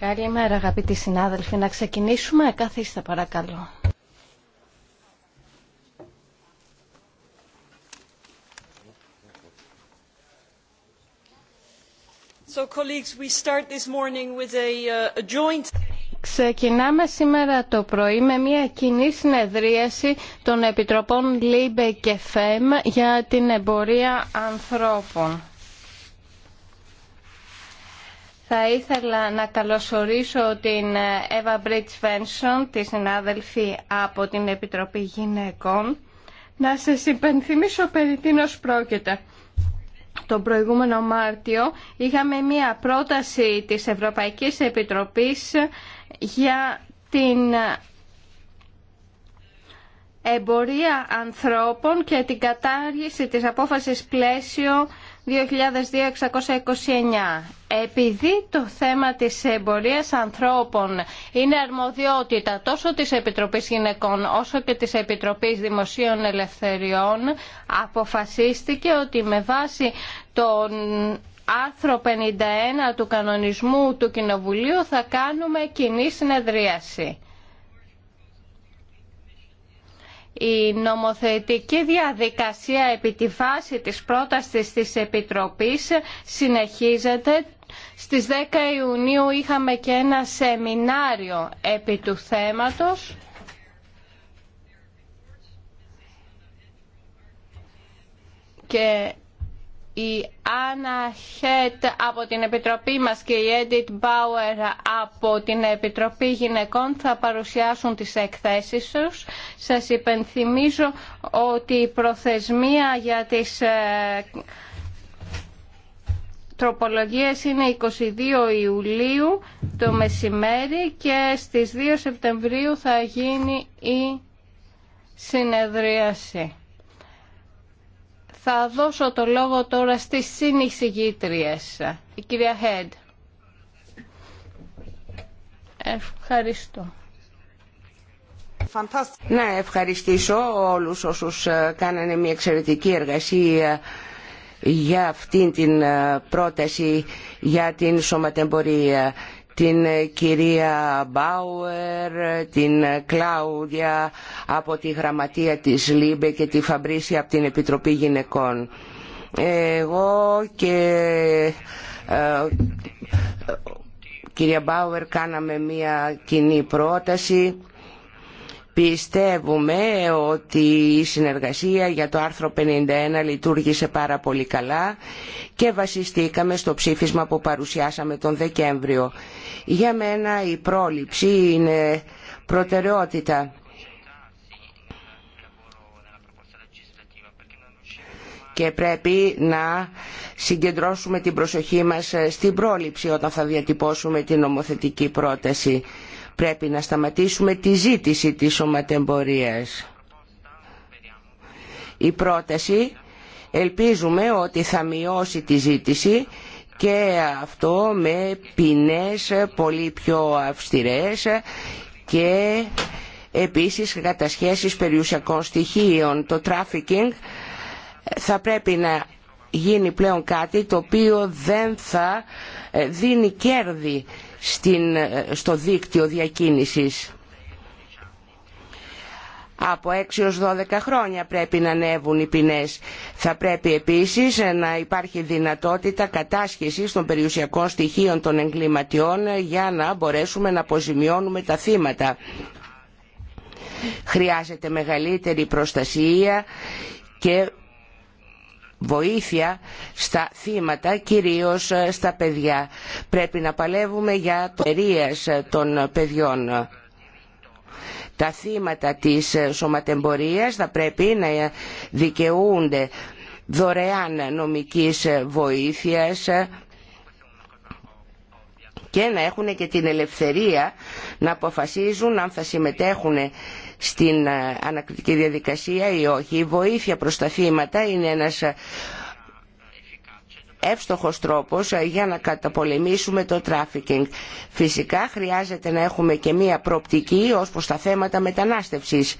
Καλημέρα αγαπητοί συνάδελφοι. Να ξεκινήσουμε. Καθίστε παρακαλώ. ξεκινάμε σήμερα το πρωί με μια κοινή συνεδρίαση των επιτροπών ΛΥΜΠΕ και φεμ για την εμπορία ανθρώπων. Θα ήθελα να καλωσορίσω την Εύα Μπρίτς Βένσον, τη συνάδελφη από την Επιτροπή Γυναικών. Να σας υπενθυμίσω περί τίνος πρόκειται. Τον προηγούμενο Μάρτιο είχαμε μία πρόταση της Ευρωπαϊκής Επιτροπής για την εμπορία ανθρώπων και την κατάργηση της απόφασης πλαίσιο 2002 Επειδή το θέμα της εμπορίας ανθρώπων είναι αρμοδιότητα τόσο της Επιτροπής Γυναικών όσο και της Επιτροπής Δημοσίων Ελευθεριών, αποφασίστηκε ότι με βάση τον άρθρο 51 του κανονισμού του Κοινοβουλίου θα κάνουμε κοινή συνεδρίαση. η νομοθετική διαδικασία επί τη βάση της πρότασης της Επιτροπής συνεχίζεται. Στις 10 Ιουνίου είχαμε και ένα σεμινάριο επί του θέματος. Και η Άννα Χέτ από την Επιτροπή μας και η Edith Bauer από την Επιτροπή Γυναικών θα παρουσιάσουν τις εκθέσεις τους. Σας υπενθυμίζω ότι η προθεσμία για τις ε, τροπολογίες είναι 22 Ιουλίου το μεσημέρι και στις 2 Σεπτεμβρίου θα γίνει η συνεδρίαση. Θα δώσω το λόγο τώρα στις συνεισηγήτριες. Η κυρία Χέντ. Ευχαριστώ. Να ευχαριστήσω όλους όσους ε, κάνανε μια εξαιρετική εργασία για αυτήν την ε, πρόταση για την σωματεμπορία την ε, κυρία Μπάουερ, την ε, Κλάουδια από τη Γραμματεία της ΛΥΜΠΕ και τη Φαμπρίσια από την Επιτροπή Γυναικών. Εγώ και ε, ε κυρία Μπάουερ κάναμε μία κοινή πρόταση Πιστεύουμε ότι η συνεργασία για το άρθρο 51 λειτουργήσε πάρα πολύ καλά και βασιστήκαμε στο ψήφισμα που παρουσιάσαμε τον Δεκέμβριο. Για μένα η πρόληψη είναι προτεραιότητα. και πρέπει να συγκεντρώσουμε την προσοχή μας στην πρόληψη όταν θα διατυπώσουμε την νομοθετική πρόταση. Πρέπει να σταματήσουμε τη ζήτηση της σωματεμπορίας. Η πρόταση ελπίζουμε ότι θα μειώσει τη ζήτηση και αυτό με ποινές πολύ πιο αυστηρές και επίσης κατασχέσεις περιουσιακών στοιχείων. Το τράφικινγκ θα πρέπει να γίνει πλέον κάτι το οποίο δεν θα ε, δίνει κέρδη ε, στο δίκτυο διακίνησης. Από 6 έως 12 χρόνια πρέπει να ανέβουν οι ποινές. Θα πρέπει επίσης ε, να υπάρχει δυνατότητα κατάσχεσης των περιουσιακών στοιχείων των εγκληματιών ε, για να μπορέσουμε να αποζημιώνουμε τα θύματα. Χρειάζεται μεγαλύτερη προστασία και βοήθεια στα θύματα, κυρίως ε, στα παιδιά. Πρέπει να παλεύουμε για το ε, των παιδιών. Τα θύματα της ε, σωματεμπορίας θα πρέπει να δικαιούνται δωρεάν νομικής βοήθειας και να έχουν και την ελευθερία να αποφασίζουν αν θα συμμετέχουν στην ε, ανακριτική διαδικασία ή όχι. Η βοήθεια προς τα θύματα είναι ένας ε, εύστοχος τρόπος ε, για να καταπολεμήσουμε το τράφικινγκ. Φυσικά χρειάζεται να έχουμε και μία προοπτική ως προς τα θέματα μετανάστευσης.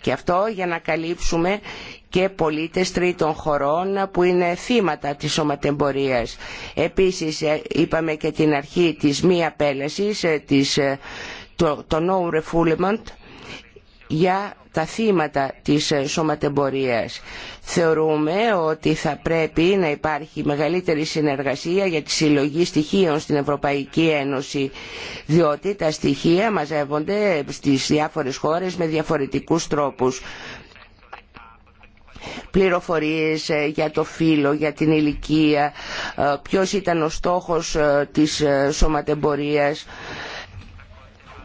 Και αυτό για να καλύψουμε και πολίτες τρίτων χωρών που είναι θύματα της σωματεμπορίας. Επίσης ε, είπαμε και την αρχή της μη απέλασης, ε, της, ε, το, το no refoulement για τα θύματα της σωματεμπορίας. Θεωρούμε ότι θα πρέπει να υπάρχει μεγαλύτερη συνεργασία για τη συλλογή στοιχείων στην Ευρωπαϊκή Ένωση, διότι τα στοιχεία μαζεύονται στις διάφορες χώρες με διαφορετικούς τρόπους πληροφορίες ε, για το φύλλο, για την ηλικία, ε, ποιος ήταν ο στόχος ε, της σωματεμπορίας.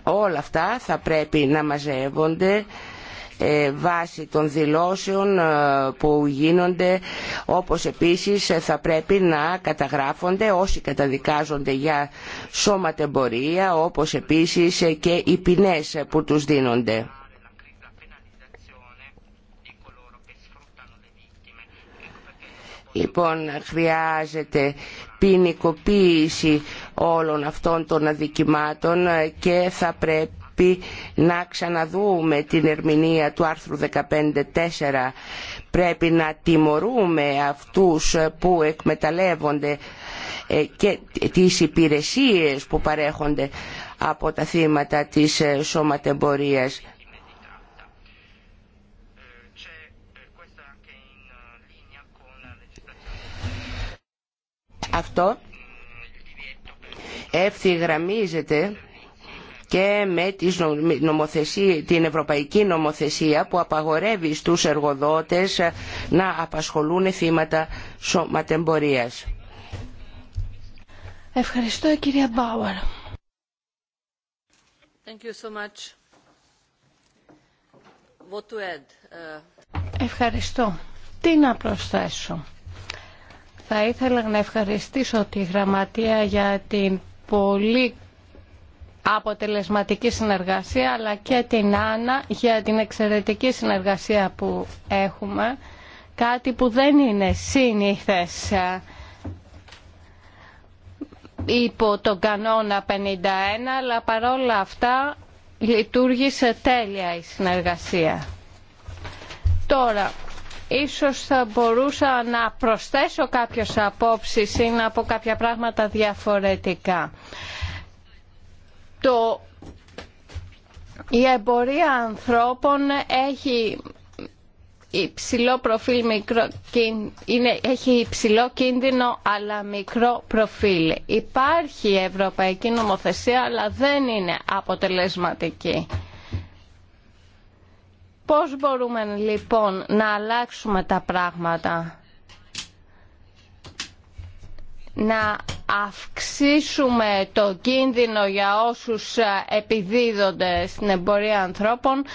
Όλα αυτά θα πρέπει να μαζεύονται βάσει των δηλώσεων που γίνονται όπως επίσης θα πρέπει να καταγράφονται όσοι καταδικάζονται για σώματεμπορία όπως επίσης και οι ποινές που τους δίνονται. Λοιπόν, χρειάζεται ποινικοποίηση όλων αυτών των αδικημάτων και θα πρέπει να ξαναδούμε την ερμηνεία του άρθρου 15.4. Πρέπει να τιμωρούμε αυτούς που εκμεταλλεύονται ε, και τις υπηρεσίες που παρέχονται από τα θύματα της ε, σωματεμπορίας. Αυτό ευθυγραμμίζεται και με την ευρωπαϊκή νομοθεσία που απαγορεύει στους εργοδότες να απασχολούν θύματα σωματεμπορίας. Ευχαριστώ κυρία Μπάουαρ. Thank you so much. Uh, Ευχαριστώ. Τι να προσθέσω. Θα ήθελα να ευχαριστήσω τη Γραμματεία για την πολύ αποτελεσματική συνεργασία αλλά και την Άννα για την εξαιρετική συνεργασία που έχουμε κάτι που δεν είναι σύνηθες υπό τον κανόνα 51 αλλά παρόλα αυτά λειτουργήσε τέλεια η συνεργασία. Τώρα, Ίσως θα μπορούσα να προσθέσω κάποιες απόψεις ή να πω κάποια πράγματα διαφορετικά. Το... Η εμπορία ανθρώπων έχει υψηλό προφίλ, μικρό, είναι, έχει υψηλό κίνδυνο αλλά μικρό προφίλ. Υπάρχει ευρωπαϊκή νομοθεσία αλλά δεν είναι αποτελεσματική. Πώς μπορούμε λοιπόν να αλλάξουμε τα πράγματα, να αυξήσουμε το κίνδυνο για όσους ε, επιδίδονται στην εμπορία ανθρώπων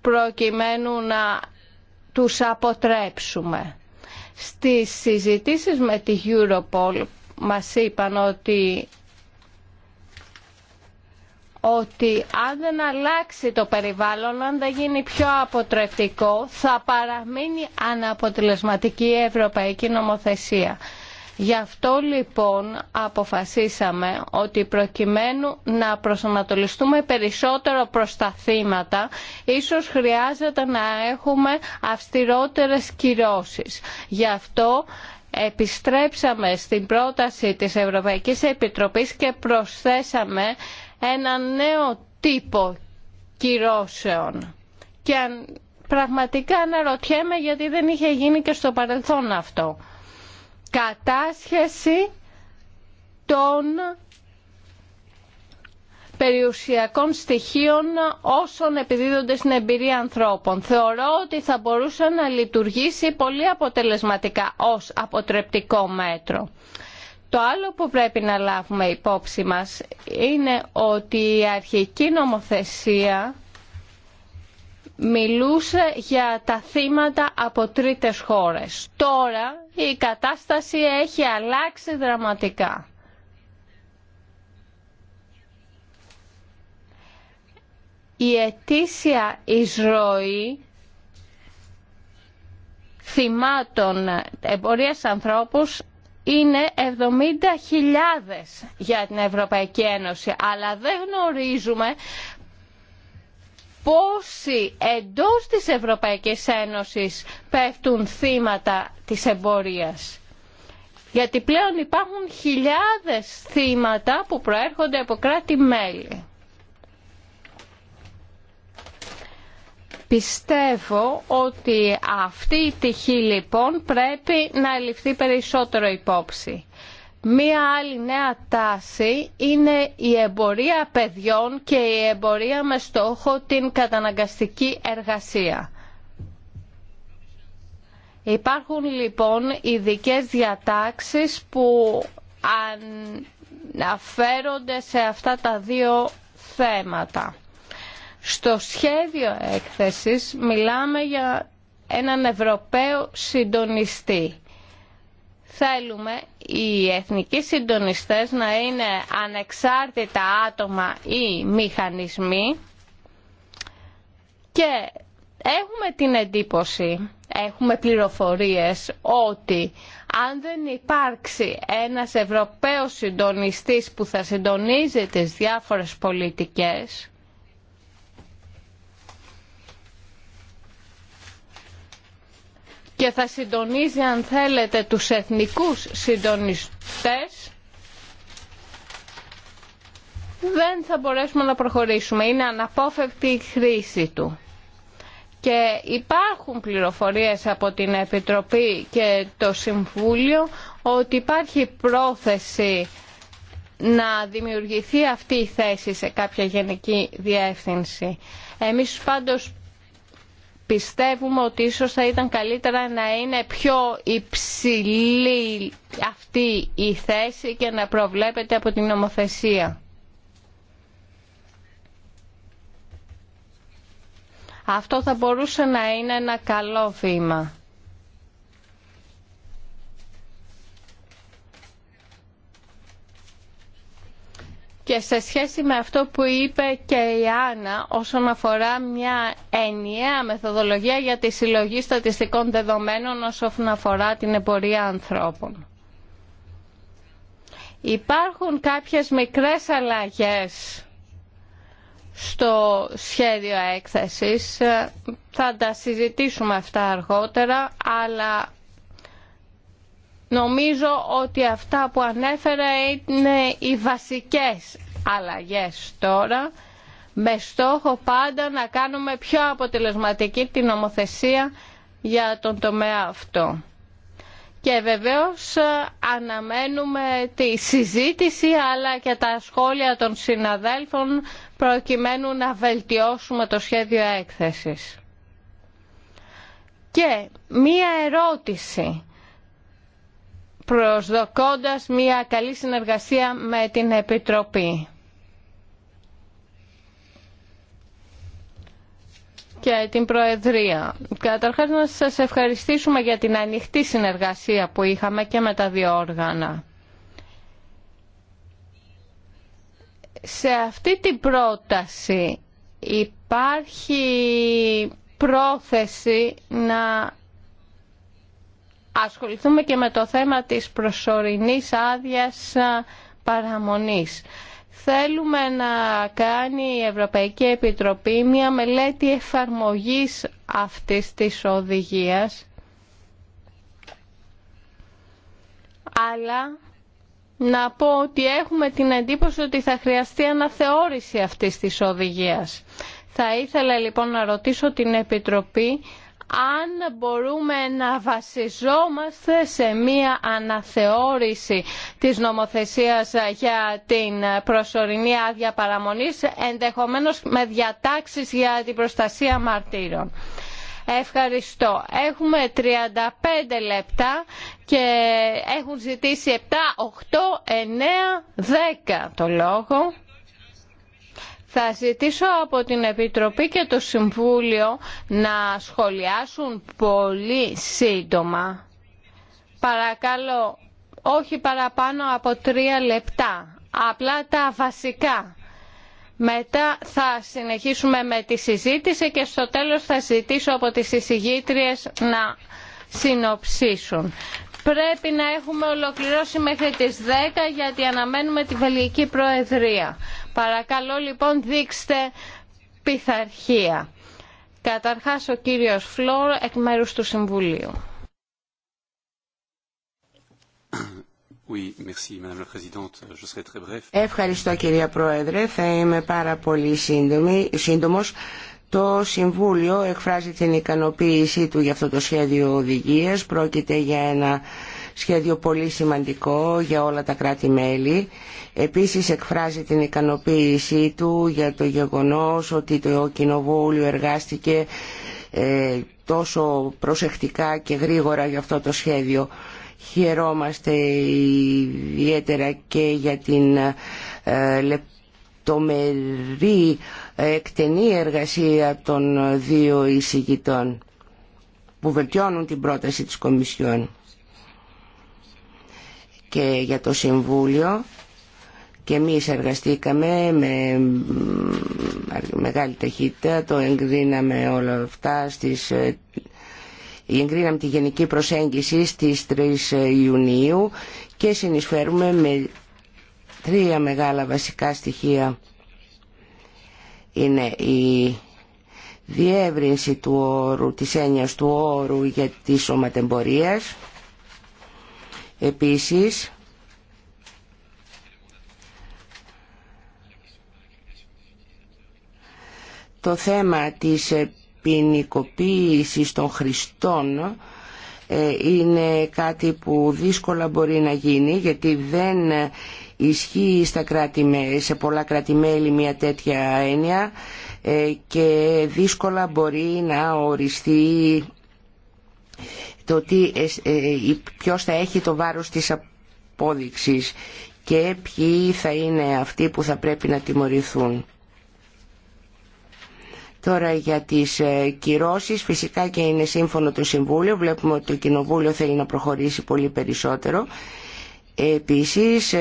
προκειμένου να τους αποτρέψουμε. Στις συζητήσεις με τη Europol μας είπαν ότι ότι αν δεν αλλάξει το περιβάλλον, αν δεν γίνει πιο αποτρεπτικό, θα παραμείνει αναποτελεσματική η ευρωπαϊκή νομοθεσία. Γι' αυτό λοιπόν αποφασίσαμε ότι προκειμένου να προσανατολιστούμε περισσότερο προς τα θύματα, ίσως χρειάζεται να έχουμε αυστηρότερες κυρώσεις. Γι' αυτό επιστρέψαμε στην πρόταση της Ευρωπαϊκής Επιτροπής και προσθέσαμε ένα νέο τύπο κυρώσεων. Και αν, πραγματικά αναρωτιέμαι γιατί δεν είχε γίνει και στο παρελθόν αυτό. Κατάσχεση των περιουσιακών στοιχείων όσων επιδίδονται στην εμπειρία ανθρώπων. Θεωρώ ότι θα μπορούσε να λειτουργήσει πολύ αποτελεσματικά ως αποτρεπτικό μέτρο. Το άλλο που πρέπει να λάβουμε υπόψη μας είναι ότι η αρχική νομοθεσία μιλούσε για τα θύματα από τρίτες χώρες. Τώρα η κατάσταση έχει αλλάξει δραματικά. Η αιτήσια εισρωή θυμάτων εμπορίας ανθρώπους είναι 70.000 για την Ευρωπαϊκή Ένωση, αλλά δεν γνωρίζουμε πόσοι εντός της Ευρωπαϊκής Ένωσης πέφτουν θύματα της εμπορίας. Γιατί πλέον υπάρχουν χιλιάδες θύματα που προέρχονται από κράτη-μέλη. Πιστεύω ότι αυτή η τυχή λοιπόν πρέπει να ληφθεί περισσότερο υπόψη. Μία άλλη νέα τάση είναι η εμπορία παιδιών και η εμπορία με στόχο την καταναγκαστική εργασία. Υπάρχουν λοιπόν ειδικέ διατάξεις που αναφέρονται σε αυτά τα δύο θέματα. Στο σχέδιο έκθεσης μιλάμε για έναν Ευρωπαίο συντονιστή. Θέλουμε οι εθνικοί συντονιστές να είναι ανεξάρτητα άτομα ή μηχανισμοί και έχουμε την εντύπωση, έχουμε πληροφορίες ότι αν δεν υπάρξει ένας Ευρωπαίος συντονιστής που θα συντονίζει τις διάφορες πολιτικές και θα συντονίζει αν θέλετε τους εθνικούς συντονιστές δεν θα μπορέσουμε να προχωρήσουμε. Είναι αναπόφευκτη η χρήση του. Και υπάρχουν πληροφορίες από την Επιτροπή και το Συμβούλιο ότι υπάρχει πρόθεση να δημιουργηθεί αυτή η θέση σε κάποια γενική διεύθυνση. Εμείς πάντως πιστεύουμε ότι ίσως θα ήταν καλύτερα να είναι πιο υψηλή αυτή η θέση και να προβλέπεται από την νομοθεσία. Αυτό θα μπορούσε να είναι ένα καλό βήμα. Και σε σχέση με αυτό που είπε και η Άννα όσον αφορά μια ενιαία μεθοδολογία για τη συλλογή στατιστικών δεδομένων όσον αφορά την εμπορία ανθρώπων. Υπάρχουν κάποιες μικρές αλλαγές στο σχέδιο έκθεσης. Θα τα συζητήσουμε αυτά αργότερα, αλλά Νομίζω ότι αυτά που ανέφερα είναι οι βασικές αλλαγές τώρα με στόχο πάντα να κάνουμε πιο αποτελεσματική την νομοθεσία για τον τομέα αυτό. Και βεβαίως ε, αναμένουμε τη συζήτηση αλλά και τα σχόλια των συναδέλφων προκειμένου να βελτιώσουμε το σχέδιο έκθεσης. Και μία ερώτηση προσδοκώντας μια καλή συνεργασία με την Επιτροπή. και την Προεδρία. Καταρχάς να σας ευχαριστήσουμε για την ανοιχτή συνεργασία που είχαμε και με τα δύο όργανα. Σε αυτή την πρόταση υπάρχει πρόθεση να ασχοληθούμε και με το θέμα της προσωρινής άδειας παραμονής. Θέλουμε να κάνει η Ευρωπαϊκή Επιτροπή μια μελέτη εφαρμογής αυτής της οδηγίας αλλά να πω ότι έχουμε την εντύπωση ότι θα χρειαστεί αναθεώρηση αυτής της οδηγίας. Θα ήθελα λοιπόν να ρωτήσω την Επιτροπή αν μπορούμε να βασιζόμαστε σε μία αναθεώρηση της νομοθεσίας για την προσωρινή άδεια παραμονής, ενδεχομένως με διατάξεις για την προστασία μαρτύρων. Ευχαριστώ. Έχουμε 35 λεπτά και έχουν ζητήσει 7, 8, 9, 10 το λόγο. Θα ζητήσω από την Επιτροπή και το Συμβούλιο να σχολιάσουν πολύ σύντομα. Παρακαλώ, όχι παραπάνω από τρία λεπτά. Απλά τα βασικά. Μετά θα συνεχίσουμε με τη συζήτηση και στο τέλος θα ζητήσω από τις εισηγήτριες να συνοψίσουν. Πρέπει να έχουμε ολοκληρώσει μέχρι τις 10 γιατί αναμένουμε τη Βελγική Προεδρία. Παρακαλώ λοιπόν δείξτε πειθαρχία. Καταρχάς ο κύριος Φλόρ εκ μέρους του Συμβουλίου. Ευχαριστώ κυρία Πρόεδρε. Θα είμαι πάρα πολύ σύντομη, σύντομος. Το Συμβούλιο εκφράζει την ικανοποίησή του για αυτό το σχέδιο οδηγίας. Πρόκειται για ένα σχέδιο πολύ σημαντικό για όλα τα κράτη-μέλη. Επίσης εκφράζει την ικανοποίησή του για το γεγονός ότι το Κοινοβούλιο εργάστηκε ε, τόσο προσεκτικά και γρήγορα για αυτό το σχέδιο. Χαιρόμαστε ιδιαίτερα και για την ε, λεπτομερή εκτενή εργασία των δύο εισηγητών που βελτιώνουν την πρόταση της Κομισιόν και για το Συμβούλιο και εμείς εργαστήκαμε με μεγάλη ταχύτητα, το εγκρίναμε όλα αυτά στις ε, εγκρίναμε τη γενική προσέγγιση στις 3 ε, Ιουνίου και συνεισφέρουμε με τρία μεγάλα βασικά στοιχεία. Είναι η διεύρυνση του όρου, της έννοιας του όρου για τη σωματεμπορίας, Επίσης, το θέμα της ποινικοποίηση των χρηστών ε, είναι κάτι που δύσκολα μπορεί να γίνει γιατί δεν ισχύει στα κράτη, σε πολλά κράτη-μέλη μια τέτοια έννοια ε, και δύσκολα μπορεί να οριστεί το τι, ε, ε, ποιος θα έχει το βάρος της απόδειξης και ποιοι θα είναι αυτοί που θα πρέπει να τιμωρηθούν. Τώρα για τις ε, κυρώσεις, φυσικά και είναι σύμφωνο το Συμβούλιο, βλέπουμε ότι το Κοινοβούλιο θέλει να προχωρήσει πολύ περισσότερο. Επίσης,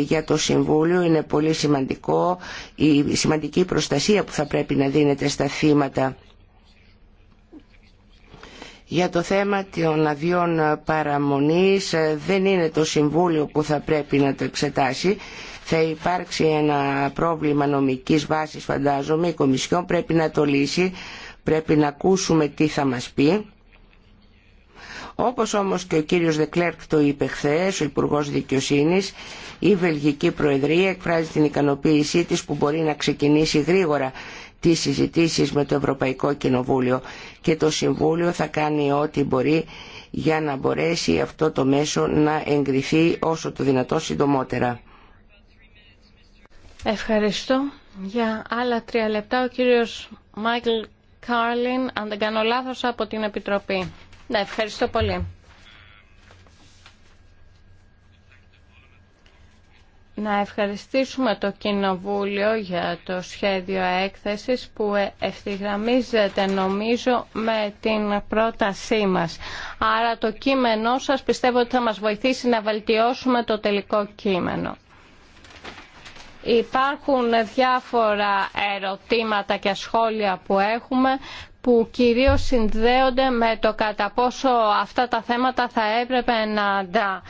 για το Συμβούλιο είναι πολύ σημαντικό η σημαντική προστασία που θα πρέπει να δίνεται στα θύματα για το θέμα των αδειών παραμονής ε, δεν είναι το Συμβούλιο που θα πρέπει να το εξετάσει. Θα υπάρξει ένα πρόβλημα νομικής βάσης φαντάζομαι. Η Κομισιόν πρέπει να το λύσει. Πρέπει να ακούσουμε τι θα μας πει. Όπως όμως και ο κύριος Δεκλέρκ το είπε χθε, ο Υπουργός Δικαιοσύνης, η Βελγική Προεδρία εκφράζει την ικανοποίησή της που μπορεί να ξεκινήσει γρήγορα τις συζητήσεις με το Ευρωπαϊκό Κοινοβούλιο και το Συμβούλιο θα κάνει ό,τι μπορεί για να μπορέσει αυτό το μέσο να εγκριθεί όσο το δυνατόν συντομότερα. Ευχαριστώ. Για άλλα τρία λεπτά ο κύριος Μάικλ Κάρλιν, αν δεν κάνω λάθος, από την Επιτροπή. Ναι, ευχαριστώ πολύ. να ευχαριστήσουμε το Κοινοβούλιο για το σχέδιο έκθεσης που ευθυγραμμίζεται νομίζω με την πρότασή μας. Άρα το κείμενό σας πιστεύω ότι θα μας βοηθήσει να βελτιώσουμε το τελικό κείμενο. Υπάρχουν διάφορα ερωτήματα και σχόλια που έχουμε που κυρίως συνδέονται με το κατά πόσο αυτά τα θέματα θα έπρεπε να τα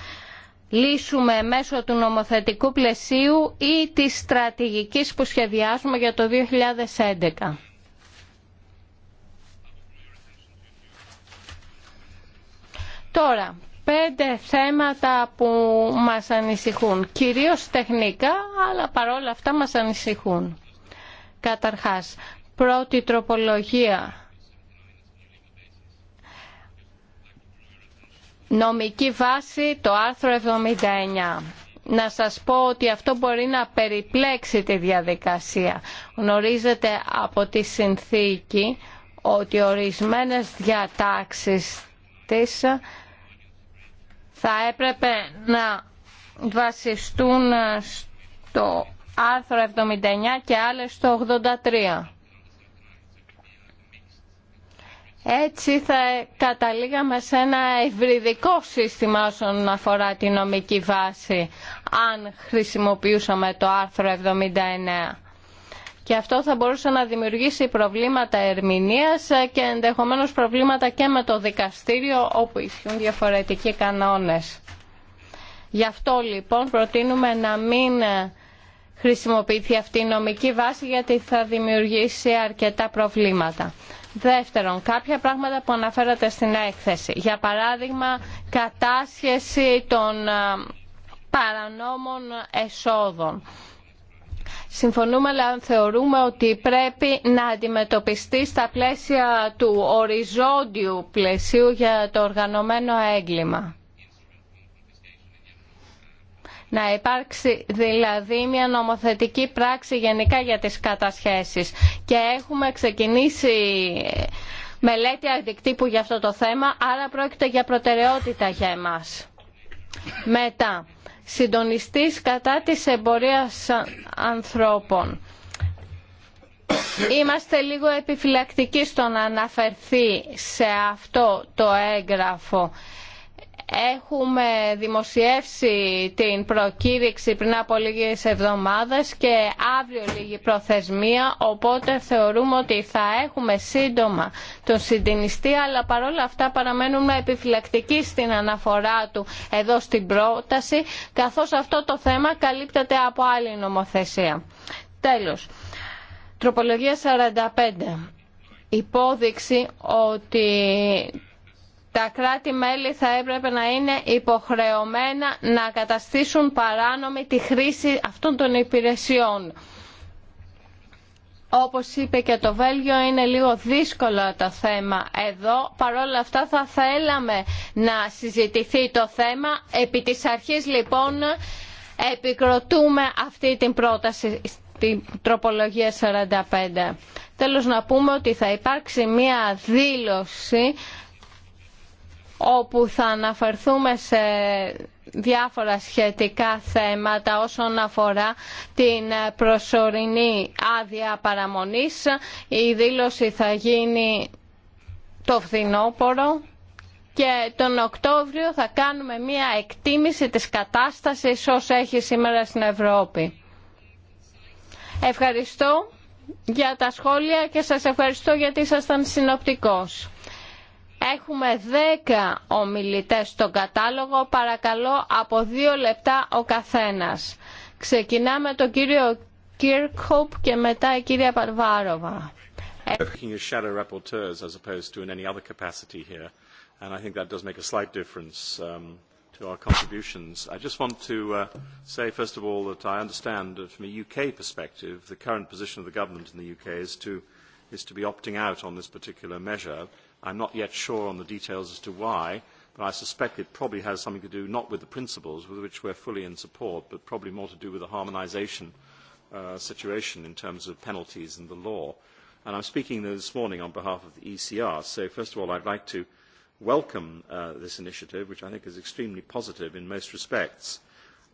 λύσουμε μέσω του νομοθετικού πλαισίου ή της στρατηγικής που σχεδιάζουμε για το 2011. Τώρα, πέντε θέματα που μας ανησυχούν, κυρίως τεχνικά, αλλά παρόλα αυτά μας ανησυχούν. Καταρχάς, πρώτη τροπολογία Νομική βάση το άρθρο 79. Να σας πω ότι αυτό μπορεί να περιπλέξει τη διαδικασία. Γνωρίζετε από τη συνθήκη ότι ορισμένες διατάξεις της θα έπρεπε να βασιστούν στο άρθρο 79 και άλλες στο 83. Έτσι θα καταλήγαμε σε ένα ευρυδικό σύστημα όσον αφορά τη νομική βάση, αν χρησιμοποιούσαμε το άρθρο 79. Και αυτό θα μπορούσε να δημιουργήσει προβλήματα ερμηνείας και ενδεχομένως προβλήματα και με το δικαστήριο όπου ισχύουν διαφορετικοί κανόνες. Γι' αυτό λοιπόν προτείνουμε να μην χρησιμοποιηθεί αυτή η νομική βάση γιατί θα δημιουργήσει αρκετά προβλήματα. Δεύτερον, κάποια πράγματα που αναφέρατε στην έκθεση. Για παράδειγμα, κατάσχεση των ε, παρανόμων εσόδων. Συμφωνούμε, αλλά θεωρούμε ότι πρέπει να αντιμετωπιστεί στα πλαίσια του οριζόντιου πλαισίου για το οργανωμένο έγκλημα. Να υπάρξει δηλαδή μια νομοθετική πράξη γενικά για τις κατασχέσεις. Και έχουμε ξεκινήσει μελέτη αντικτύπου για αυτό το θέμα, άρα πρόκειται για προτεραιότητα για εμάς. Μετά, συντονιστής κατά της εμπορίας ανθρώπων. Είμαστε λίγο επιφυλακτικοί στο να αναφερθεί σε αυτό το έγγραφο Έχουμε δημοσιεύσει την προκήρυξη πριν από λίγες εβδομάδες και αύριο λίγη προθεσμία, οπότε θεωρούμε ότι θα έχουμε σύντομα τον συντηνιστή, αλλά παρόλα αυτά παραμένουμε επιφυλακτικοί στην αναφορά του εδώ στην πρόταση, καθώς αυτό το θέμα καλύπτεται από άλλη νομοθεσία. Τέλος, τροπολογία 45. Υπόδειξη ότι τα κράτη-μέλη θα έπρεπε να είναι υποχρεωμένα να καταστήσουν παράνομη τη χρήση αυτών των υπηρεσιών. Όπως είπε και το Βέλγιο, είναι λίγο δύσκολο το θέμα εδώ. Παρόλα αυτά θα θέλαμε να συζητηθεί το θέμα. Επί της αρχής λοιπόν επικροτούμε αυτή την πρόταση στην τροπολογία 45. Τέλος να πούμε ότι θα υπάρξει μία δήλωση όπου θα αναφερθούμε σε διάφορα σχετικά θέματα όσον αφορά την προσωρινή άδεια παραμονής. Η δήλωση θα γίνει το φθινόπωρο και τον Οκτώβριο θα κάνουμε μία εκτίμηση της κατάστασης όσο έχει σήμερα στην Ευρώπη. Ευχαριστώ για τα σχόλια και σας ευχαριστώ γιατί ήσασταν συνοπτικός. Έχουμε 10 ομιλητές στον κατάλογο, παρακαλώ από δύο λεπτά ο καθένας. Ξεκινάμε τον κύριο Κίρκχοπ και μετά η κυρία Παρβάροβα. And I think that does make a slight difference to our contributions. I just want to say, first of all, that I understand that from a UK perspective, the current position of the government in the UK is to be opting out on this particular measure. I'm not yet sure on the details as to why, but I suspect it probably has something to do not with the principles, with which we're fully in support, but probably more to do with the harmonisation situation in terms of penalties and the law. And I'm speaking this morning on behalf of the ECR, so first of all I'd like to welcome this initiative, which I think is extremely positive in most respects.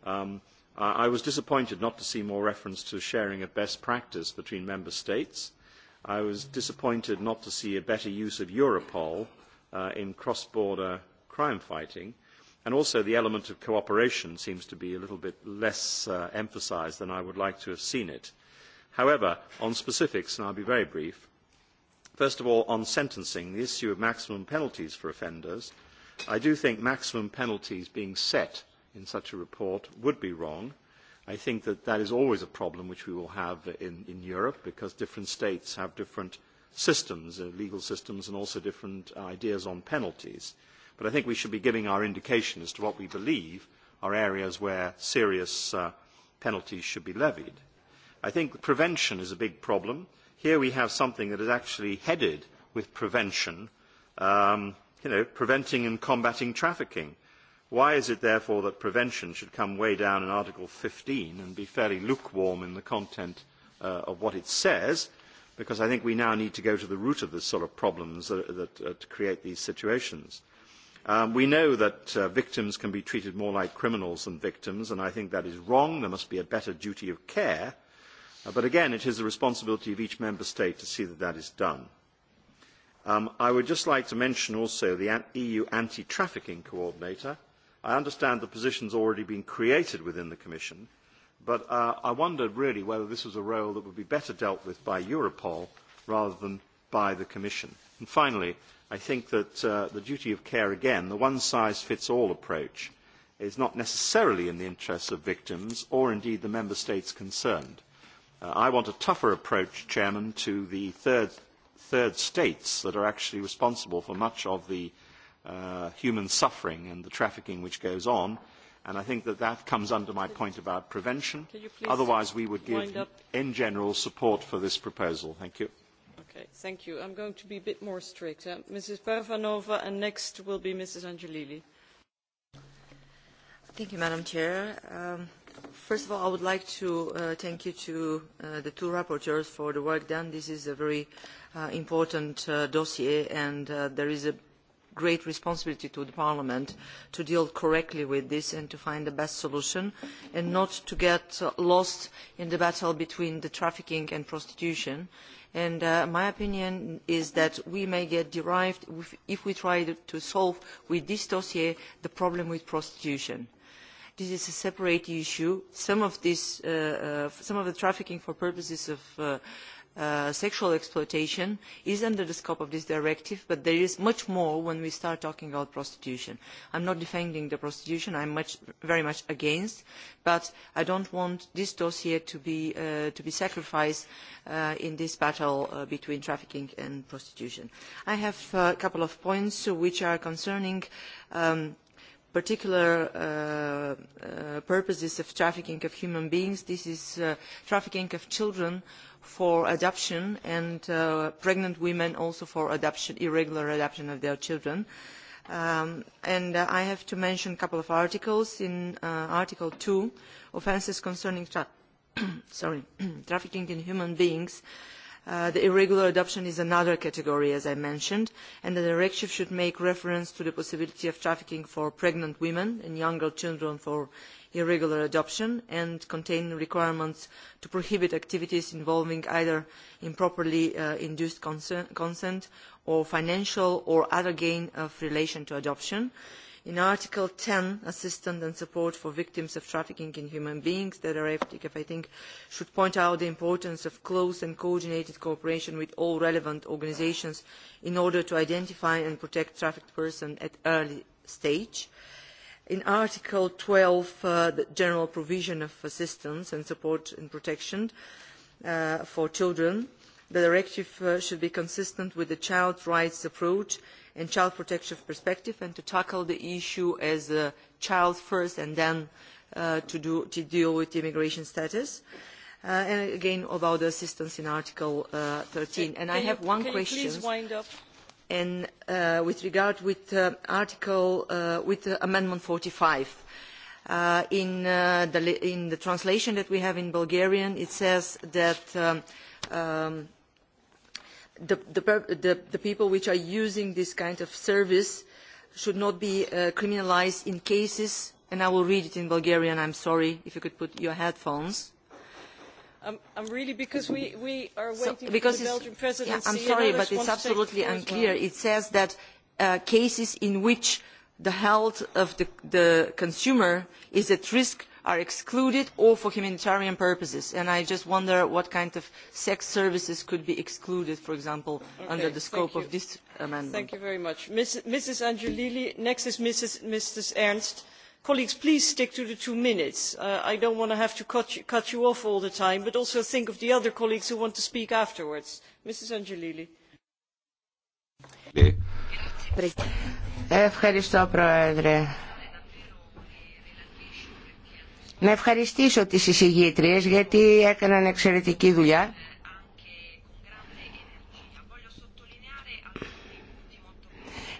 I was disappointed not to see more reference to sharing of best practice between member states I was disappointed not to see a better use of Europol in cross-border crime fighting, and also the element of cooperation seems to be a little bit less emphasised than I would like to have seen it. However, on specifics, and will be very brief, first of all, on sentencing, the issue of maximum penalties for offenders, I do think maximum penalties being set in such a report would be wrong I think that that is always a problem which we will have in Europe because different states have different systems, legal systems, and also different ideas on penalties. But I think we should be giving our indication as to what we believe are areas where serious penalties should be levied. I think prevention is a big problem. Here we have something that is actually headed with prevention, preventing and combating trafficking Why is it, therefore, that prevention should come way down in Article 15 and be fairly lukewarm in the content of what it says? Because I think we now need to go to the root of the sort of problems that create these situations. We know that victims can be treated more like criminals than victims, and I think that is wrong. There must be a better duty of care. But again, it is the responsibility of each member state to see that that is done. I would just like to mention also the EU anti-trafficking coordinator I understand the position has already been created within the Commission, but I wondered really whether this was a role that would be better dealt with by Europol rather than by the Commission. And finally, I think that the duty of care, again, the one-size-fits-all approach, is not necessarily in the interests of victims or indeed the member states concerned. I want a tougher approach, Chairman, to the third states that are actually responsible for much of the human suffering and the trafficking which goes on. And I think that that comes under my point about prevention. Otherwise, we would give, in general, support for this proposal. Thank you. Okay, thank you. I'm going to be a bit more strict. Mrs. Parvanova, and next will be Mrs. Angelili. Thank you, Madam Chair. First of all, I would like to thank you to the two rapporteurs for the work done. This is a very important dossier, and there is a great responsibility to Parliament to deal correctly with this and to find the best solution and not to get lost in the battle between trafficking and prostitution. my opinion is that we may get derived if we try to solve with this dossier the problem with prostitution. This is a separate issue. Some of the trafficking for purposes of sexual exploitation is under the scope of this directive but there is much more when we start talking about prostitution. i am not defending the prostitution i am very much against but i do not want this dossier to be sacrificed in this battle between trafficking and prostitution. i have a couple of points which are concerning particular purposes of trafficking of human beings. This is trafficking of children for adoption and pregnant women also for adoption, irregular adoption of their children. And I have to mention a couple of articles. In Article 2, offences concerning trafficking in human beings The irregular adoption is another category, as I mentioned, and the directive should make reference to the possibility of trafficking for pregnant women and younger children for irregular adoption and contain requirements to prohibit activities involving either improperly induced consent or financial or other gain of relation to adoption in article 10 assistance and support for victims of trafficking in human beings the directive i think should point out the importance of close and coordinated cooperation with all relevant organisations in order to identify and protect trafficked persons at an early stage in article 12 the general provision of assistance and support and protection for children the directive should be consistent with the child rights approach and child protection perspective and to tackle the issue as a child first and then to deal with immigration status and again about the assistance in article 13 and i have one question and with regard with article with amendment 45 in the translation that we have in bulgarian it says that the people which are using this kind of service should not be criminalised in cases and I will read it in Bulgarian, I'm sorry, if you could put your headphones. I'm really, because we are waiting for the Belgian presidency. I'm sorry, but it's absolutely unclear. It says that cases in which the health of the consumer is at risk are excluded or for humanitarian purposes and i just wonder what kind of sex services could be excluded for example under the scope of this amendment. thank you very much. mrs next is mrs ernst. colleagues please stick to the two minutes. i don't want to have to cut you off all the time but also think of the other colleagues who want to speak afterwards. mrs angelilli. Να ευχαριστήσω τις εισηγήτριες γιατί έκαναν εξαιρετική δουλειά.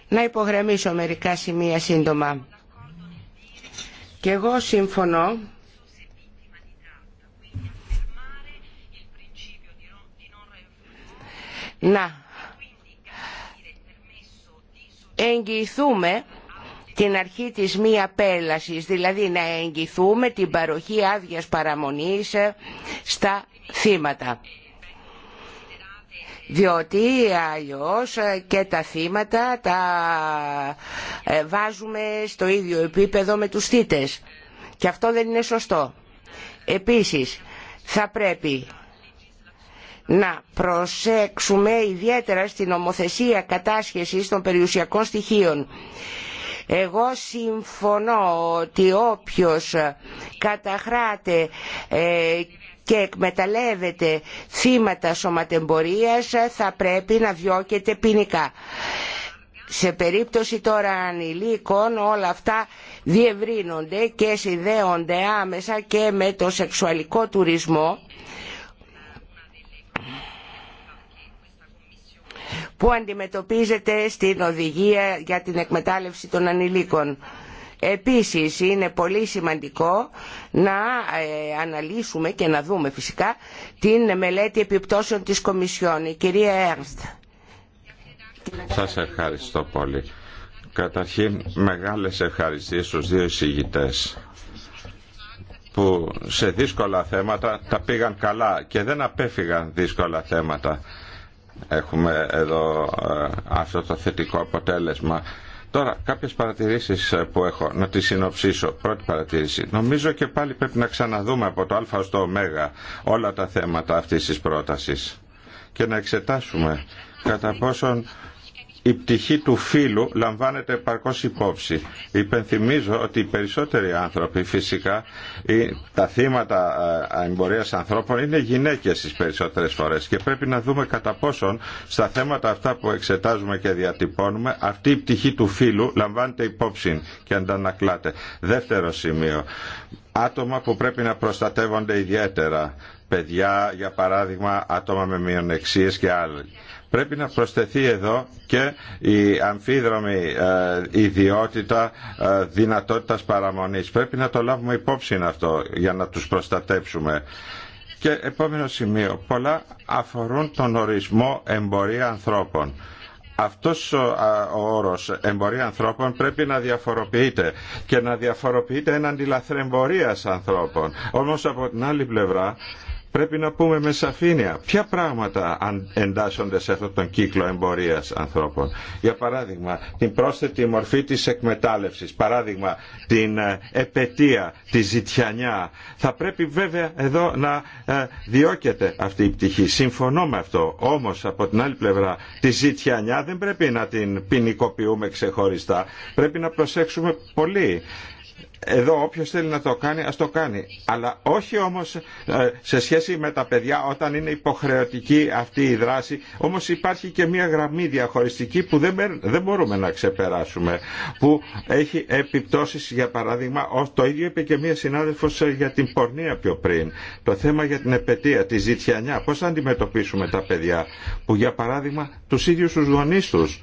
Να υπογραμμίσω μερικά σημεία σύντομα. Και εγώ συμφωνώ να εγγυηθούμε την αρχή της μη απέλασης, δηλαδή να εγγυθούμε την παροχή άδειας παραμονής ε, στα θύματα. Διότι αλλιώς ε, και τα θύματα τα ε, βάζουμε στο ίδιο επίπεδο με τους θύτες. Και αυτό δεν είναι σωστό. Επίσης θα πρέπει να προσέξουμε ιδιαίτερα στην ομοθεσία κατάσχεσης των περιουσιακών στοιχείων εγώ συμφωνώ ότι όποιος καταχράται ε, και εκμεταλλεύεται θύματα σωματεμπορίας θα πρέπει να διώκεται ποινικά. Σε περίπτωση τώρα ανηλίκων όλα αυτά διευρύνονται και συνδέονται άμεσα και με το σεξουαλικό τουρισμό που αντιμετωπίζεται στην οδηγία για την εκμετάλλευση των ανηλίκων. Επίσης είναι πολύ σημαντικό να ε, αναλύσουμε και να δούμε φυσικά την μελέτη επιπτώσεων της Κομισιόν. Η κυρία Έρνστ. Σας ευχαριστώ πολύ. Καταρχήν μεγάλες ευχαριστίες στους δύο εισηγητές που σε δύσκολα θέματα τα πήγαν καλά και δεν απέφυγαν δύσκολα θέματα έχουμε εδώ ε, αυτό το θετικό αποτέλεσμα. Τώρα, κάποιε παρατηρήσει ε, που έχω, να τις συνοψίσω. Πρώτη παρατήρηση. Νομίζω και πάλι πρέπει να ξαναδούμε από το Α στο Ω όλα τα θέματα αυτή τη πρόταση και να εξετάσουμε κατά πόσον η πτυχή του φύλου λαμβάνεται επαρκώ. υπόψη. Υπενθυμίζω ότι οι περισσότεροι άνθρωποι φυσικά, τα θύματα ε, ε, εμπορια ανθρώπων είναι γυναίκες τις περισσότερες φορές και πρέπει να δούμε κατά πόσον στα θέματα αυτά που εξετάζουμε και διατυπώνουμε αυτή η πτυχή του φύλου λαμβάνεται υπόψη και αντανακλάται. Δεύτερο σημείο, άτομα που πρέπει να προστατεύονται ιδιαίτερα. Παιδιά, για παράδειγμα, άτομα με μειονεξίες και άλλοι Πρέπει να προσθεθεί εδώ και η αμφίδρομη ε, ιδιότητα ε, δυνατότητας παραμονής. Πρέπει να το λάβουμε υπόψη αυτό για να τους προστατέψουμε. Και επόμενο σημείο, πολλά αφορούν τον ορισμό εμπορία ανθρώπων. Αυτός ο όρος εμπορία ανθρώπων πρέπει να διαφοροποιείται και να διαφοροποιείται έναντι λαθρεμπορίας ανθρώπων. Όμως από την άλλη πλευρά πρέπει να πούμε με σαφήνεια ποια πράγματα εντάσσονται σε αυτόν τον κύκλο εμπορίας ανθρώπων. Για παράδειγμα, την πρόσθετη μορφή της εκμετάλλευσης, παράδειγμα την ε, επαιτία, τη ζητιανιά. Θα πρέπει βέβαια εδώ να ε, διώκεται αυτή η πτυχή. Συμφωνώ με αυτό. Όμως από την άλλη πλευρά τη ζητιανιά δεν πρέπει να την ποινικοποιούμε ξεχωριστά. Πρέπει να προσέξουμε πολύ εδώ όποιος θέλει να το κάνει ας το κάνει. Αλλά όχι όμως ε, σε σχέση με τα παιδιά όταν είναι υποχρεωτική αυτή η δράση. Όμως υπάρχει και μια γραμμή διαχωριστική που δεν, μπορούμε να ξεπεράσουμε. Που έχει επιπτώσεις για παράδειγμα το ίδιο είπε και μια συνάδελφος ε, για την πορνεία πιο πριν. Το θέμα για την επαιτία, τη ζητιανιά. Πώς θα αντιμετωπίσουμε τα παιδιά που για παράδειγμα τους ίδιους τους γονείς τους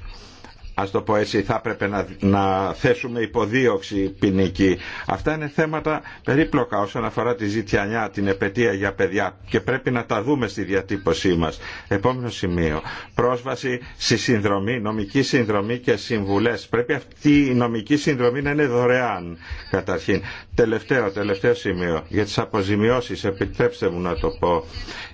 ας το πω έτσι, θα έπρεπε να, να θέσουμε υποδίωξη ποινική. Αυτά είναι θέματα περίπλοκα όσον αφορά τη ζητιανιά, την επαιτία για παιδιά και πρέπει να τα δούμε στη διατύπωσή μας. Επόμενο σημείο, πρόσβαση στη συνδρομή, νομική συνδρομή και συμβουλές. Πρέπει αυτή η νομική συνδρομή να είναι δωρεάν καταρχήν. Τελευταίο, τελευταίο σημείο, για τις αποζημιώσεις, επιτρέψτε μου να το πω,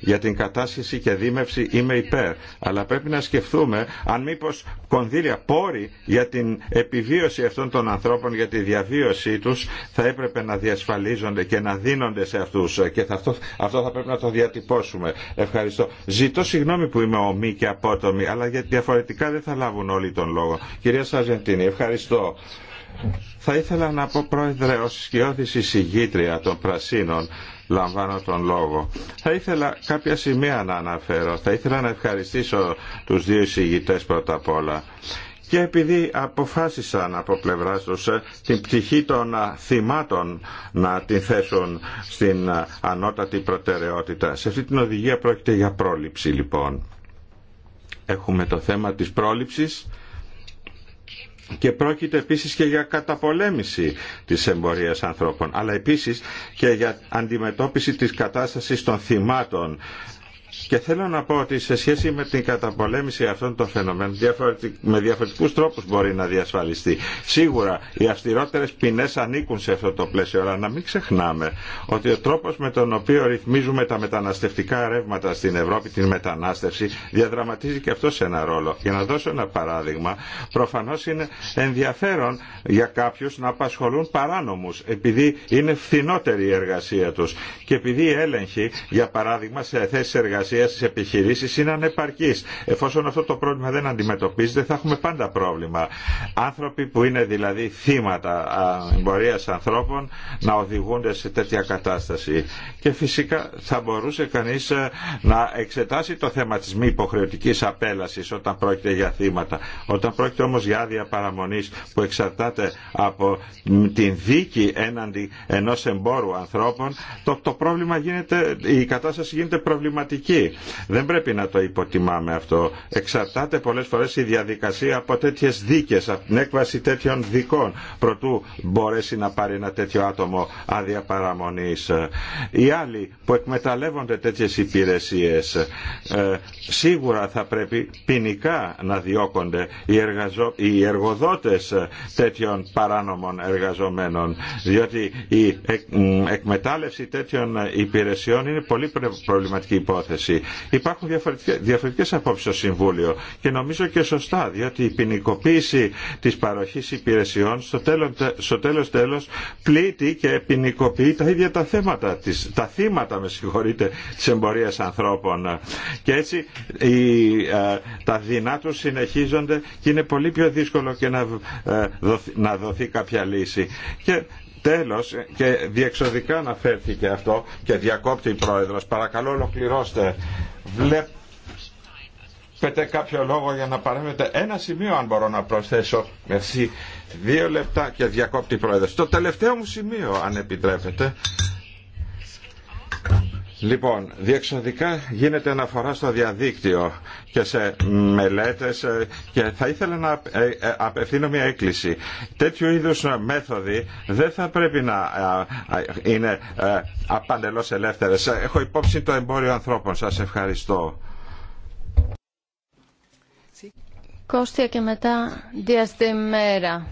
για την κατάσχεση και δίμευση είμαι υπέρ, αλλά πρέπει να σκεφτούμε αν μήπως κονδύλια Όροι για την επιβίωση αυτών των ανθρώπων, για τη διαβίωσή τους θα έπρεπε να διασφαλίζονται και να δίνονται σε αυτούς και θα, αυτό, αυτό θα πρέπει να το διατυπώσουμε. Ευχαριστώ. Ζητώ συγγνώμη που είμαι ομή και απότομη, αλλά γιατί διαφορετικά δεν θα λάβουν όλοι τον λόγο. Κυρία Σαζεντίνη, ευχαριστώ. Θα ήθελα να πω πρόεδρε ως σκιώδης εισηγήτρια των Πρασίνων λαμβάνω τον λόγο. Θα ήθελα κάποια σημεία να αναφέρω. Θα ήθελα να ευχαριστήσω τους δύο εισηγητές πρώτα απ' όλα και επειδή αποφάσισαν από πλευρά τους ε, την ψυχή των ε, θυμάτων να την θέσουν στην ε, ανώτατη προτεραιότητα. Σε αυτή την οδηγία πρόκειται για πρόληψη λοιπόν. Έχουμε το θέμα της πρόληψης και πρόκειται επίσης και για καταπολέμηση της εμπορίας ανθρώπων αλλά επίσης και για αντιμετώπιση της κατάστασης των θυμάτων και θέλω να πω ότι σε σχέση με την καταπολέμηση αυτών των φαινομένων με διαφορετικού τρόπου μπορεί να διασφαλιστεί. Σίγουρα οι αυστηρότερε ποινέ ανήκουν σε αυτό το πλαίσιο, αλλά να μην ξεχνάμε ότι ο τρόπο με τον οποίο ρυθμίζουμε τα μεταναστευτικά ρεύματα στην Ευρώπη, την μετανάστευση, διαδραματίζει και αυτό σε ένα ρόλο. Για να δώσω ένα παράδειγμα, προφανώ είναι ενδιαφέρον για κάποιου να απασχολούν παράνομου, επειδή είναι φθηνότερη η εργασία του και επειδή οι για παράδειγμα, σε θέσει εργασία εργασία στις επιχειρήσεις είναι ανεπαρκή. Εφόσον αυτό το πρόβλημα δεν αντιμετωπίζεται θα έχουμε πάντα πρόβλημα. Άνθρωποι που είναι δηλαδή θύματα εμπορία ανθρώπων να οδηγούνται σε τέτοια κατάσταση. Και φυσικά θα μπορούσε κανεί να εξετάσει το θέμα της μη υποχρεωτική απέλασης όταν πρόκειται για θύματα. Όταν πρόκειται όμω για άδεια παραμονή που εξαρτάται από την δίκη έναντι ενό εμπόρου ανθρώπων, το, το πρόβλημα γίνεται, η κατάσταση γίνεται προβληματική. Δεν πρέπει να το υποτιμάμε αυτό. Εξαρτάται πολλέ φορέ η διαδικασία από τέτοιε δίκε, από την έκβαση τέτοιων δικών, προτού μπορέσει να πάρει ένα τέτοιο άτομο άδεια παραμονή. Οι άλλοι που εκμεταλλεύονται τέτοιε υπηρεσίε ε, σίγουρα θα πρέπει ποινικά να διώκονται οι, εργαζο... οι εργοδότες τέτοιων παράνομων εργαζομένων διότι η ε, εκμετάλλευση τέτοιων υπηρεσιών είναι πολύ προβληματική υπόθεση Υπάρχουν διαφορετικέ απόψει στο Συμβούλιο και νομίζω και σωστά, διότι η ποινικοποίηση της παροχής υπηρεσιών στο τέλος, τέλο, τέλος πλήττει και ποινικοποιεί τα ίδια τα θέματα, της, τα θύματα με συγχωρείτε, της εμπορίας ανθρώπων. Και έτσι ε, τα δεινά τους συνεχίζονται και είναι πολύ πιο δύσκολο και να, ε, να δοθεί κάποια λύση. Τέλος, και διεξοδικά αναφέρθηκε αυτό και διακόπτει η Πρόεδρος. Παρακαλώ ολοκληρώστε. Βλέπετε κάποιο λόγο για να παρέμβετε. Ένα σημείο αν μπορώ να προσθέσω. Μερσή. Δύο λεπτά και διακόπτει η Πρόεδρος. Το τελευταίο μου σημείο αν επιτρέπετε Λοιπόν, διεξοδικά γίνεται αναφορά στο διαδίκτυο και σε μελέτες ε, και θα ήθελα να ε, ε, απευθύνω μια έκκληση. Τέτοιου είδους μέθοδοι δεν θα πρέπει να είναι απαντελώς ελεύθερες. Έχω υπόψη το εμπόριο ανθρώπων. Σας ευχαριστώ. Κώστια και μετά Διαστημέρα.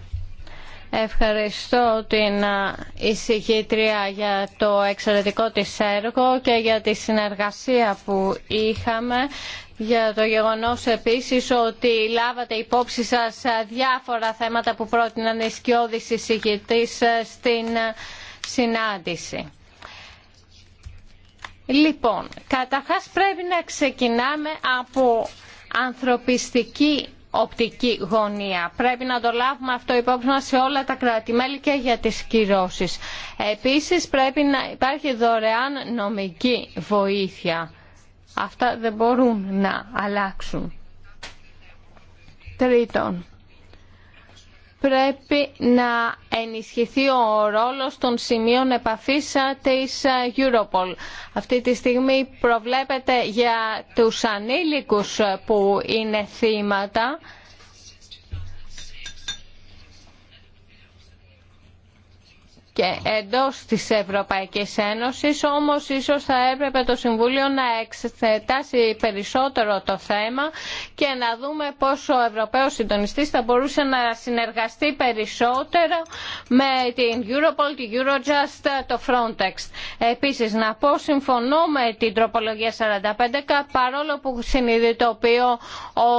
Ευχαριστώ την εισηγήτρια για το εξαιρετικό της έργο και για τη συνεργασία που είχαμε για το γεγονός επίσης ότι λάβατε υπόψη σας διάφορα θέματα που πρότειναν οι σκιώδεις εισηγητής στην συνάντηση. Λοιπόν, καταρχάς πρέπει να ξεκινάμε από ανθρωπιστική οπτική γωνία. Πρέπει να το λάβουμε αυτό υπόψη σε όλα τα κράτη-μέλη και για τις κυρώσεις. Επίσης πρέπει να υπάρχει δωρεάν νομική βοήθεια. Αυτά δεν μπορούν να αλλάξουν. Τρίτον, πρέπει να ενισχυθεί ο ρόλος των σημείων επαφής της Europol. Αυτή τη στιγμή προβλέπεται για τους ανήλικους που είναι θύματα και εντός της Ευρωπαϊκής Ένωσης, όμως ίσως θα έπρεπε το Συμβούλιο να εξετάσει περισσότερο το θέμα και να δούμε πόσο ο Ευρωπαίος Συντονιστής θα μπορούσε να συνεργαστεί περισσότερο με την Europol, την Eurojust, το Frontex. Επίσης, να πω συμφωνώ με την τροπολογία 45, παρόλο που συνειδητοποιώ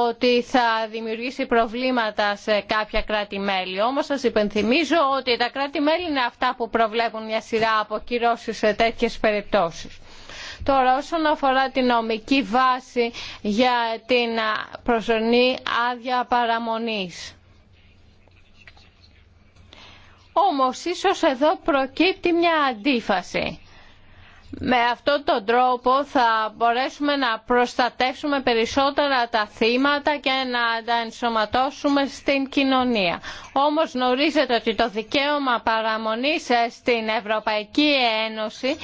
ότι θα δημιουργήσει προβλήματα σε κάποια κράτη-μέλη. Όμως σας υπενθυμίζω ότι τα κράτη-μέλη είναι αυτά αυτά που προβλέπουν μια σειρά από κυρώσεις σε τέτοιε περιπτώσει. Τώρα όσον αφορά τη νομική βάση για την προσωρινή άδεια παραμονής. Όμως ίσως εδώ προκύπτει μια αντίφαση με αυτόν τον τρόπο θα μπορέσουμε να προστατεύσουμε περισσότερα τα θύματα και να τα ενσωματώσουμε στην κοινωνία. Όμως γνωρίζετε ότι το δικαίωμα παραμονής ε, στην Ευρωπαϊκή Ένωση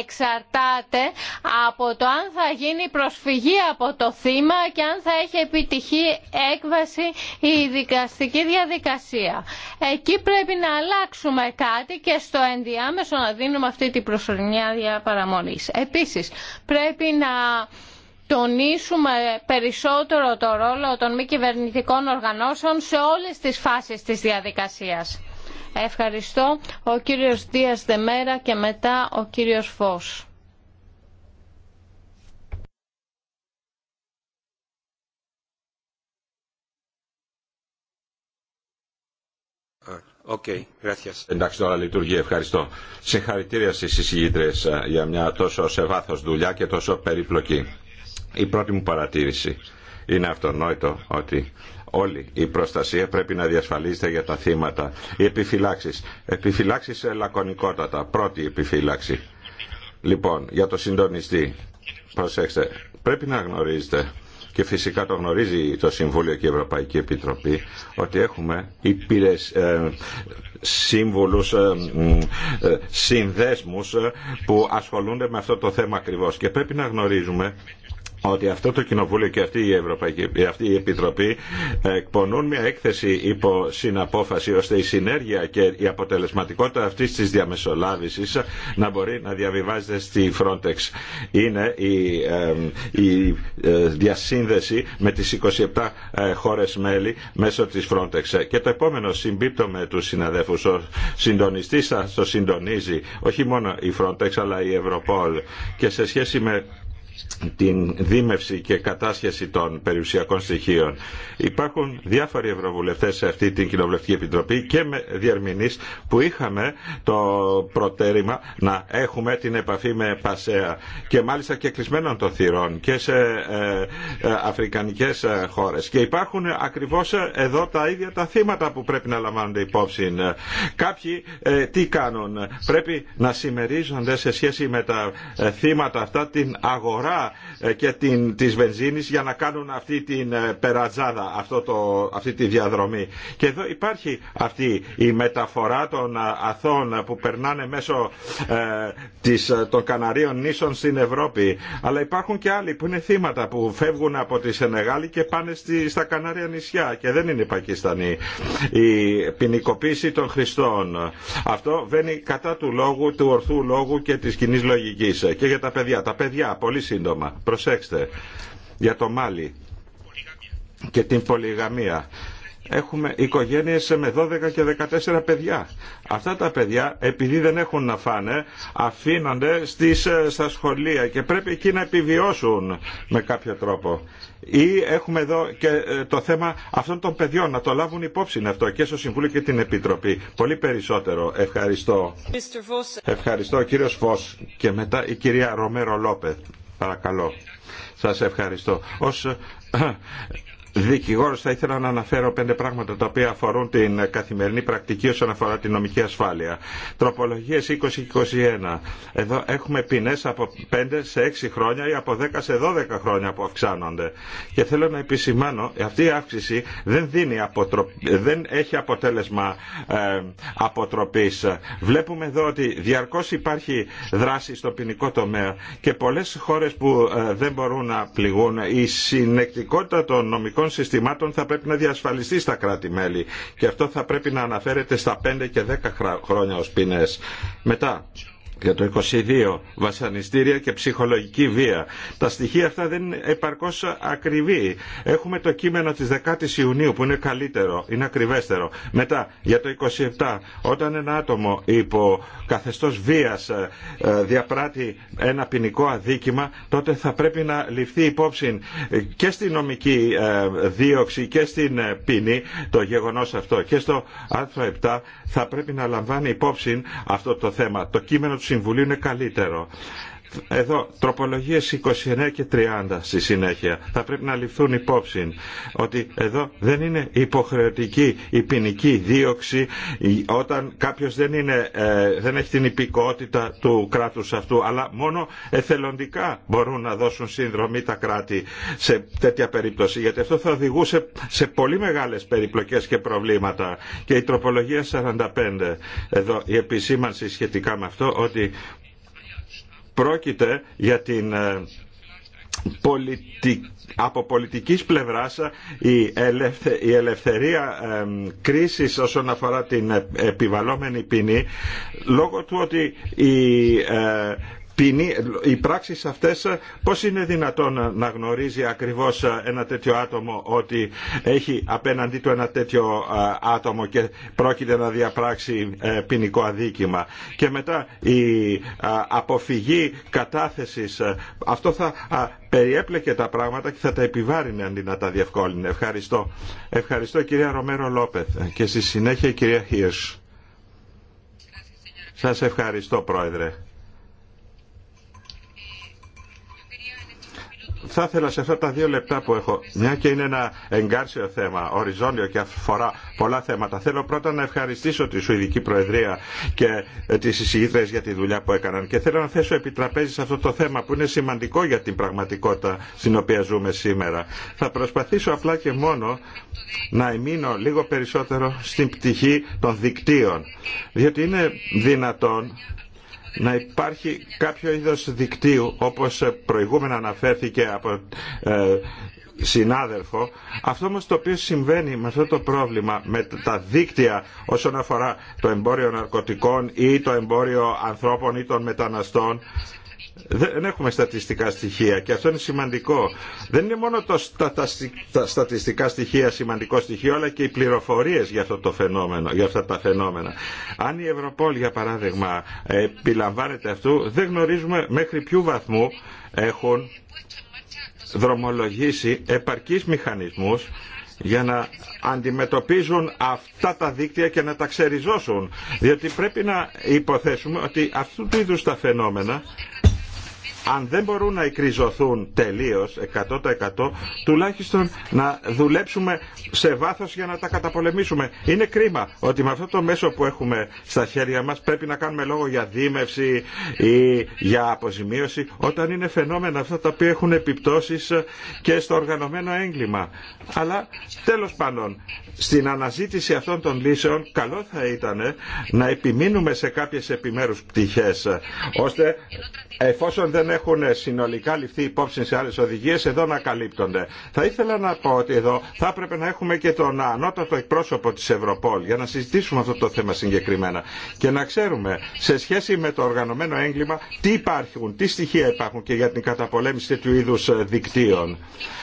εξαρτάται από το αν θα γίνει προσφυγή από το θύμα και αν θα έχει επιτυχή έκβαση η δικαστική διαδικασία. Εκεί πρέπει να αλλάξουμε κάτι και στο ενδιάμεσο να δίνουμε αυτή την προσωρινή παραμονής. Επίσης, πρέπει να τονίσουμε περισσότερο το ρόλο των μη κυβερνητικών οργανώσεων σε όλες τις φάσεις της διαδικασίας. Ευχαριστώ. Ο κύριος Δίας Δεμέρα και μετά ο κύριος Φως. Εντάξει τώρα λειτουργεί, ευχαριστώ. Συγχαρητήρια στι εισηγήτρες ε, για μια τόσο σε βάθο δουλειά και τόσο περίπλοκη. Η πρώτη μου παρατήρηση είναι αυτονόητο ότι όλη η προστασία πρέπει να διασφαλίζεται για τα θύματα. Οι επιφυλάξει, επιφυλάξει λακωνικότατα. Πρώτη επιφύλαξη. Λοιπόν, για το συντονιστή. Προσέξτε. Πρέπει να γνωρίζετε και φυσικά το γνωρίζει το Συμβούλιο και η Ευρωπαϊκή Επιτροπή ότι έχουμε υπήρες ε, σύμβουλους, ε, ε, συνδέσμους ε, που ασχολούνται με αυτό το θέμα ακριβώς και πρέπει να γνωρίζουμε ότι αυτό το Κοινοβούλιο και αυτή η, Ευρωπαϊκή, αυτή η Επιτροπή ε, εκπονούν μια έκθεση υπό συναπόφαση ώστε η συνέργεια και η αποτελεσματικότητα αυτής της διαμεσολάβησης να μπορεί να διαβιβάζεται στη Frontex. Είναι η, η ε, διασύνδεση με τις 27 ε, χώρες μέλη μέσω της Frontex. Και το επόμενο συμπίπτω με τους συναδέφους. Ο συντονιστής θα το συντονίζει όχι μόνο η Frontex αλλά η Ευρωπόλ και σε σχέση με την δίμευση και κατάσχεση των περιουσιακών στοιχείων. Υπάρχουν διάφοροι ευρωβουλευτέ σε αυτή την Κοινοβουλευτική Επιτροπή και με διαρμηνεί που είχαμε το προτέρημα να έχουμε την επαφή με Πασέα και μάλιστα και κλεισμένων των θυρών και σε ε, ε, αφρικανικέ ε, χώρε. Και υπάρχουν ακριβώ εδώ τα ίδια τα θύματα που πρέπει να λαμβάνονται υπόψη. Κάποιοι τι κάνουν. Πρέπει να συμμερίζονται σε σχέση με τα θύματα αυτά την αγορά ε, και την, της βενζίνης για να κάνουν αυτή την ε, περατζάδα, αυτό το, αυτή τη διαδρομή. Και εδώ υπάρχει αυτή η μεταφορά των ε, αθών που περνάνε μέσω της, των Καναρίων νήσων στην Ευρώπη. Αλλά υπάρχουν και άλλοι που είναι θύματα που φεύγουν από τη Σενεγάλη και πάνε στη, στα Κανάρια νησιά και δεν είναι οι Πακιστανοί. Η ποινικοποίηση των Χριστών. Αυτό βαίνει κατά του λόγου, του ορθού λόγου και της κοινή λογικής. Και για τα παιδιά. Τα παιδιά, πολύ σύντομα. Προσέξτε, για το Μάλι και την πολυγαμία. Έχουμε οικογένειες με 12 και 14 παιδιά. Αυτά τα παιδιά, επειδή δεν έχουν να φάνε, αφήνονται στις, ε, στα σχολεία και πρέπει εκεί να επιβιώσουν με κάποιο τρόπο. Ή έχουμε εδώ και ε, το θέμα αυτών των παιδιών, να το λάβουν υπόψη αυτό και στο Συμβούλιο και την Επιτροπή. Πολύ περισσότερο. Ευχαριστώ. Ευχαριστώ ο κύριος Φως και μετά η κυρία Ρομέρο Λόπεθ. Παρακαλώ. Σας ευχαριστώ. Ως δικηγόρος θα ήθελα να αναφέρω πέντε πράγματα τα οποία αφορούν την καθημερινή πρακτική όσον αφορά την νομική ασφάλεια. Τροπολογίες 20 και 21. Εδώ έχουμε ποινές από 5 σε 6 χρόνια ή από 10 σε 12 χρόνια που αυξάνονται. Και θέλω να επισημάνω, αυτή η αύξηση δεν, δίνει δεν έχει αποτέλεσμα ε, αποτροπής. Βλέπουμε εδώ ότι διαρκώς υπάρχει δράση στο ποινικό τομέα και πολλές χώρες που ε, δεν μπορούν να πληγούν η συνεκτικότητα των νομικών των συστημάτων θα πρέπει να διασφαλιστεί στα κράτη-μέλη και αυτό θα πρέπει να αναφέρεται στα 5 και 10 χρόνια ως ποινές. Μετά, για το 22 βασανιστήρια και ψυχολογική βία. Τα στοιχεία αυτά δεν είναι επαρκώ ακριβή. Έχουμε το κείμενο της 10 η Ιουνίου που είναι καλύτερο, είναι ακριβέστερο. Μετά για το 27 όταν ένα άτομο υπό καθεστώς βίας ε, ε, διαπράττει ένα ποινικό αδίκημα τότε θα πρέπει να ληφθεί υπόψη και στη νομική ε, δίωξη και στην ποινή το γεγονό αυτό. Και στο άρθρο 7 θα πρέπει να λαμβάνει υπόψη αυτό το θέμα. Το κείμενο του Συμβουλίου είναι καλύτερο. Εδώ τροπολογίες 29 και 30 στη συνέχεια. Θα πρέπει να ληφθούν υπόψη ότι εδώ δεν είναι υποχρεωτική η ποινική δίωξη όταν κάποιο δεν, είναι, ε, δεν έχει την υπηκότητα του κράτου αυτού αλλά μόνο εθελοντικά μπορούν να δώσουν συνδρομή τα κράτη σε τέτοια περίπτωση γιατί αυτό θα οδηγούσε σε πολύ μεγάλες περιπλοκέ και προβλήματα και η τροπολογία 45 εδώ η επισήμανση σχετικά με αυτό ότι Πρόκειται για την ε, από πολιτικής πλευράς ε, η ελευθερία ε, κρίσης όσον αφορά την επιβαλόμενη ποινή λόγω του ότι η ποινή, οι πράξεις αυτές πώς είναι δυνατόν να γνωρίζει ακριβώς ένα τέτοιο άτομο ότι έχει απέναντί του ένα τέτοιο άτομο και πρόκειται να διαπράξει ε, ποινικό αδίκημα. Και μετά η αποφυγή κατάθεσης, ε, αυτό θα περιέπλεκε τα πράγματα και θα τα επιβάρυνε αντί να τα διευκόλυνε. Ευχαριστώ. Ευχαριστώ κυρία Ρωμέρο Λόπεθ και στη συνέχεια η κυρία Χίρς. Σας ευχαριστώ πρόεδρε. θα ήθελα σε αυτά τα δύο λεπτά που έχω, μια και είναι ένα εγκάρσιο θέμα, οριζόντιο και αφορά πολλά θέματα, θέλω πρώτα να ευχαριστήσω τη Σουηδική Προεδρία και ε, τι εισηγήτρες για τη δουλειά που έκαναν και θέλω να θέσω επιτραπέζη σε αυτό το θέμα που είναι σημαντικό για την πραγματικότητα στην οποία ζούμε σήμερα. Θα προσπαθήσω απλά και μόνο να εμείνω λίγο περισσότερο στην πτυχή των δικτύων, διότι είναι δυνατόν να υπάρχει κάποιο είδος δικτύου όπως προηγούμενα αναφέρθηκε από ε, συνάδελφο. Αυτό όμως το οποίο συμβαίνει με αυτό το πρόβλημα, με τα δίκτυα όσον αφορά το εμπόριο ναρκωτικών ή το εμπόριο ανθρώπων ή των μεταναστών, δεν έχουμε στατιστικά στοιχεία και αυτό είναι σημαντικό. Δεν είναι μόνο το στα, τα, στατιστικά στοιχεία σημαντικό στοιχείο, αλλά και οι πληροφορίε για, το για αυτά τα φαινόμενα. Αν η Ευρωπόλ, για παράδειγμα, επιλαμβάνεται αυτού, δεν γνωρίζουμε μέχρι ποιού βαθμού έχουν δρομολογήσει επαρκείς μηχανισμούς για να αντιμετωπίζουν αυτά τα δίκτυα και να τα ξεριζώσουν. Διότι πρέπει να υποθέσουμε ότι αυτού του είδους τα φαινόμενα αν δεν μπορούν να εκριζωθούν τελείως 100% τουλάχιστον να δουλέψουμε σε βάθος για να τα καταπολεμήσουμε. Είναι κρίμα ότι με αυτό το μέσο που έχουμε στα χέρια μας πρέπει να κάνουμε λόγο για δίμευση ή για αποζημίωση όταν είναι φαινόμενα αυτά τα οποία έχουν επιπτώσεις και στο οργανωμένο έγκλημα. Αλλά τέλος πάντων στην αναζήτηση αυτών των λύσεων καλό θα ήταν να επιμείνουμε σε κάποιες επιμέρους πτυχές ώστε εφόσον δεν έχουν συνολικά ληφθεί υπόψη σε άλλε οδηγίε, εδώ να καλύπτονται. Θα ήθελα να πω ότι εδώ θα έπρεπε να έχουμε και τον ανώτατο εκπρόσωπο τη Ευρωπόλ για να συζητήσουμε αυτό το θέμα συγκεκριμένα και να ξέρουμε σε σχέση με το οργανωμένο έγκλημα τι υπάρχουν, τι στοιχεία υπάρχουν και για την καταπολέμηση τέτοιου είδου ε, δικτύων.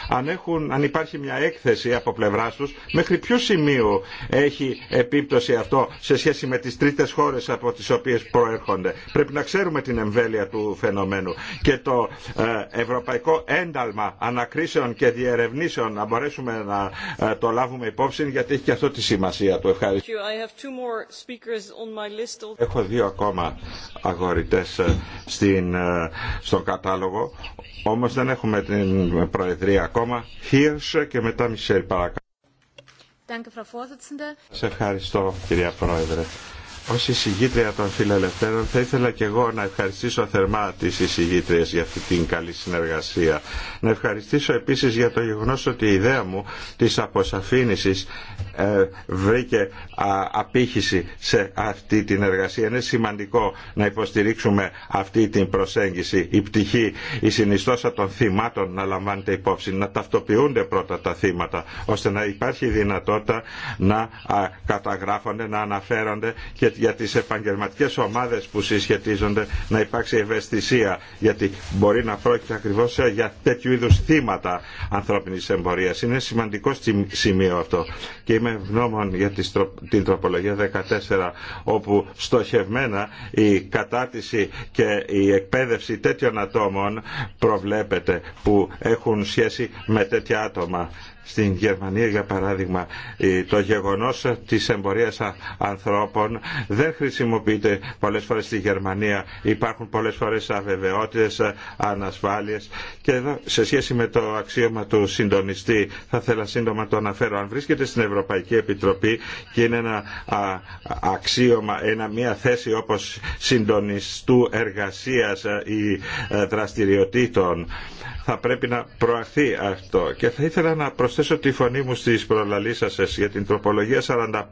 Αν, έχουν, αν υπάρχει μια έκθεση από πλευρά του, μέχρι ποιο σημείο έχει επίπτωση αυτό σε σχέση με τι τρίτε χώρε από τι οποίε προέρχονται. Πρέπει να ξέρουμε την εμβέλεια του φαινομένου και το ε, ευρωπαϊκό ένταλμα ανακρίσεων και διερευνήσεων να μπορέσουμε να ε, το λάβουμε υπόψη γιατί έχει και αυτό τη σημασία του. Ευχαριστώ. Έχω δύο ακόμα αγορητές ε, στην, στον κατάλογο, όμως δεν έχουμε την Προεδρία ακόμα. Χίρς και μετά Μισελ παρακαλώ. Σε ευχαριστώ κυρία Πρόεδρε ως εισηγήτρια των φιλελευθέρων θα ήθελα και εγώ να ευχαριστήσω θερμά τις εισηγήτριες για αυτή την καλή συνεργασία. Να ευχαριστήσω επίσης για το γεγονός ότι η ιδέα μου της αποσαφήνισης ε, βρήκε α, απήχηση σε αυτή την εργασία. Είναι σημαντικό να υποστηρίξουμε αυτή την προσέγγιση. Η πτυχή, η συνιστόσα των θυμάτων να λαμβάνεται υπόψη, να ταυτοποιούνται πρώτα τα θύματα, ώστε να υπάρχει δυνατότητα να α, καταγράφονται, να αναφέρονται για τις επαγγελματικές ομάδες που συσχετίζονται να υπάρξει ευαισθησία γιατί μπορεί να πρόκειται ακριβώς για τέτοιου είδους θύματα ανθρώπινης εμπορίας. Είναι σημαντικό σημείο αυτό και είμαι ευγνώμων για την τροπολογία 14 όπου στοχευμένα η κατάρτιση και η εκπαίδευση τέτοιων ατόμων προβλέπεται που έχουν σχέση με τέτοια άτομα στην Γερμανία για παράδειγμα ε, το γεγονός της εμπορίας ανθρώπων δεν χρησιμοποιείται πολλές φορές στη Γερμανία υπάρχουν πολλές φορές αβεβαιότητες ε, ανασφάλειες και εδώ σε σχέση με το αξίωμα του συντονιστή θα ήθελα σύντομα το αναφέρω αν βρίσκεται στην Ευρωπαϊκή Επιτροπή και είναι ένα αξίωμα ένα, μια θέση όπως συντονιστού εργασίας ή ε, δραστηριοτήτων θα πρέπει να προαχθεί αυτό. Και θα ήθελα να προσθέσω τη φωνή μου στις προλαλήσασες για την τροπολογία 45,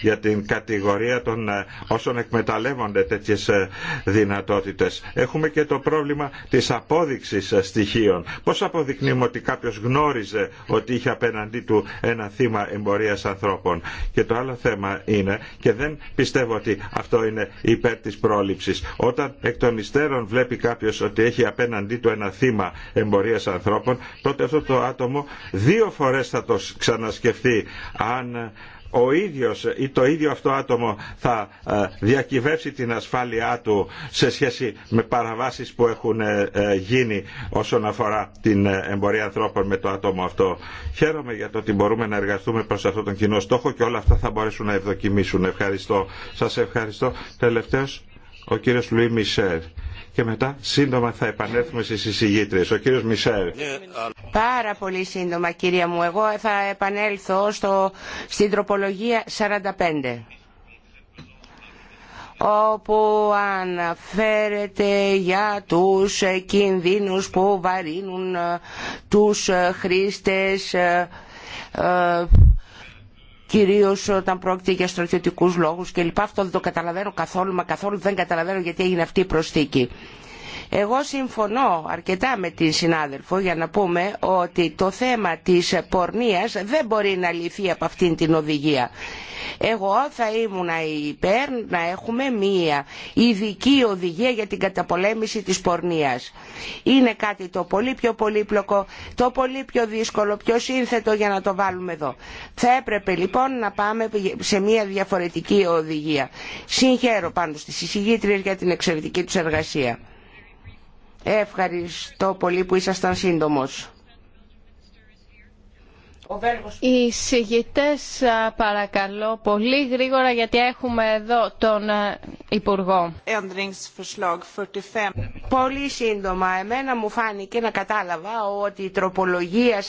για την κατηγορία των ε, όσων εκμεταλλεύονται τέτοιες ε, δυνατότητες. Έχουμε και το πρόβλημα της απόδειξης ε, στοιχείων. Πώς αποδεικνύουμε ότι κάποιος γνώριζε ότι είχε απέναντί του ένα θύμα εμπορίας ανθρώπων. Και το άλλο θέμα είναι, και δεν πιστεύω ότι αυτό είναι υπέρ της πρόληψης, όταν εκ των υστέρων βλέπει κάποιος ότι έχει απέναντί του ένα θύμα Εμπορία ανθρώπων, τότε αυτό το άτομο δύο φορές θα το ξανασκεφτεί αν ο ίδιος ή το ίδιο αυτό άτομο θα ε, διακυβεύσει την ασφάλειά του σε σχέση με παραβάσεις που έχουν ε, ε, γίνει όσον αφορά την εμπορία ανθρώπων με το άτομο αυτό. Χαίρομαι για το ότι μπορούμε να εργαστούμε προς αυτόν τον κοινό στόχο και όλα αυτά θα μπορέσουν να ευδοκιμήσουν. Ευχαριστώ. Σας ευχαριστώ. Τελευταίος, ο κύριος Λουί Μισερ και μετά σύντομα θα επανέλθουμε στις εισηγήτριες. Ο κύριος Μισελ. Πάρα πολύ σύντομα κυρία μου. Εγώ θα επανέλθω στο, στην τροπολογία 45 όπου αναφέρεται για τους κινδύνους που βαρύνουν ε, τους ε, χρήστες ε, κυρίως όταν πρόκειται για στρατιωτικούς λόγους κλπ. Αυτό δεν το καταλαβαίνω καθόλου, μα καθόλου δεν καταλαβαίνω γιατί έγινε αυτή η προσθήκη. Εγώ συμφωνώ αρκετά με την συνάδελφο για να πούμε ότι το θέμα της πορνείας δεν μπορεί να λυθεί από αυτήν την οδηγία. Εγώ θα ήμουν υπέρ να έχουμε μία ειδική οδηγία για την καταπολέμηση της πορνείας. Είναι κάτι το πολύ πιο πολύπλοκο, το πολύ πιο δύσκολο, πιο σύνθετο για να το βάλουμε εδώ. Θα έπρεπε λοιπόν να πάμε σε μία διαφορετική οδηγία. Συγχαίρω πάνω στις εισηγήτριες για την εξαιρετική τους εργασία. Ευχαριστώ πολύ που ήσασταν σύντομος. Οι συγητές παρακαλώ πολύ γρήγορα γιατί έχουμε εδώ τον Υπουργό. Πολύ σύντομα. Εμένα μου φάνηκε να κατάλαβα ότι η τροπολογία 45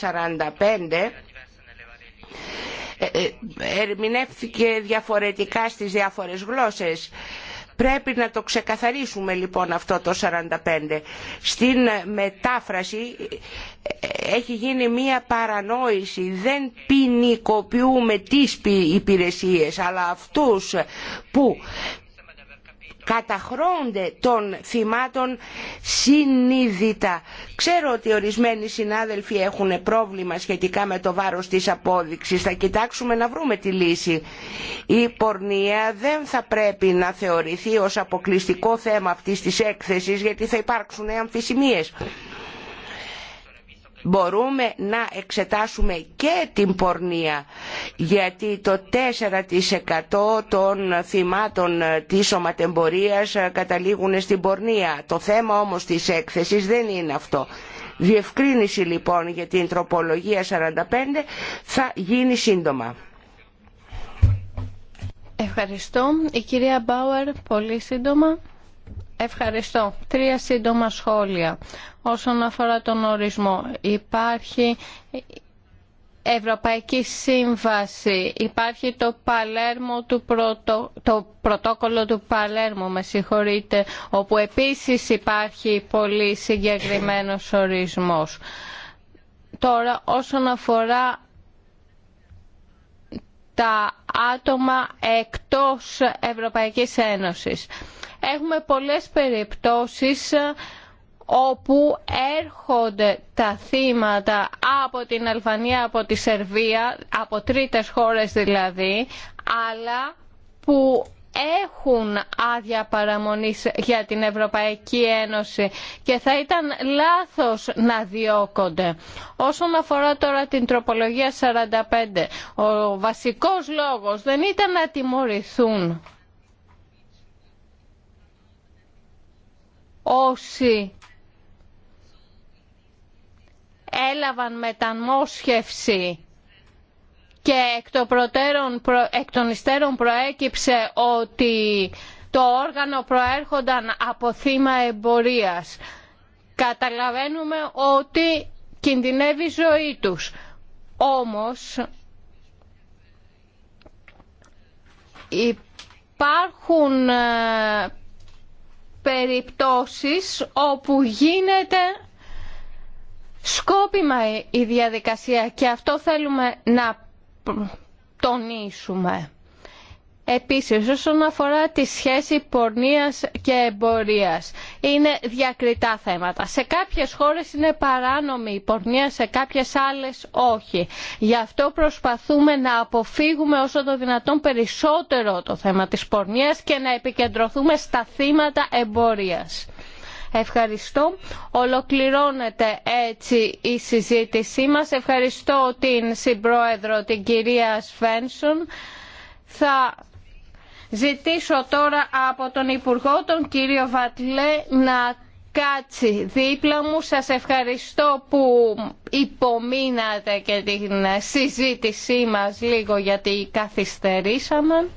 ε, ε, ερμηνεύθηκε διαφορετικά στις διάφορες γλώσσες Πρέπει να το ξεκαθαρίσουμε λοιπόν αυτό το 45. Στην ε, μετάφραση ε, έχει γίνει μία παρανόηση. Δεν ποινικοποιούμε τις υπηρεσίες, αλλά αυτούς που καταχρώνται των θυμάτων συνείδητα. Ξέρω ότι ορισμένοι συνάδελφοι έχουν πρόβλημα σχετικά με το βάρος της απόδειξης. Θα κοιτάξουμε να βρούμε τη λύση. Η πορνεία δεν θα πρέπει να θεωρηθεί ως αποκλειστικό θέμα αυτής της έκθεσης γιατί θα υπάρξουν αμφισημίες μπορούμε να εξετάσουμε και την πορνεία γιατί το 4% των θυμάτων της σωματεμπορίας καταλήγουν στην πορνεία. Το θέμα όμως της έκθεσης δεν είναι αυτό. Διευκρίνηση λοιπόν για την τροπολογία 45 θα γίνει σύντομα. Ευχαριστώ. Η κυρία Μπάουερ πολύ σύντομα. Ευχαριστώ. Τρία σύντομα σχόλια. Όσον αφορά τον ορισμό, υπάρχει Ευρωπαϊκή Σύμβαση, υπάρχει το, Παλέρμο του πρωτο, το πρωτόκολλο του Παλέρμου, με συγχωρείτε, όπου επίσης υπάρχει πολύ συγκεκριμένος ορισμός. Τώρα, όσον αφορά τα άτομα εκτός Ευρωπαϊκής Ένωσης έχουμε πολλές περιπτώσεις ε, όπου έρχονται τα θύματα από την Αλβανία, από τη Σερβία, από τρίτες χώρες δηλαδή, αλλά που έχουν άδεια παραμονής για την Ευρωπαϊκή Ένωση και θα ήταν λάθος να διώκονται. Όσον αφορά τώρα την τροπολογία 45, ο βασικός λόγος δεν ήταν να τιμωρηθούν όσοι έλαβαν μεταμόσχευση και εκ των, προτέρων, εκ των υστέρων προέκυψε ότι το όργανο προέρχονταν από θύμα εμπορίας. Καταλαβαίνουμε ότι κινδυνεύει η ζωή τους. Όμως υπάρχουν ε, περιπτώσεις όπου γίνεται σκόπιμα η διαδικασία και αυτό θέλουμε να τονίσουμε. Επίσης, όσον αφορά τη σχέση πορνείας και εμπορίας, είναι διακριτά θέματα. Σε κάποιες χώρες είναι παράνομη η πορνεία, σε κάποιες άλλες όχι. Γι' αυτό προσπαθούμε να αποφύγουμε όσο το δυνατόν περισσότερο το θέμα της πορνείας και να επικεντρωθούμε στα θύματα εμπορίας. Ευχαριστώ. Ολοκληρώνεται έτσι η συζήτησή μας. Ευχαριστώ την συμπρόεδρο, την κυρία Σφένσον. Θα Ζητήσω τώρα από τον Υπουργό, τον κύριο Βατλέ, να κάτσει δίπλα μου. Σας ευχαριστώ που υπομείνατε και την συζήτησή μας λίγο γιατί καθυστερήσαμε.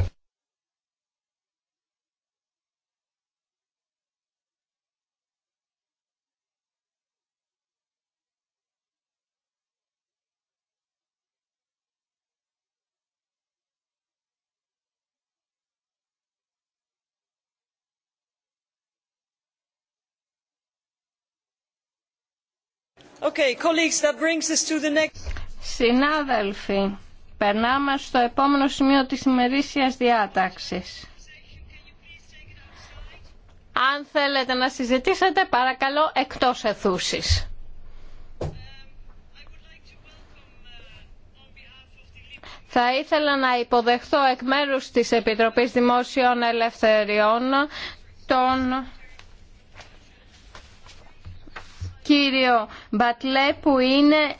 Συνάδελφοι, περνάμε στο επόμενο σημείο της ημερήσιας διάταξης. Αν θέλετε να συζητήσετε, παρακαλώ, εκτός εθούσης. θα ήθελα να υποδεχθώ εκ μέρους της Επιτροπής Δημόσιων Ελευθεριών των... κύριο Μπατλέ που είναι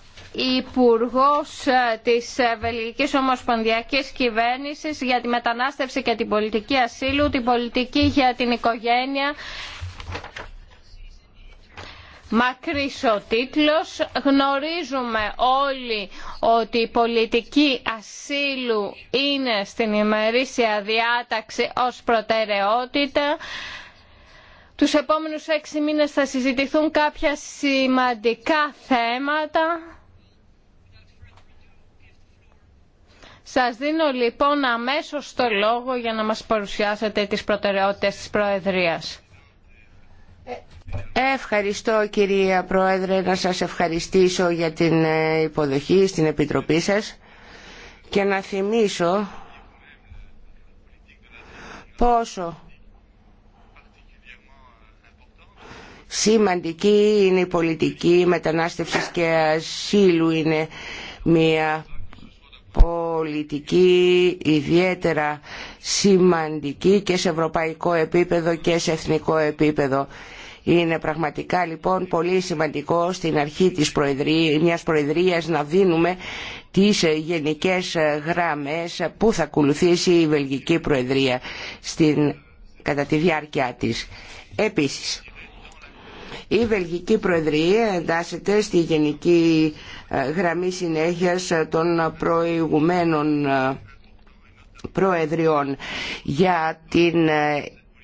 Υπουργό ε, της ε, Βελγικής Ομοσπονδιακής Κυβέρνησης για τη μετανάστευση και την πολιτική ασύλου, την πολιτική για την οικογένεια. Μακρύς ο τίτλος. Γνωρίζουμε όλοι ότι η πολιτική ασύλου είναι στην ημερήσια διάταξη ως προτεραιότητα. Τους επόμενους έξι μήνες θα συζητηθούν κάποια σημαντικά θέματα. Σας δίνω λοιπόν αμέσως το λόγο για να μας παρουσιάσετε τις προτεραιότητες της Προεδρίας. Ε, ευχαριστώ κυρία Πρόεδρε να σας ευχαριστήσω για την ε, υποδοχή στην Επιτροπή σας και να θυμίσω πόσο Σημαντική είναι η πολιτική μετανάστευσης και ασύλου είναι μια πολιτική ιδιαίτερα σημαντική και σε ευρωπαϊκό επίπεδο και σε εθνικό επίπεδο. Είναι πραγματικά λοιπόν πολύ σημαντικό στην αρχή της προεδρίας, μιας προεδρίας να δίνουμε τις γενικές γραμμές που θα ακολουθήσει η Βελγική Προεδρία στην, κατά τη διάρκεια της. Επίσης, η Βελγική Προεδρία εντάσσεται στη γενική ε, γραμμή συνέχειας ε, των προηγουμένων ε, προεδριών για την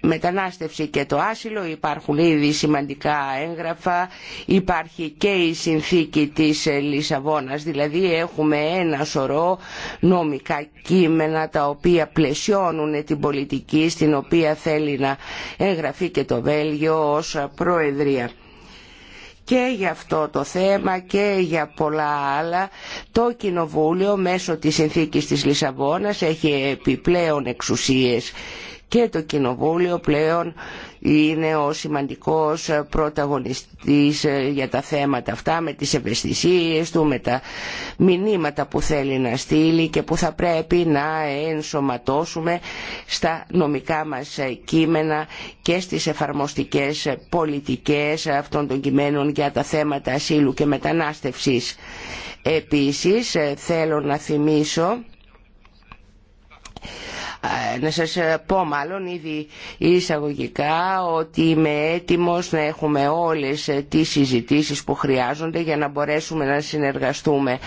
μετανάστευση και το άσυλο υπάρχουν ήδη σημαντικά έγγραφα υπάρχει και η συνθήκη της Λισαβόνας δηλαδή έχουμε ένα σωρό νομικά κείμενα τα οποία πλαισιώνουν την πολιτική στην οποία θέλει να εγγραφεί και το Βέλγιο ως Προεδρία και για αυτό το θέμα και για πολλά άλλα το Κοινοβούλιο μέσω της συνθήκης της Λισαβόνας έχει επιπλέον εξουσίες και το Κοινοβούλιο πλέον είναι ο σημαντικός πρωταγωνιστής ε, για τα θέματα αυτά με τις ευαισθησίες του, με τα μηνύματα που θέλει να στείλει και που θα πρέπει να ενσωματώσουμε στα νομικά μας κείμενα και στις εφαρμοστικές πολιτικές αυτών των κειμένων για τα θέματα ασύλου και μετανάστευσης. Επίσης ε, θέλω να θυμίσω ε, να σας ε, πω μάλλον ήδη εισαγωγικά ότι είμαι έτοιμος να έχουμε όλες ε, τις συζητήσεις που χρειάζονται για να μπορέσουμε να συνεργαστούμε.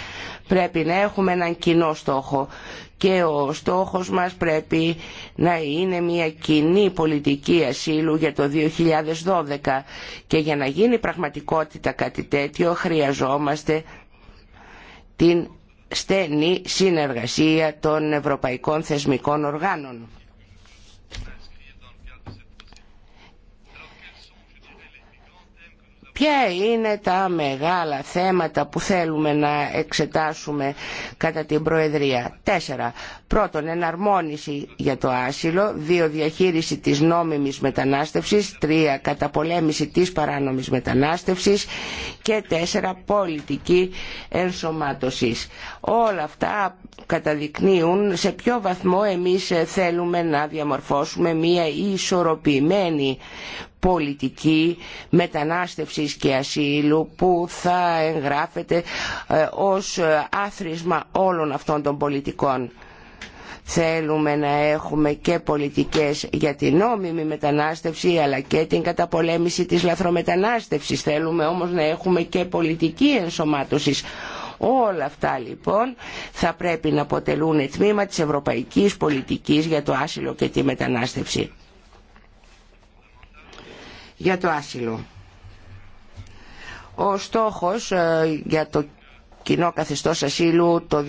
Πρέπει να έχουμε έναν κοινό στόχο και ο στόχος μας πρέπει να είναι μια κοινή πολιτική ασύλου για το 2012 και για να γίνει πραγματικότητα κάτι τέτοιο χρειαζόμαστε την στενή συνεργασία των ευρωπαϊκών θεσμικών οργάνων. Ποια είναι τα μεγάλα θέματα που θέλουμε να εξετάσουμε κατά την Προεδρία. Τέσσερα. Πρώτον, εναρμόνιση για το άσυλο. Δύο, διαχείριση της νόμιμης μετανάστευσης. Τρία, καταπολέμηση της παράνομης μετανάστευσης. Και τέσσερα, πολιτική ενσωμάτωση. Όλα αυτά καταδεικνύουν σε ποιο βαθμό εμείς θέλουμε να διαμορφώσουμε μια ισορροπημένη πολιτική μετανάστευσης και ασύλου που θα εγγράφεται ε, ως ε, άθροισμα όλων αυτών των πολιτικών. Θέλουμε να έχουμε και πολιτικές για την νόμιμη μετανάστευση αλλά και την καταπολέμηση της λαθρομετανάστευσης. Θέλουμε όμως να έχουμε και πολιτική ενσωμάτωσης. Όλα αυτά λοιπόν θα πρέπει να αποτελούν τμήμα της ευρωπαϊκής πολιτικής για το άσυλο και τη μετανάστευση για το άσυλο. Ο στόχος ε, για το κοινό καθεστώς ασύλου το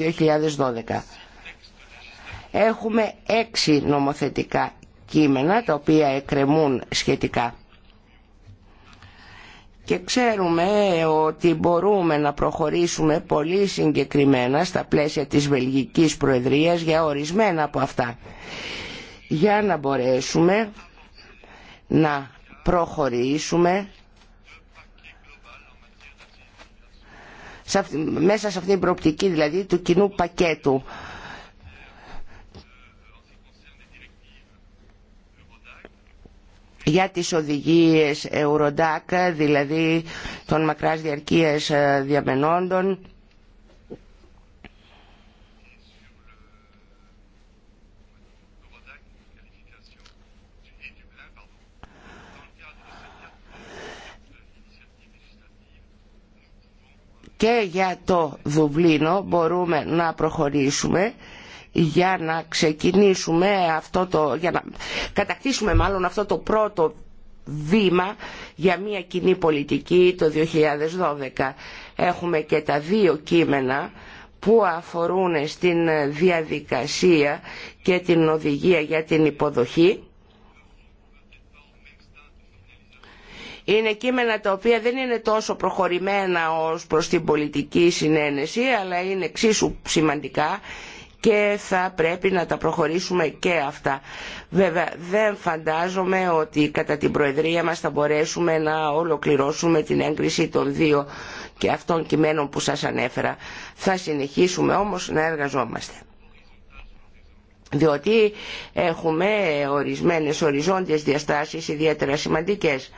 2012. Έχουμε έξι νομοθετικά κείμενα τα οποία εκκρεμούν σχετικά. Και ξέρουμε ότι μπορούμε να προχωρήσουμε πολύ συγκεκριμένα στα πλαίσια της Βελγικής Προεδρίας για ορισμένα από αυτά. Για να μπορέσουμε να προχωρήσουμε μέσα σε αυτήν την προοπτική δηλαδή του κοινού πακέτου. για τις οδηγίες Eurodac, δηλαδή των μακράς διαρκείας ε, διαμενόντων, και για το Δουβλίνο μπορούμε να προχωρήσουμε για να ξεκινήσουμε αυτό το, για να κατακτήσουμε μάλλον αυτό το πρώτο βήμα για μια κοινή πολιτική το 2012. Έχουμε και τα δύο κείμενα που αφορούν στην διαδικασία και την οδηγία για την υποδοχή είναι κείμενα τα οποία δεν είναι τόσο προχωρημένα ως προς την πολιτική συνένεση αλλά είναι εξίσου σημαντικά και θα πρέπει να τα προχωρήσουμε και αυτά. Βέβαια δεν φαντάζομαι ότι κατά την Προεδρία μας θα μπορέσουμε να ολοκληρώσουμε την έγκριση των δύο και αυτών κειμένων που σας ανέφερα. Θα συνεχίσουμε όμως να εργαζόμαστε. Διότι έχουμε ορισμένες οριζόντιες διαστάσεις ιδιαίτερα σημαντικές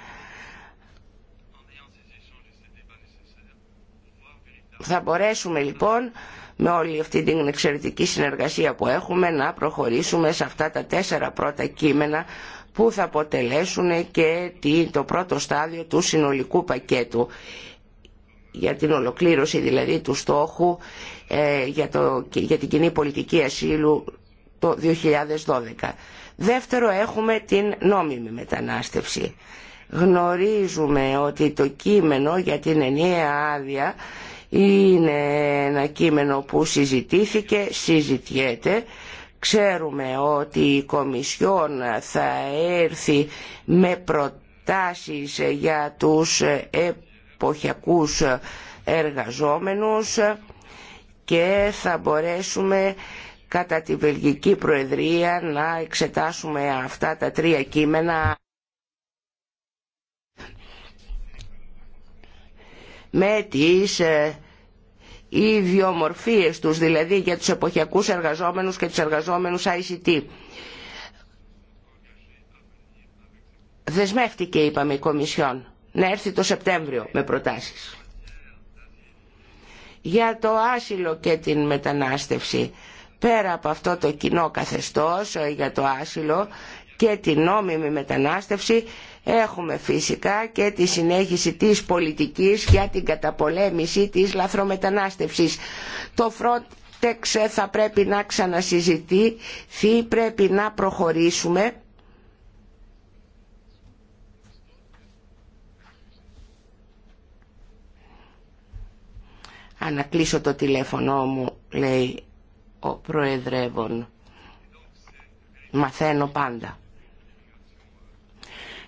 Θα μπορέσουμε λοιπόν με όλη αυτή την εξαιρετική συνεργασία που έχουμε να προχωρήσουμε σε αυτά τα τέσσερα πρώτα κείμενα που θα αποτελέσουν και το πρώτο στάδιο του συνολικού πακέτου για την ολοκλήρωση δηλαδή του στόχου ε, για, το, για την κοινή πολιτική ασύλου το 2012. Δεύτερο έχουμε την νόμιμη μετανάστευση. Γνωρίζουμε ότι το κείμενο για την ενιαία άδεια είναι ένα κείμενο που συζητήθηκε, συζητιέται. Ξέρουμε ότι η Κομισιόν θα έρθει με προτάσεις για τους εποχιακούς εργαζόμενους και θα μπορέσουμε κατά τη Βελγική Προεδρία να εξετάσουμε αυτά τα τρία κείμενα. με τις ε, τους, δηλαδή για τους εποχιακούς εργαζόμενους και τους εργαζόμενους ICT. Δεσμεύτηκε, είπαμε, η Κομισιόν να έρθει το Σεπτέμβριο με προτάσεις. Για το άσυλο και την μετανάστευση, πέρα από αυτό το κοινό καθεστώς ε, για το άσυλο και την νόμιμη μετανάστευση, Έχουμε φυσικά και τη συνέχιση της πολιτικής για την καταπολέμηση της λαθρομετανάστευσης. Το Frontex θα πρέπει να ξανασυζητηθεί, πρέπει να προχωρήσουμε. Ανακλείσω το τηλέφωνο μου, λέει ο Προεδρεύων. Μαθαίνω πάντα.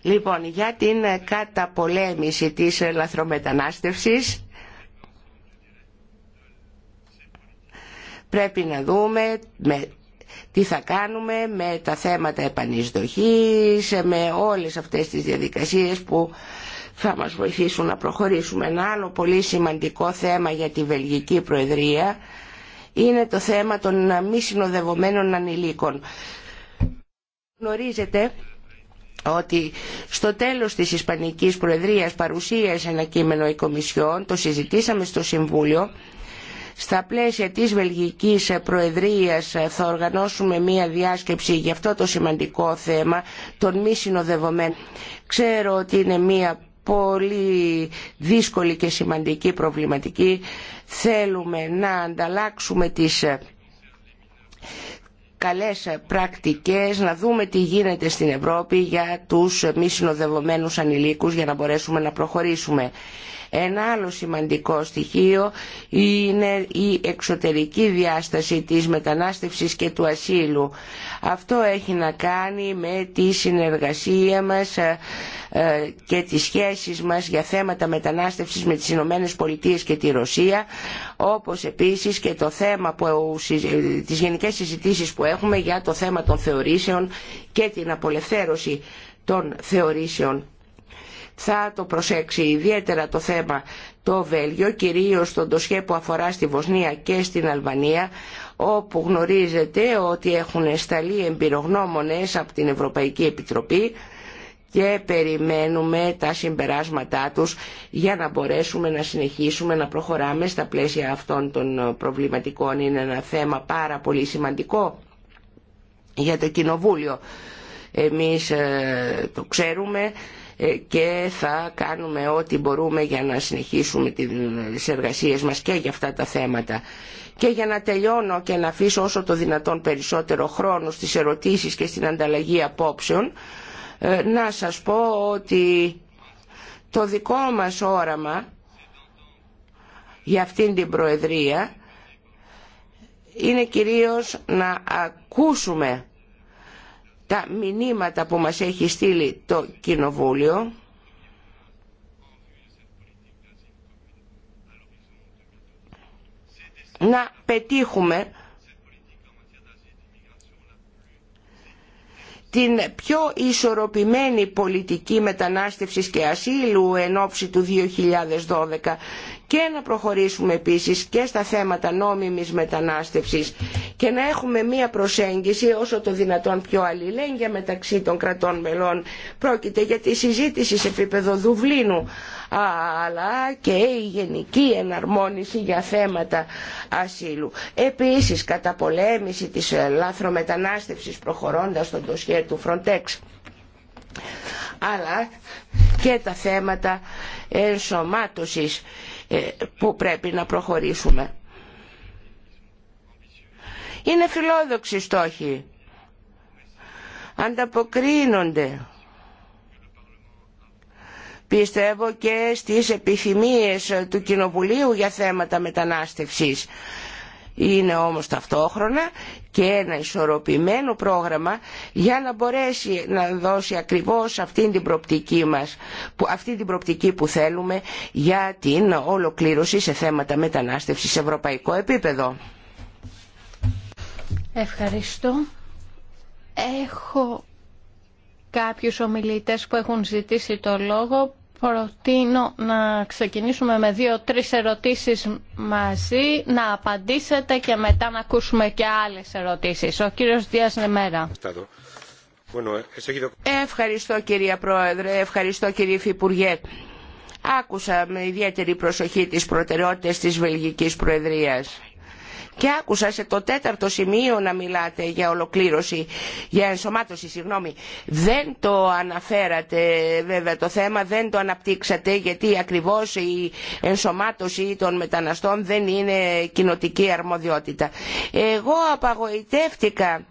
Λοιπόν, για την καταπολέμηση της λαθρομετανάστευσης πρέπει να δούμε με, τι θα κάνουμε με τα θέματα επανεισδοχής, με όλες αυτές τις διαδικασίες που θα μας βοηθήσουν να προχωρήσουμε. Ένα άλλο πολύ σημαντικό θέμα για τη Βελγική Προεδρία είναι το θέμα των μη συνοδευομένων ανηλίκων. Γνωρίζετε ότι στο τέλος της Ισπανικής Προεδρίας παρουσίασε ένα κείμενο η Κομισιόν, το συζητήσαμε στο Συμβούλιο. Στα πλαίσια της Βελγικής Προεδρίας θα οργανώσουμε μία διάσκεψη για αυτό το σημαντικό θέμα των μη συνοδευομένων. Ξέρω ότι είναι μία πολύ δύσκολη και σημαντική προβληματική. Θέλουμε να ανταλλάξουμε τις καλές πρακτικές, να δούμε τι γίνεται στην Ευρώπη για τους μη συνοδευομένους ανηλίκους για να μπορέσουμε να προχωρήσουμε. Ένα άλλο σημαντικό στοιχείο είναι η εξωτερική διάσταση της μετανάστευσης και του ασύλου. Αυτό έχει να κάνει με τη συνεργασία μας ε, ε, και τις σχέσεις μας για θέματα μετανάστευσης με τις Ηνωμένε Πολιτείε και τη Ρωσία, όπως επίσης και το θέμα που, ε, τις γενικές συζητήσεις που έχουμε για το θέμα των θεωρήσεων και την απολευθέρωση των θεωρήσεων θα το προσέξει ιδιαίτερα το θέμα το Βέλγιο, κυρίως στον τοσχέ που αφορά στη Βοσνία και στην Αλβανία, όπου γνωρίζετε ότι έχουν σταλεί εμπειρογνώμονες από την Ευρωπαϊκή Επιτροπή και περιμένουμε τα συμπεράσματά τους για να μπορέσουμε να συνεχίσουμε να προχωράμε στα πλαίσια αυτών των προβληματικών. Είναι ένα θέμα πάρα πολύ σημαντικό για το Κοινοβούλιο. Εμείς ε, το ξέρουμε ε, και θα κάνουμε ό,τι μπορούμε για να συνεχίσουμε τις εργασίες μας και για αυτά τα θέματα. Και για να τελειώνω και να αφήσω όσο το δυνατόν περισσότερο χρόνο στις ερωτήσεις και στην ανταλλαγή απόψεων, ε, να σας πω ότι το δικό μας όραμα για αυτήν την Προεδρία είναι κυρίως να ακούσουμε τα μηνύματα που μας έχει στείλει το Κοινοβούλιο να πετύχουμε την πιο ισορροπημένη πολιτική μετανάστευσης και ασύλου εν ώψη του 2012 και να προχωρήσουμε επίσης και στα θέματα νόμιμης μετανάστευσης και να έχουμε μία προσέγγιση όσο το δυνατόν πιο αλληλέγγυα μεταξύ των κρατών μελών. Πρόκειται για τη συζήτηση σε επίπεδο Δουβλίνου αλλά και η γενική εναρμόνιση για θέματα ασύλου. Επίσης καταπολέμηση της λάθρομετανάστευσης προχωρώντας στον τοσχέ του Frontex αλλά και τα θέματα ενσωμάτωσης ε, που πρέπει να προχωρήσουμε. Είναι φιλόδοξοι στόχοι. Ανταποκρίνονται. Πιστεύω και στις επιθυμίες του Κοινοβουλίου για θέματα μετανάστευσης είναι όμως ταυτόχρονα και ένα ισορροπημένο πρόγραμμα για να μπορέσει να δώσει ακριβώς αυτή την προπτική μας, αυτή την προπτική που θέλουμε για την ολοκλήρωση σε θέματα μετανάστευσης σε ευρωπαϊκό επίπεδο. Ευχαριστώ. Έχω κάποιους ομιλητές που έχουν ζητήσει το λόγο Προτείνω να ξεκινήσουμε με δύο-τρεις ερωτήσεις μαζί, να απαντήσετε και μετά να ακούσουμε και άλλες ερωτήσεις. Ο κύριος Δίας Νεμέρα. Ευχαριστώ κυρία Πρόεδρε, ευχαριστώ κύριε Υφυπουργέ. Άκουσα με ιδιαίτερη προσοχή τις προτεραιότητες της Βελγικής Προεδρίας και άκουσα σε το τέταρτο σημείο να μιλάτε για ολοκλήρωση, για ενσωμάτωση, συγγνώμη. Δεν το αναφέρατε βέβαια το θέμα, δεν το αναπτύξατε γιατί ακριβώς η ενσωμάτωση των μεταναστών δεν είναι κοινοτική αρμοδιότητα. Εγώ απαγοητεύτηκα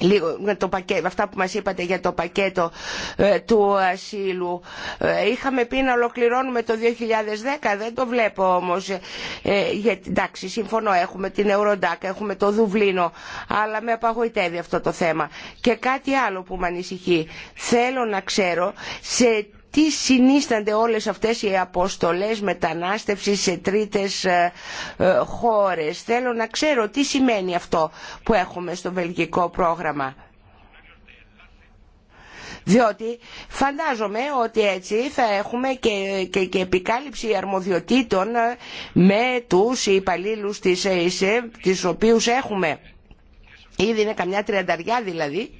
λίγο με αυτά που μας είπατε για το πακέτο ε, του ασύλου. Ε, είχαμε πει να ολοκληρώνουμε το 2010, δεν το βλέπω όμως. Ε, εντάξει, συμφωνώ, έχουμε την Eurodac, έχουμε το Δουβλίνο, αλλά με απαγοητεύει αυτό το θέμα. Και κάτι άλλο που με ανησυχεί. Θέλω να ξέρω σε τι συνίστανται όλες αυτές οι αποστολές μετανάστευσης σε τρίτες ε, ε, χώρες. Θέλω να ξέρω τι σημαίνει αυτό που έχουμε στο βελγικό πρόγραμμα. Διότι φαντάζομαι ότι έτσι θα έχουμε και, και, επικάλυψη αρμοδιοτήτων ε, με τους υπαλλήλου της ΕΙΣΕ, τις οποίους έχουμε. Ήδη είναι καμιά τριανταριά δηλαδή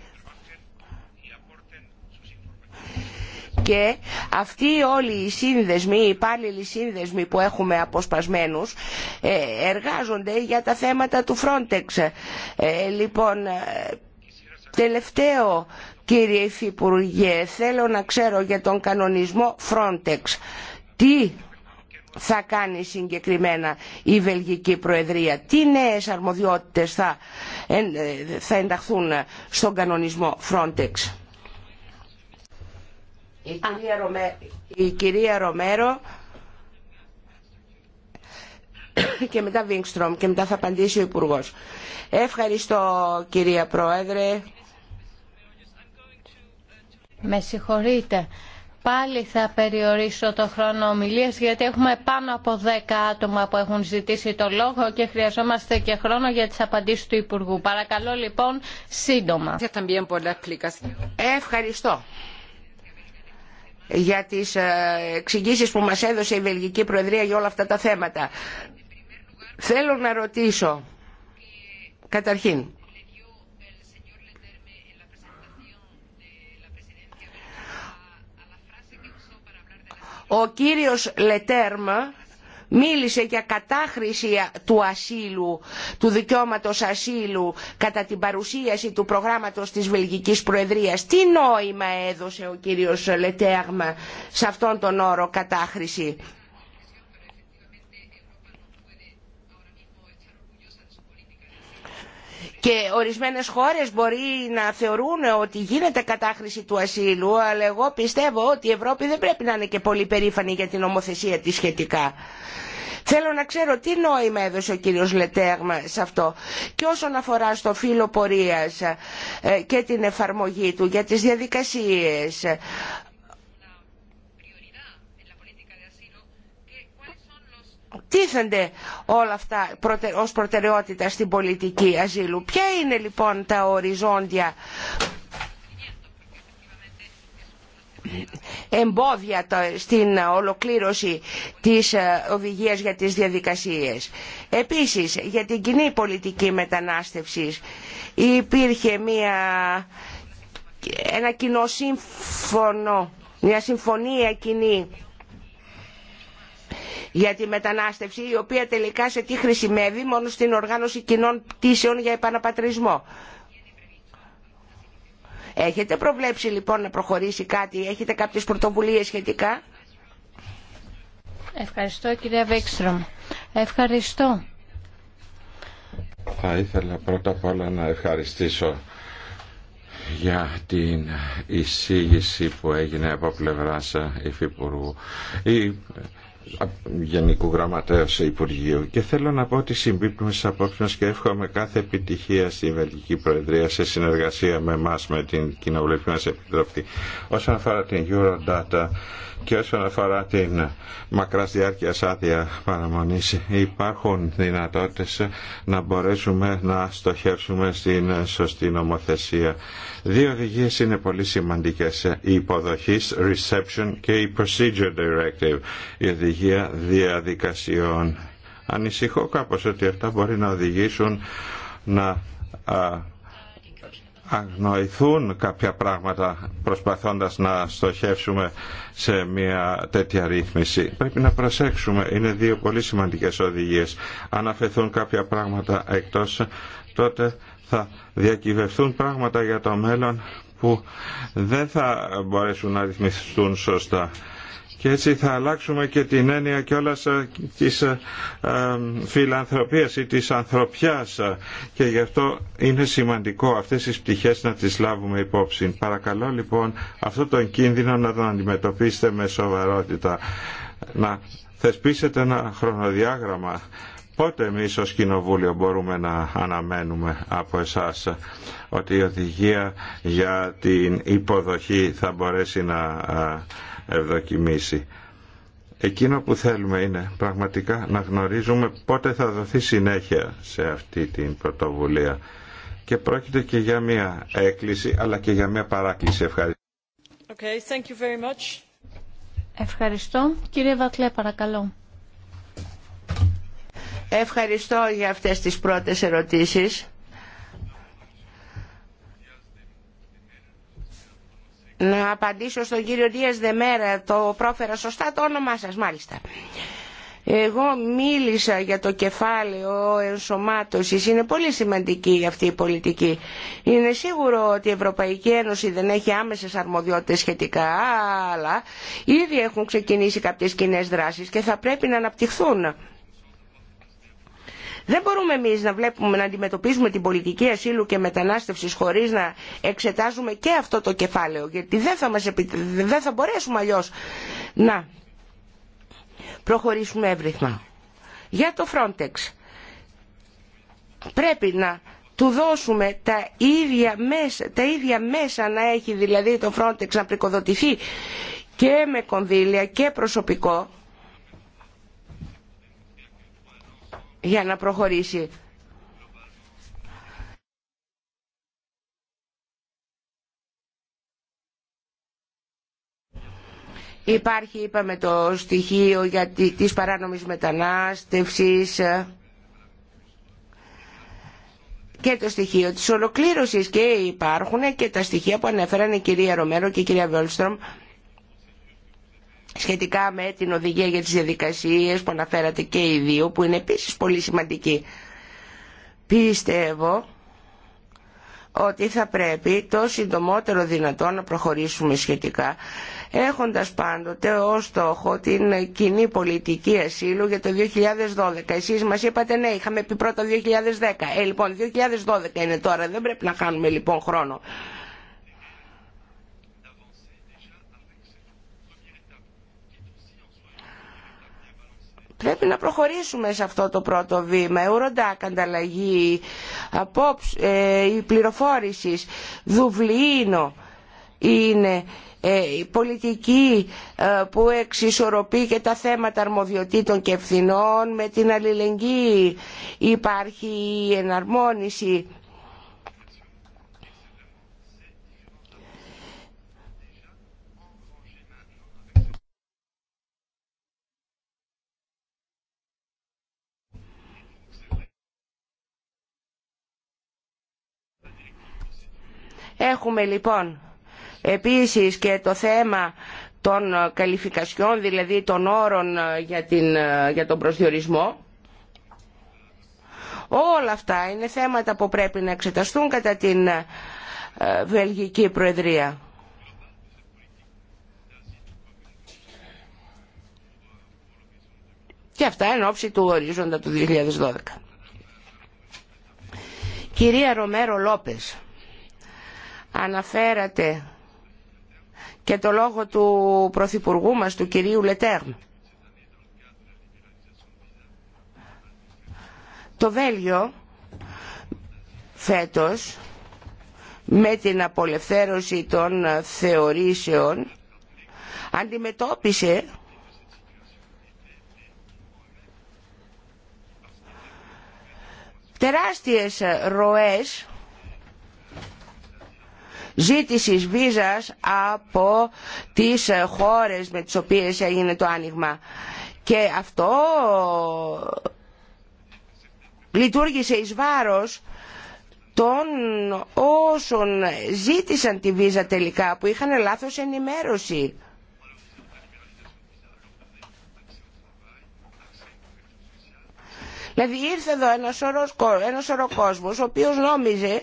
και αυτοί όλοι οι σύνδεσμοι, οι υπάλληλοι σύνδεσμοι που έχουμε αποσπασμένους ε, εργάζονται για τα θέματα του Frontex. Ε, λοιπόν, ε, τελευταίο κύριε Υφυπουργέ, θέλω να ξέρω για τον κανονισμό Frontex. Τι θα κάνει συγκεκριμένα η Βελγική Προεδρία, τι νέες αρμοδιότητες θα, θα ενταχθούν στον κανονισμό Frontex. Η κυρία, Ρομέρο και μετά Βίγκστρομ και μετά θα απαντήσει ο Υπουργό. Ευχαριστώ κυρία Πρόεδρε. Με συγχωρείτε. Πάλι θα περιορίσω το χρόνο ομιλίας γιατί έχουμε πάνω από 10 άτομα που έχουν ζητήσει το λόγο και χρειαζόμαστε και χρόνο για τις απαντήσεις του Υπουργού. Παρακαλώ λοιπόν σύντομα. Ευχαριστώ για τις ε, εξηγήσει που μα έδωσε η Βελγική Προεδρία για όλα αυτά τα θέματα. Θέλω να ρωτήσω, καταρχήν, ο κύριος Λετέρμα μίλησε για κατάχρηση του ασύλου, του δικαιώματος ασύλου κατά την παρουσίαση του προγράμματος της Βελγικής Προεδρίας. Τι νόημα έδωσε ο κύριος Λετέαγμα σε αυτόν τον όρο κατάχρηση. και ορισμένες χώρες μπορεί να θεωρούν ότι γίνεται κατάχρηση του ασύλου αλλά εγώ πιστεύω ότι η Ευρώπη δεν πρέπει να είναι και πολύ περήφανη για την ομοθεσία της σχετικά. Θέλω να ξέρω τι νόημα έδωσε ο κύριος Λετέγμα σε αυτό και όσον αφορά στο φύλλο πορείας ε, και την εφαρμογή του για τις διαδικασίες τίθενται όλα αυτά ως προτεραιότητα στην πολιτική ασύλου. Ποια είναι λοιπόν τα οριζόντια εμπόδια στην ολοκλήρωση της ε, οδηγίας για τις διαδικασίες. Επίσης, για την κοινή πολιτική μετανάστευση υπήρχε μια, ένα κοινό σύμφωνο, μια συμφωνία κοινή για τη μετανάστευση η οποία τελικά σε τι χρησιμεύει μόνο στην οργάνωση κοινών πτήσεων για επαναπατρισμό. Έχετε προβλέψει λοιπόν να προχωρήσει κάτι, έχετε κάποιες πρωτοβουλίες σχετικά. Ευχαριστώ κυρία Βέξτρομ. Ευχαριστώ. Θα ήθελα πρώτα απ' όλα να ευχαριστήσω για την εισήγηση που έγινε από πλευράς Υφυπουργού. Γενικού Γραμματέα Υπουργείου και θέλω να πω ότι συμπίπτουμε στι απόψει και εύχομαι κάθε επιτυχία στη Βελγική Προεδρία σε συνεργασία με εμά, με την Κοινοβουλευτική μα Επιτροπή. Όσον αφορά την Eurodata, και όσον αφορά την μακρά διάρκεια άδεια παραμονή, υπάρχουν δυνατότητε να μπορέσουμε να στοχεύσουμε στην σωστή νομοθεσία. Δύο οδηγίε είναι πολύ σημαντικέ. Η υποδοχή Reception και η Procedure Directive, η οδηγία διαδικασιών. Ανησυχώ κάπως ότι αυτά μπορεί να οδηγήσουν να αγνοηθούν κάποια πράγματα προσπαθώντας να στοχεύσουμε σε μια τέτοια ρύθμιση. Πρέπει να προσέξουμε, είναι δύο πολύ σημαντικές οδηγίες. Αν αφαιθούν κάποια πράγματα εκτός, τότε θα διακυβευθούν πράγματα για το μέλλον που δεν θα μπορέσουν να ρυθμιστούν σωστά και έτσι θα αλλάξουμε και την έννοια όλα ε, της ε, ε, φιλανθρωπίας ή της ανθρωπιάς και γι' αυτό είναι σημαντικό αυτές τις πτυχές να τις λάβουμε υπόψη. Παρακαλώ λοιπόν αυτό τον κίνδυνο να τον αντιμετωπίσετε με σοβαρότητα. Να θεσπίσετε ένα χρονοδιάγραμμα πότε εμείς ως Κοινοβούλιο μπορούμε να αναμένουμε από εσάς ότι η οδηγία για την υποδοχή θα μπορέσει να ευδοκιμήσει. Εκείνο που θέλουμε είναι πραγματικά να γνωρίζουμε πότε θα δοθεί συνέχεια σε αυτή την πρωτοβουλία. Και πρόκειται και για μια έκκληση αλλά και για μια παράκληση. Ευχαριστώ. Okay, thank you very much. Ευχαριστώ. Κύριε Βακλέ, παρακαλώ. Ευχαριστώ για αυτές τις πρώτες ερωτήσεις. Να απαντήσω στον κύριο Δίας Δεμέρα, το πρόφερα σωστά το όνομά σας μάλιστα. Εγώ μίλησα για το κεφάλαιο ενσωμάτωση. είναι πολύ σημαντική αυτή η πολιτική. Είναι σίγουρο ότι η Ευρωπαϊκή Ένωση δεν έχει άμεσες αρμοδιότητες σχετικά, αλλά ήδη έχουν ξεκινήσει κάποιες κοινέ δράσεις και θα πρέπει να αναπτυχθούν. Δεν μπορούμε εμεί να, βλέπουμε, να αντιμετωπίζουμε την πολιτική ασύλου και μετανάστευση χωρί να εξετάζουμε και αυτό το κεφάλαιο γιατί δεν θα, μας δεν θα μπορέσουμε αλλιώ να προχωρήσουμε εύρυθμα. Για το Frontex πρέπει να του δώσουμε τα ίδια μέσα, τα ίδια μέσα να έχει δηλαδή το Frontex να πρικοδοτηθεί και με κονδύλια και προσωπικό για να προχωρήσει. Υπάρχει, είπαμε, το στοιχείο για της παράνομης μετανάστευσης και το στοιχείο της ολοκλήρωσης και υπάρχουν και τα στοιχεία που ανέφεραν η κυρία Ρομέρο και η κυρία Βόλστρομ σχετικά με την οδηγία για τις διαδικασίες που αναφέρατε και οι δύο που είναι επίσης πολύ σημαντική. Πιστεύω ότι θα πρέπει το συντομότερο δυνατό να προχωρήσουμε σχετικά έχοντας πάντοτε ως στόχο την κοινή πολιτική ασύλου για το 2012. Εσείς μας είπατε ναι, είχαμε πει πρώτα 2010. Ε, λοιπόν, 2012 είναι τώρα, δεν πρέπει να χάνουμε λοιπόν χρόνο. Πρέπει να προχωρήσουμε σε αυτό το πρώτο βήμα. Eurodac, ανταλλαγή ε, η πληροφόρηση, Δουβλίνο είναι ε, η πολιτική ε, που εξισορροπεί και τα θέματα αρμοδιοτήτων και ευθυνών με την αλληλεγγύη. Υπάρχει η εναρμόνιση Έχουμε λοιπόν επίσης και το θέμα των καλυφικασιών, δηλαδή των όρων ε, για, την, ε, για τον προσδιορισμό. Όλα αυτά είναι θέματα που πρέπει να εξεταστούν κατά την ε, Βελγική Προεδρία. Και αυτά εν ώψη του ορίζοντα του 2012. Κυρία Ρομέρο Λόπες αναφέρατε και το λόγο του Πρωθυπουργού μας, του κυρίου Λετέρν. Το Βέλγιο φέτος με την απολευθέρωση των θεωρήσεων αντιμετώπισε τεράστιες ροές ζήτησης βίζας από τις ε, χώρες με τις οποίες έγινε το άνοιγμα. Και αυτό λειτουργήσε εις βάρος των όσων ζήτησαν τη βίζα τελικά που είχαν λάθος ενημέρωση. Δηλαδή ήρθε εδώ ένα σωρό, κόσμος ο οποίος νόμιζε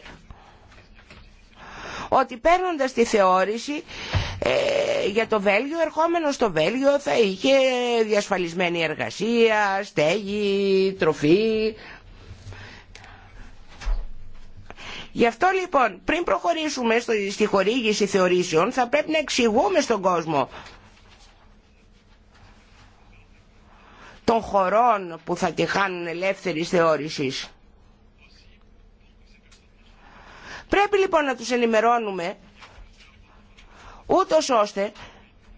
ότι παίρνοντας τη θεώρηση ε, για το Βέλγιο, ερχόμενο στο Βέλγιο θα είχε διασφαλισμένη εργασία, στέγη, τροφή. Γι' αυτό λοιπόν πριν προχωρήσουμε στη χορήγηση θεωρήσεων θα πρέπει να εξηγούμε στον κόσμο των χωρών που θα τη χάνουν ελεύθερης θεώρησης. Πρέπει λοιπόν να τους ενημερώνουμε ούτως ώστε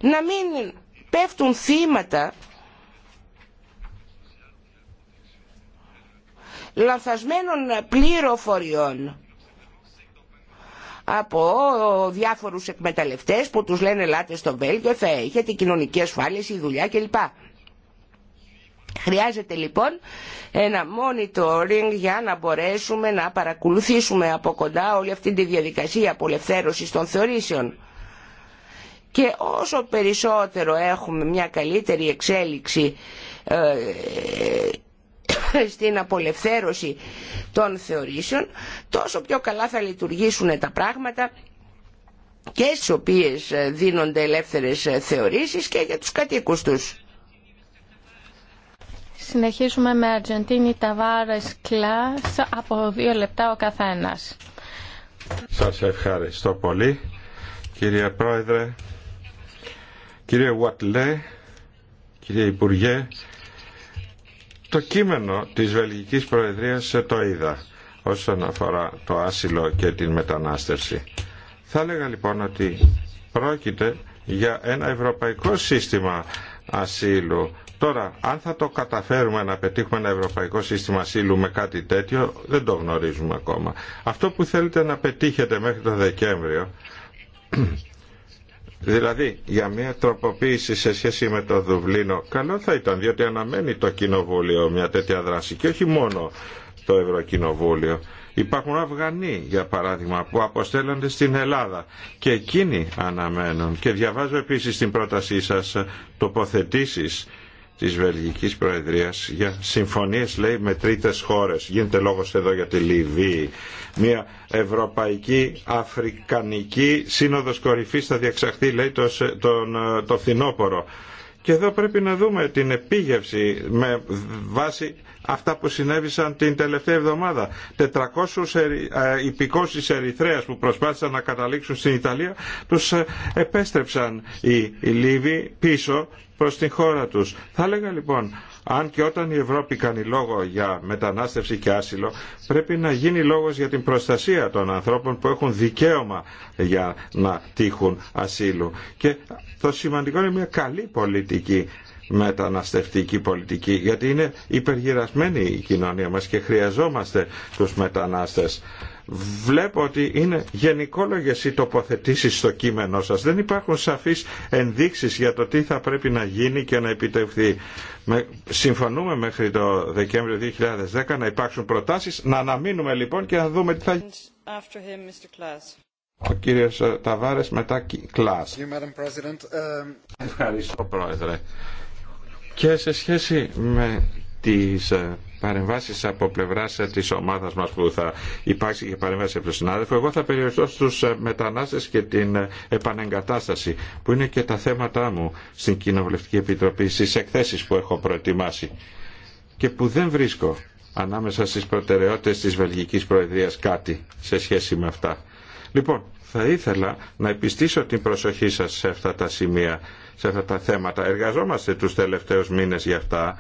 να μην πέφτουν θύματα λανθασμένων πληροφοριών από διάφορους εκμεταλλευτές που τους λένε «Λάτε στο Βέλγιο θα έχετε κοινωνική ασφάλιση, δουλειά κλπ. Χρειάζεται λοιπόν ένα monitoring για να μπορέσουμε να παρακολουθήσουμε από κοντά όλη αυτή τη διαδικασία απολευθέρωσης των θεωρήσεων. Και όσο περισσότερο έχουμε μια καλύτερη εξέλιξη ε, στην απολευθέρωση των θεωρήσεων, τόσο πιο καλά θα λειτουργήσουν τα πράγματα και στις οποίες ε, δίνονται ελεύθερες ε, θεωρήσεις και για τους κατοίκους τους. Συνεχίζουμε με Αργεντίνη Ταβάρες Κλάς από δύο λεπτά ο καθένας. Σας ευχαριστώ πολύ. Κύριε Πρόεδρε, κύριε Ουάτλε, κύριε Υπουργέ, το κείμενο της Βελγικής Προεδρίας το είδα όσον αφορά το άσυλο και την μετανάστευση. Θα έλεγα λοιπόν ότι πρόκειται για ένα ευρωπαϊκό σύστημα ασύλου Τώρα, αν θα το καταφέρουμε να πετύχουμε ένα ευρωπαϊκό σύστημα ασύλου με κάτι τέτοιο, δεν το γνωρίζουμε ακόμα. Αυτό που θέλετε να πετύχετε μέχρι το Δεκέμβριο, δηλαδή για μια τροποποίηση σε σχέση με το Δουβλίνο, καλό θα ήταν, διότι αναμένει το Κοινοβούλιο μια τέτοια δράση και όχι μόνο το Ευρωκοινοβούλιο. Υπάρχουν Αυγανοί, για παράδειγμα, που αποστέλλονται στην Ελλάδα και εκείνοι αναμένουν. Και διαβάζω επίσης την πρότασή σας τοποθετήσεις της Βελγικής Προεδρίας για συμφωνίες λέει με τρίτες χώρες. Γίνεται λόγος εδώ για τη Λιβύη. Μια Ευρωπαϊκή Αφρικανική Σύνοδος Κορυφής θα διεξαχθεί λέει το, τον, ε, το φθινόπωρο. Και εδώ πρέπει να δούμε την επίγευση με βάση αυτά που συνέβησαν την τελευταία εβδομάδα. 400 υπηκόσεις της Ερυθρέας που προσπάθησαν να καταλήξουν στην Ιταλία τους ε, επέστρεψαν οι Λίβοι πίσω προς την χώρα τους. Θα έλεγα λοιπόν, αν και όταν η Ευρώπη κάνει λόγο για μετανάστευση και άσυλο, πρέπει να γίνει λόγος για την προστασία των ανθρώπων που έχουν δικαίωμα για να τύχουν ασύλου. Και το σημαντικό είναι μια καλή πολιτική μεταναστευτική πολιτική γιατί είναι υπεργυρασμένη η κοινωνία μας και χρειαζόμαστε τους μετανάστες. Βλέπω ότι είναι γενικόλογες οι τοποθετήσεις στο κείμενό σας. Δεν υπάρχουν σαφείς ενδείξεις για το τι θα πρέπει να γίνει και να επιτευχθεί. συμφωνούμε μέχρι το Δεκέμβριο 2010 να υπάρξουν προτάσεις, να αναμείνουμε λοιπόν και να δούμε τι θα γίνει. Ο κύριος ε, Ταβάρες μετά Κλάς. Ευχαριστώ πρόεδρε. Και σε σχέση με τις ε, παρεμβάσεις από πλευράς ε, της ομάδας μας που θα υπάρξει και παρεμβάσει από τον συνάδελφο, εγώ θα περιοριστώ στους ε, μετανάστες και την επανεγκατάσταση, που είναι και τα θέματα μου στην Κοινοβουλευτική Επιτροπή, στις εκθέσεις που έχω προετοιμάσει και που δεν βρίσκω ανάμεσα στις προτεραιότητες της Βελγικής Προεδρίας κάτι σε σχέση με αυτά. Λοιπόν, θα ήθελα να επιστήσω την προσοχή σας σε αυτά τα σημεία σε αυτά τα θέματα. Εργαζόμαστε τους τελευταίους μήνες για αυτά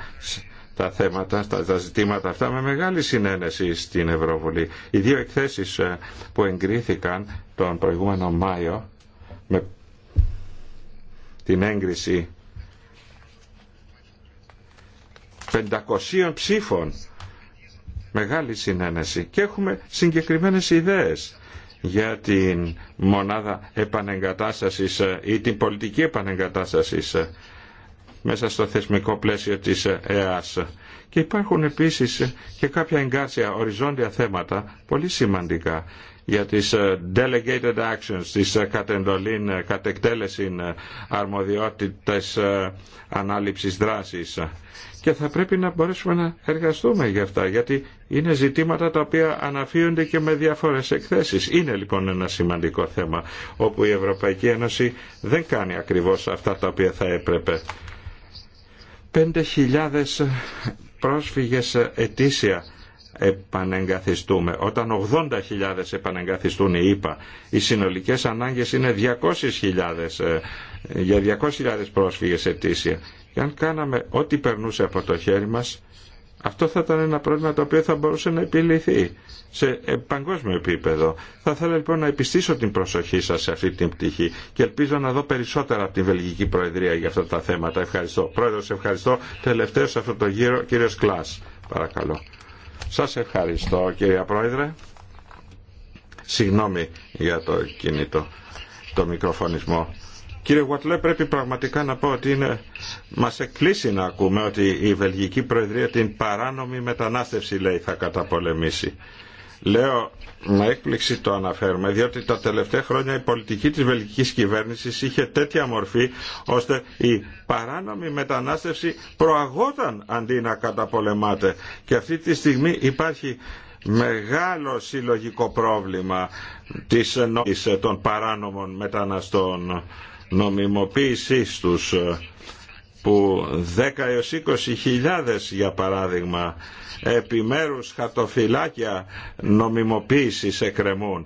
τα θέματα, τα, ζητήματα αυτά με μεγάλη συνένεση στην Ευρωβουλή. Οι δύο εκθέσεις ε, που εγκρίθηκαν τον προηγούμενο Μάιο με την έγκριση 500 ψήφων μεγάλη συνένεση και έχουμε συγκεκριμένες ιδέες για την μονάδα επανεγκατάστασης ε, ή την πολιτική επανεγκατάστασης ε, μέσα στο θεσμικό πλαίσιο της ε, ΕΑΣ. Και υπάρχουν επίσης και κάποια εγκάσια οριζόντια θέματα πολύ σημαντικά για τις delegated actions, τις κατεντολήν, κατεκτέλεση αρμοδιότητες ανάληψης δράσης και θα πρέπει να μπορέσουμε να εργαστούμε για αυτά γιατί είναι ζητήματα τα οποία αναφύονται και με διάφορες εκθέσεις. Είναι λοιπόν ένα σημαντικό θέμα όπου η Ευρωπαϊκή Ένωση δεν κάνει ακριβώς αυτά τα οποία θα έπρεπε. 5.000 πρόσφυγες ετήσια επανεγκαθιστούμε. Όταν 80.000 επανεγκαθιστούν είπα, οι συνολικές ανάγκες είναι 200.000 ε, για 200.000 πρόσφυγες ετήσια και αν κάναμε ό,τι περνούσε από το χέρι μας, αυτό θα ήταν ένα πρόβλημα το οποίο θα μπορούσε να επιληθεί σε ε, παγκόσμιο επίπεδο. Θα ήθελα λοιπόν να επιστήσω την προσοχή σας σε αυτή την πτυχή και ελπίζω να δω περισσότερα από την Βελγική Προεδρία για αυτά τα θέματα. Ευχαριστώ. Πρόεδρος, ευχαριστώ. τελευταίο σε αυτό το γύρο, κύριος Κλάς. Παρακαλώ. Σας ευχαριστώ κύριε Πρόεδρε. Συγγνώμη για το κινητό, το μικροφωνισμό. Κύριε Γουατλέ, πρέπει πραγματικά να πω ότι είναι... μας να ακούμε ότι η Βελγική Προεδρία την παράνομη μετανάστευση, λέει, θα καταπολεμήσει. Λέω με έκπληξη το αναφέρουμε, διότι τα τελευταία χρόνια η πολιτική της βελγικής κυβέρνησης είχε τέτοια μορφή, ώστε η παράνομη μετανάστευση προαγόταν αντί να καταπολεμάται. Και αυτή τη στιγμή υπάρχει μεγάλο συλλογικό πρόβλημα τη ενόησης των παράνομων μεταναστών νομιμοποίησής τους ε, που 10 20 χιλιάδες για παράδειγμα επιμέρους χατοφυλάκια νομιμοποίησης εκκρεμούν.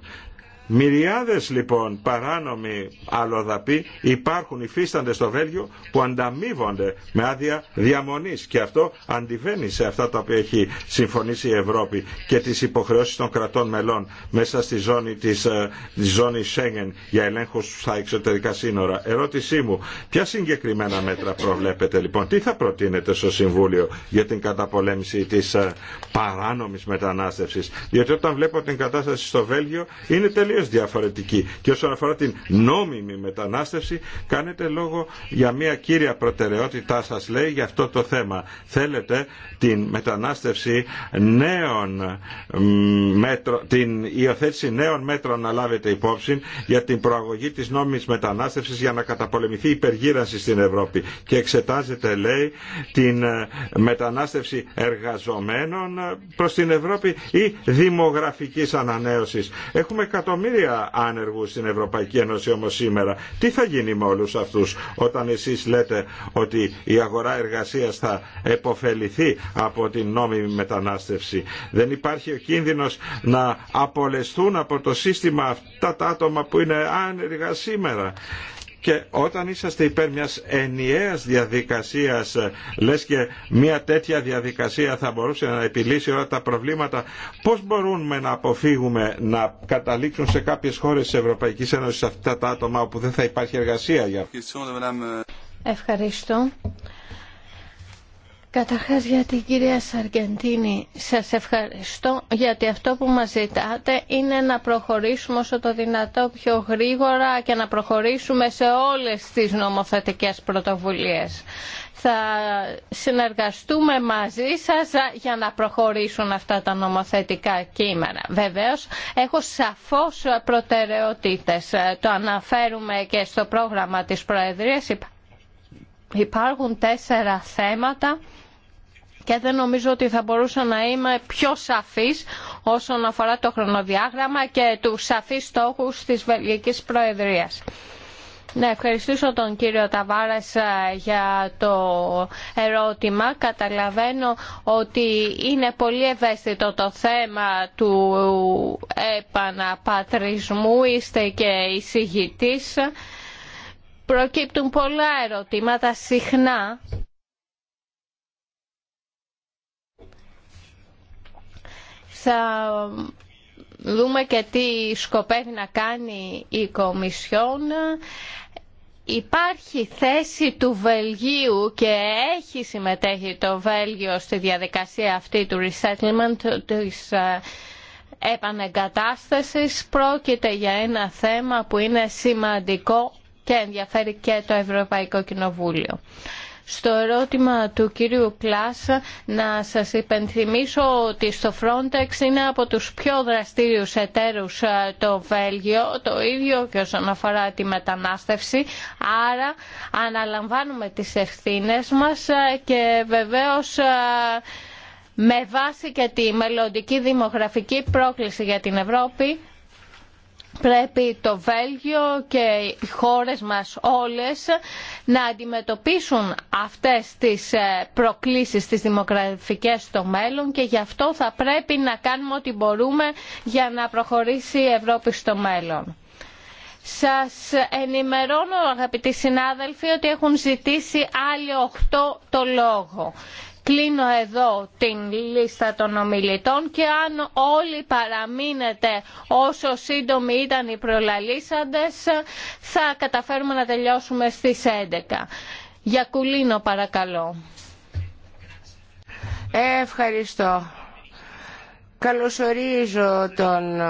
Μυριάδες λοιπόν παράνομοι αλλοδαποί υπάρχουν υφίστανται στο Βέλγιο που ανταμείβονται με άδεια διαμονής και αυτό αντιβαίνει σε αυτά τα οποία έχει συμφωνήσει η Ευρώπη και τις υποχρεώσεις των κρατών μελών μέσα στη ζώνη της, ε, της ζώνης Σέγγεν για ελέγχους στα εξωτερικά σύνορα. Ερώτησή μου, ποια συγκεκριμένα μέτρα προβλέπετε λοιπόν, τι θα προτείνετε στο Συμβούλιο για την καταπολέμηση της ε, παράνομης μετανάστευσης, διότι όταν βλέπω την κατάσταση στο Βέλγιο είναι διαφορετική. Και όσον αφορά την νόμιμη μετανάστευση, κάνετε λόγο για μια κύρια προτεραιότητά σας, λέει, για αυτό το θέμα. Θέλετε την μετανάστευση νέων μέτρων, την υιοθέτηση νέων μέτρων να λάβετε υπόψη για την προαγωγή της νόμιμης μετανάστευσης για να καταπολεμηθεί η υπεργύρανση στην Ευρώπη. Και εξετάζεται, λέει, την ε, μετανάστευση εργαζομένων προς την Ευρώπη ή δημογραφικής ανανέωσης. Έχουμε εκατομμύρια άνεργους στην Ευρωπαϊκή Ένωση όμως σήμερα. Τι θα γίνει με όλους αυτούς όταν εσείς λέτε ότι η αγορά εργασίας θα επωφεληθεί από την νόμιμη μετανάστευση. Δεν υπάρχει ο κίνδυνος να απολεστούν από το σύστημα αυτά τα άτομα που είναι άνεργα σήμερα. Και όταν είσαστε υπέρ μιας ενιαίας διαδικασίας, λες και μια τέτοια διαδικασία θα μπορούσε να επιλύσει όλα τα προβλήματα, πώς μπορούμε να αποφύγουμε να καταλήξουν σε κάποιες χώρες της Ευρωπαϊκής Ένωσης αυτά τα άτομα όπου δεν θα υπάρχει εργασία για ε, Ευχαριστώ. Καταρχάς για την κυρία Σαργεντίνη σας ευχαριστώ γιατί αυτό που μας ζητάτε είναι να προχωρήσουμε όσο το δυνατό πιο γρήγορα και να προχωρήσουμε σε όλες τις νομοθετικές πρωτοβουλίες. Θα συνεργαστούμε μαζί σας για να προχωρήσουν αυτά τα νομοθετικά κείμενα. Βεβαίως, έχω σαφώς προτεραιότητες. Το αναφέρουμε και στο πρόγραμμα της Προεδρίας. Υπάρχουν τέσσερα θέματα και δεν νομίζω ότι θα μπορούσα να είμαι πιο σαφής όσον αφορά το χρονοδιάγραμμα και του σαφείς στόχους της Βελγικής Προεδρίας. Να ευχαριστήσω τον κύριο Ταβάρας ε, για το ερώτημα. Καταλαβαίνω ότι είναι πολύ ευαίσθητο το θέμα του επαναπατρισμού. Είστε και εισηγητής προκύπτουν πολλά ερωτήματα συχνά θα δούμε και τι σκοπεύει να κάνει η Κομισιόν. Υπάρχει θέση του Βελγίου και έχει συμμετέχει το Βέλγιο στη διαδικασία αυτή του resettlement, της ε, επανεγκατάστασης. Πρόκειται για ένα θέμα που είναι σημαντικό και ενδιαφέρει και το Ευρωπαϊκό Κοινοβούλιο. Στο ερώτημα του κύριου Κλάς να σας υπενθυμίσω ότι στο Frontex είναι από τους πιο δραστήριους εταίρους ε, το Βέλγιο, το ίδιο και όσον αφορά τη μετανάστευση. Άρα αναλαμβάνουμε τις ευθύνες μας ε, και βεβαίως ε, με βάση και τη μελλοντική δημογραφική πρόκληση για την Ευρώπη πρέπει το Βέλγιο και οι χώρες μας όλες να αντιμετωπίσουν αυτές τις ε, προκλήσεις τις δημοκρατικές στο μέλλον και γι' αυτό θα πρέπει να κάνουμε ό,τι μπορούμε για να προχωρήσει η Ευρώπη στο μέλλον. Σας ενημερώνω αγαπητοί συνάδελφοι ότι έχουν ζητήσει άλλοι 8 το λόγο. Κλείνω εδώ την λίστα των ομιλητών και αν όλοι παραμείνετε όσο σύντομοι ήταν οι προλαλήσαντες θα καταφέρουμε να τελειώσουμε στις 11. Για κουλίνο παρακαλώ. Ε, ευχαριστώ. Καλωσορίζω τον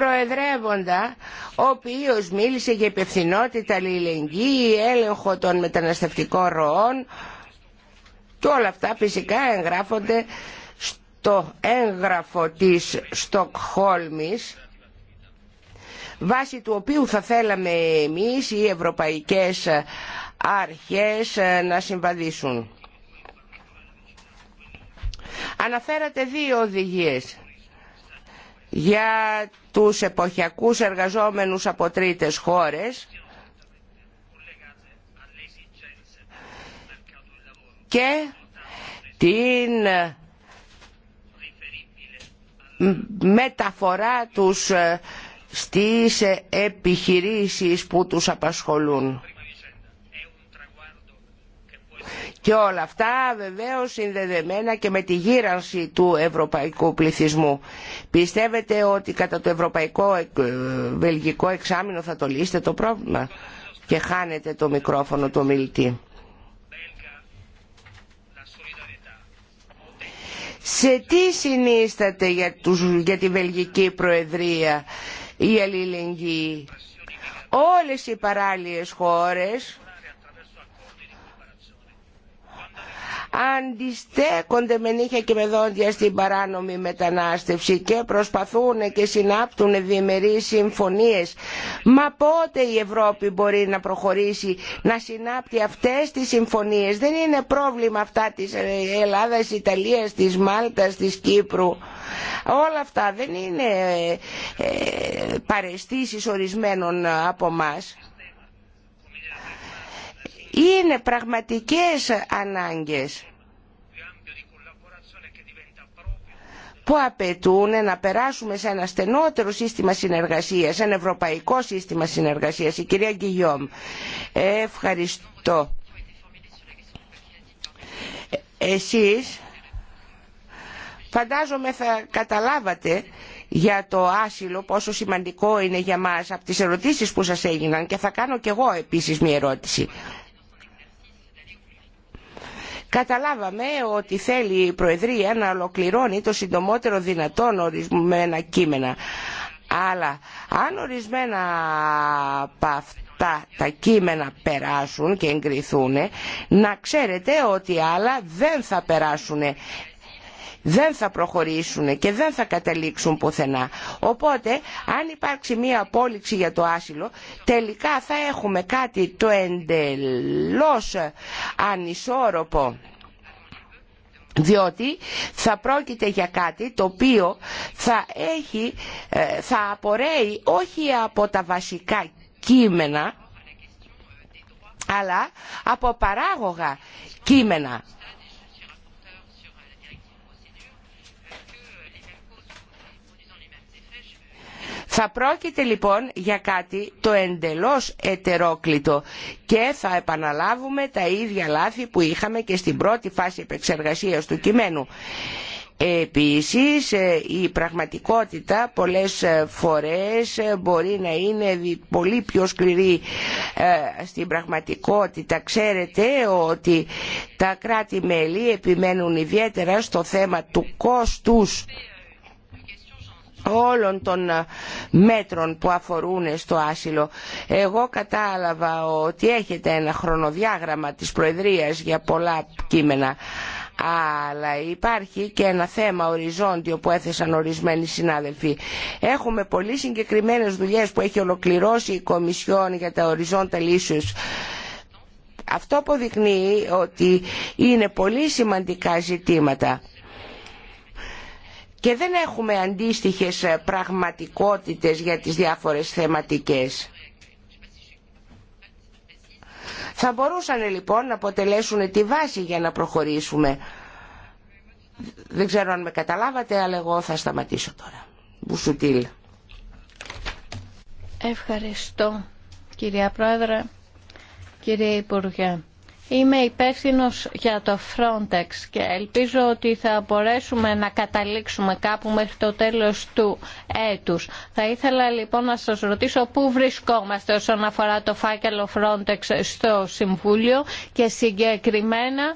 προεδρεύοντα, ο οποίος μίλησε για υπευθυνότητα, αλληλεγγύη, έλεγχο των μεταναστευτικών ροών και όλα αυτά φυσικά εγγράφονται στο έγγραφο της Στοκχόλμης βάσει του οποίου θα θέλαμε εμείς οι ευρωπαϊκές αρχές να συμβαδίσουν. Αναφέρατε δύο οδηγίες για τους εποχιακούς εργαζόμενους από τρίτες χώρες και την μεταφορά τους στις επιχειρήσεις που τους απασχολούν. Και όλα αυτά βεβαίως συνδεδεμένα και με τη γύρανση του ευρωπαϊκού πληθυσμού. Πιστεύετε ότι κατά το ευρωπαϊκό ε, βελγικό εξάμεινο θα το λύσετε το πρόβλημα και χάνετε το μικρόφωνο του ομιλητή. Σε τι συνίσταται για, τους, τη Βελγική Προεδρία η αλληλεγγύη. Όλες οι παράλληλες χώρες αντιστέκονται με νύχια και με δόντια στην παράνομη μετανάστευση και προσπαθούν και συνάπτουν διμερείς συμφωνίες. Μα πότε η Ευρώπη μπορεί να προχωρήσει να συνάπτει αυτές τις συμφωνίες. Δεν είναι πρόβλημα αυτά της ε, Ελλάδας, Ιταλίας, της Μάλτας, της Κύπρου. Όλα αυτά δεν είναι ε, ε, παρεστήσεις ορισμένων από μας είναι πραγματικές ανάγκες που απαιτούν να περάσουμε σε ένα στενότερο σύστημα συνεργασίας, ένα ευρωπαϊκό σύστημα συνεργασίας. Η κυρία Γκυγιόμ, ευχαριστώ. Εσείς φαντάζομαι θα καταλάβατε για το άσυλο πόσο σημαντικό είναι για μας από τις ερωτήσεις που σας έγιναν και θα κάνω κι εγώ επίσης μια ερώτηση καταλάβαμε ότι θέλει η προεδρία να ολοκληρώνει το συντομότερο δυνατόν ορισμένα κείμενα αλλά αν ορισμένα από αυτά τα κείμενα περάσουν και εγκριθούν να ξέρετε ότι άλλα δεν θα περάσουν δεν θα προχωρήσουν και δεν θα καταλήξουν πουθενά. Οπότε αν υπάρξει μία απόλυξη για το άσυλο τελικά θα έχουμε κάτι το εντελώς ανισόρροπο διότι θα πρόκειται για κάτι το οποίο θα, έχει, ε, θα απορρέει όχι από τα βασικά κείμενα αλλά από παράγωγα κείμενα Θα πρόκειται λοιπόν για κάτι το εντελώς ετερόκλητο και θα επαναλάβουμε τα ίδια λάθη που είχαμε και στην πρώτη φάση επεξεργασίας του κειμένου. Επίσης ε, η πραγματικότητα πολλές ε, φορές ε, μπορεί να είναι πολύ πιο σκληρή στην πραγματικότητα. Ξέρετε ότι τα κράτη-μέλη επιμένουν ιδιαίτερα στο θέμα του κόστους όλων των ε, μέτρων που αφορούν στο άσυλο. Εγώ κατάλαβα ότι έχετε ένα χρονοδιάγραμμα της Προεδρίας για πολλά κείμενα αλλά υπάρχει και ένα θέμα οριζόντιο που έθεσαν ορισμένοι συνάδελφοι. Έχουμε πολύ συγκεκριμένες δουλειές που έχει ολοκληρώσει η Κομισιόν για τα οριζόντα λύσεις. Αυτό αποδεικνύει ότι είναι πολύ σημαντικά ζητήματα και δεν έχουμε αντίστοιχες ε, πραγματικότητες για τις διάφορες θεματικές. Θα μπορούσαν ε, λοιπόν να αποτελέσουν τη βάση για να προχωρήσουμε. Δεν ξέρω αν με καταλάβατε, αλλά εγώ θα σταματήσω τώρα. Μπουσουτήλ. Ευχαριστώ, κυρία Πρόεδρε, κύριε Υπουργέ. Είμαι υπεύθυνο για το Frontex και ελπίζω ότι θα μπορέσουμε να καταλήξουμε κάπου μέχρι το τέλος του έτους. Θα ήθελα λοιπόν να σας ρωτήσω πού βρισκόμαστε όσον αφορά το φάκελο Frontex στο Συμβούλιο και συγκεκριμένα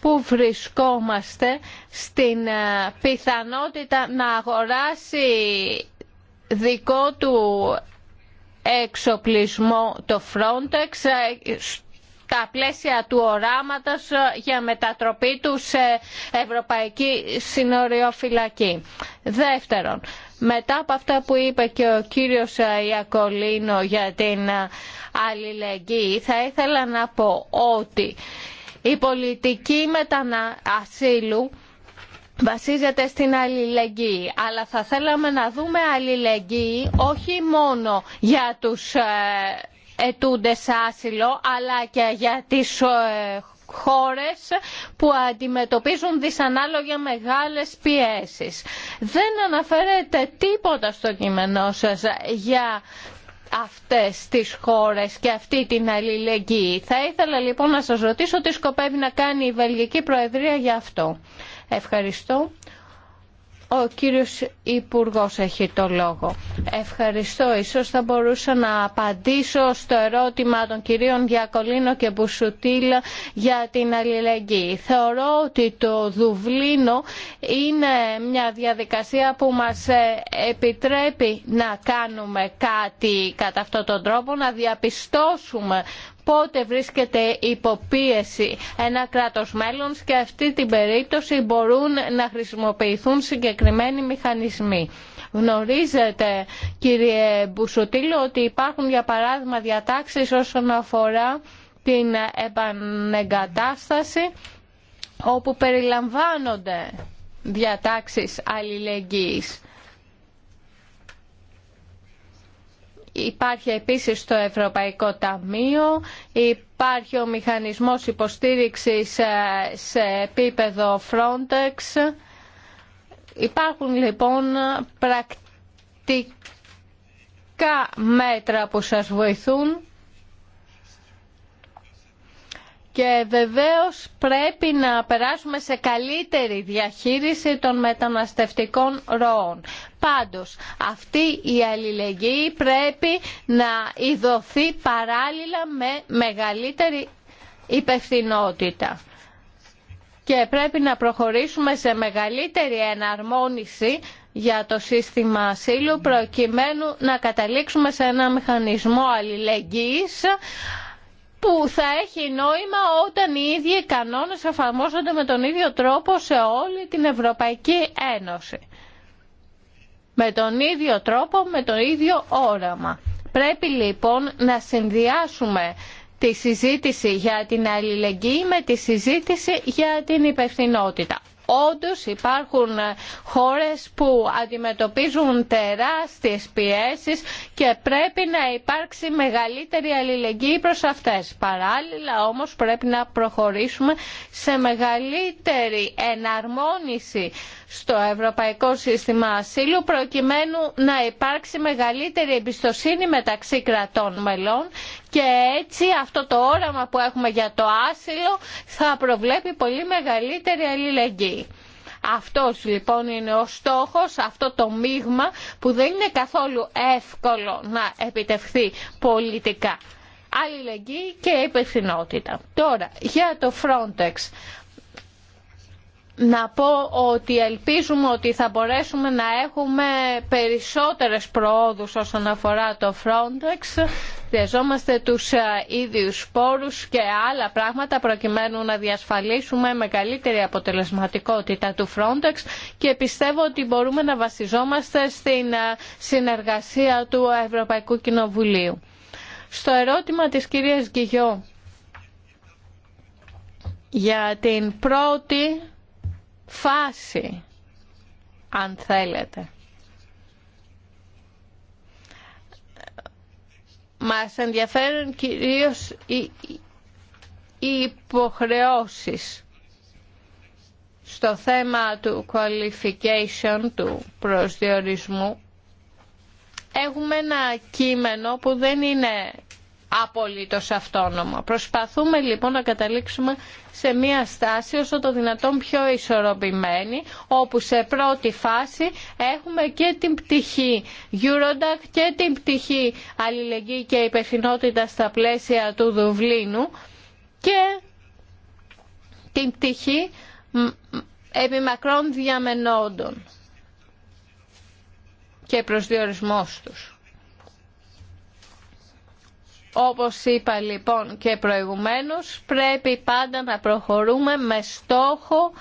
πού βρισκόμαστε στην ε, πιθανότητα να αγοράσει δικό του εξοπλισμό το Frontex ε, τα πλαίσια του οράματος ε, για μετατροπή του σε ευρωπαϊκή συνοριοφυλακή. Δεύτερον, μετά από αυτά που είπε και ο κύριος ε, Ιακολίνο για την ε, αλληλεγγύη, θα ήθελα να πω ότι η πολιτική μετανασύλου βασίζεται στην αλληλεγγύη αλλά θα θέλαμε να δούμε αλληλεγγύη όχι μόνο για τους σε άσυλο αλλά και για τις ε, χώρες που αντιμετωπίζουν δυσανάλογα μεγάλες πιέσεις. Δεν αναφέρεται τίποτα στο κείμενό σας για αυτές τις χώρες και αυτή την αλληλεγγύη. Θα ήθελα λοιπόν να σας ρωτήσω τι σκοπεύει να κάνει η Βελγική Προεδρία για αυτό. Ευχαριστώ. Ο κύριος Υπουργός έχει το λόγο. Ευχαριστώ. Ίσως θα μπορούσα να απαντήσω στο ερώτημα των κυρίων Διακολίνο και Μπουσουτήλα για την αλληλεγγύη. Θεωρώ ότι το Δουβλίνο είναι μια διαδικασία που μας ε, επιτρέπει να κάνουμε κάτι κατά αυτόν τον τρόπο, να διαπιστώσουμε πότε βρίσκεται υποπίεση ένα κράτος μέλλον και αυτή την περίπτωση μπορούν να χρησιμοποιηθούν συγκεκριμένοι μηχανισμοί. Γνωρίζετε κύριε Μπουσουτήλο ότι υπάρχουν για παράδειγμα διατάξεις όσον αφορά την επανεγκατάσταση όπου περιλαμβάνονται διατάξεις αλληλεγγύης. Υπάρχει επίσης το Ευρωπαϊκό Ταμείο, υπάρχει ο μηχανισμός υποστήριξης ε, σε επίπεδο Frontex. Υπάρχουν λοιπόν πρακτικά μέτρα που σας βοηθούν και βεβαίως πρέπει να περάσουμε σε καλύτερη διαχείριση των μεταναστευτικών ροών. Πάντως, αυτή η αλληλεγγύη πρέπει να ιδωθεί παράλληλα με μεγαλύτερη υπευθυνότητα και πρέπει να προχωρήσουμε σε μεγαλύτερη εναρμόνιση για το σύστημα ασύλου προκειμένου να καταλήξουμε σε ένα μηχανισμό αλληλεγγύης που θα έχει νόημα όταν οι ίδιοι κανόνες εφαρμόζονται με τον ίδιο τρόπο σε όλη την Ευρωπαϊκή Ένωση. Με τον ίδιο τρόπο, με το ίδιο όραμα. Πρέπει λοιπόν να συνδυάσουμε τη συζήτηση για την αλληλεγγύη με τη συζήτηση για την υπευθυνότητα όντως υπάρχουν χώρες που αντιμετωπίζουν τεράστιες πιέσεις και πρέπει να υπάρξει μεγαλύτερη αλληλεγγύη προς αυτές. Παράλληλα όμως πρέπει να προχωρήσουμε σε μεγαλύτερη εναρμόνιση στο Ευρωπαϊκό Σύστημα Ασύλου προκειμένου να υπάρξει μεγαλύτερη εμπιστοσύνη μεταξύ κρατών μελών και έτσι αυτό το όραμα που έχουμε για το άσυλο θα προβλέπει πολύ μεγαλύτερη αλληλεγγύη. Αυτός λοιπόν είναι ο στόχος, αυτό το μείγμα που δεν είναι καθόλου εύκολο να επιτευχθεί πολιτικά. Αλληλεγγύη και υπευθυνότητα. Τώρα, για το Frontex. Να πω ότι ελπίζουμε ότι θα μπορέσουμε να έχουμε περισσότερες προόδους όσον αφορά το Frontex Χρειαζόμαστε τους ε, ίδιους πόρους και άλλα πράγματα προκειμένου να διασφαλίσουμε μεγαλύτερη αποτελεσματικότητα του Frontex και πιστεύω ότι μπορούμε να βασιζόμαστε στην ε, συνεργασία του Ευρωπαϊκού Κοινοβουλίου. Στο ερώτημα της κυρίας Γκυγιό για την πρώτη φάση, αν θέλετε. Μας ενδιαφέρουν κυρίως οι, οι υποχρεώσεις στο θέμα του qualification, του προσδιορισμού. Έχουμε ένα κείμενο που δεν είναι απολύτως αυτόνομο. Προσπαθούμε λοιπόν να καταλήξουμε σε μια στάση όσο το δυνατόν πιο ισορροπημένη, όπου σε πρώτη φάση έχουμε και την πτυχή Eurodac και την πτυχή αλληλεγγύη και υπευθυνότητα στα πλαίσια του Δουβλίνου και την πτυχή επιμακρών διαμενόντων και προσδιορισμός τους. Όπως είπα λοιπόν και προηγουμένως, πρέπει πάντα να προχωρούμε με στόχο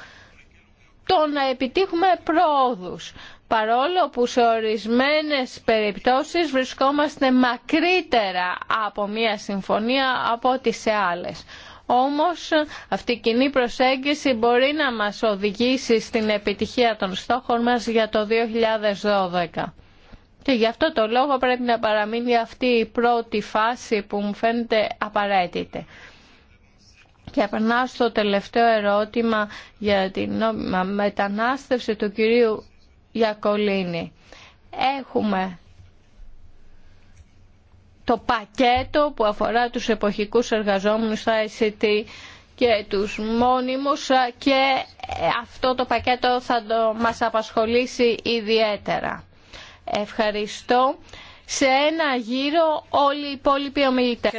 το να επιτύχουμε πρόοδους. Παρόλο που σε ορισμένες περιπτώσεις βρισκόμαστε μακρύτερα από μία συμφωνία από ό,τι σε άλλες. Όμως αυτή η κοινή προσέγγιση μπορεί να μας οδηγήσει στην επιτυχία των στόχων μας για το 2012. Και γι' αυτό το λόγο πρέπει να παραμείνει αυτή η πρώτη φάση που μου φαίνεται απαραίτητη. Και περνάω στο τελευταίο ερώτημα για την νόμιμα μετανάστευση του κυρίου Γιακολίνη. Έχουμε το πακέτο που αφορά τους εποχικούς εργαζόμενους στα ICT και τους μόνιμους και αυτό το πακέτο θα το μας απασχολήσει ιδιαίτερα. Ευχαριστώ. Σε ένα γύρο όλοι οι υπόλοιποι ομιλητές.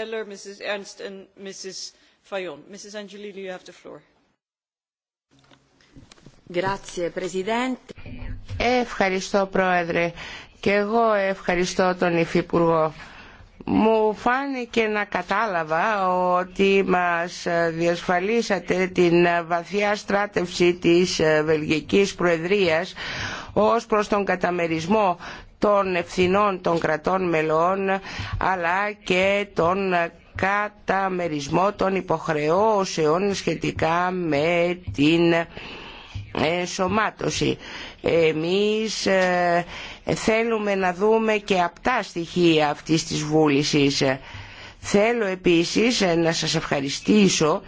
Ευχαριστώ Πρόεδρε και εγώ ευχαριστώ τον Υφυπουργό μου φάνηκε να κατάλαβα ότι μας διασφαλίσατε την βαθιά στράτευση της Βελγικής Προεδρίας ως προς τον καταμερισμό των ευθυνών των κρατών μελών αλλά και τον καταμερισμό των υποχρεώσεων σχετικά με την ενσωμάτωση. Εμείς ε, θέλουμε να δούμε και απτά στοιχεία αυτής της βούλησης. Θέλω επίσης να σας ευχαριστήσω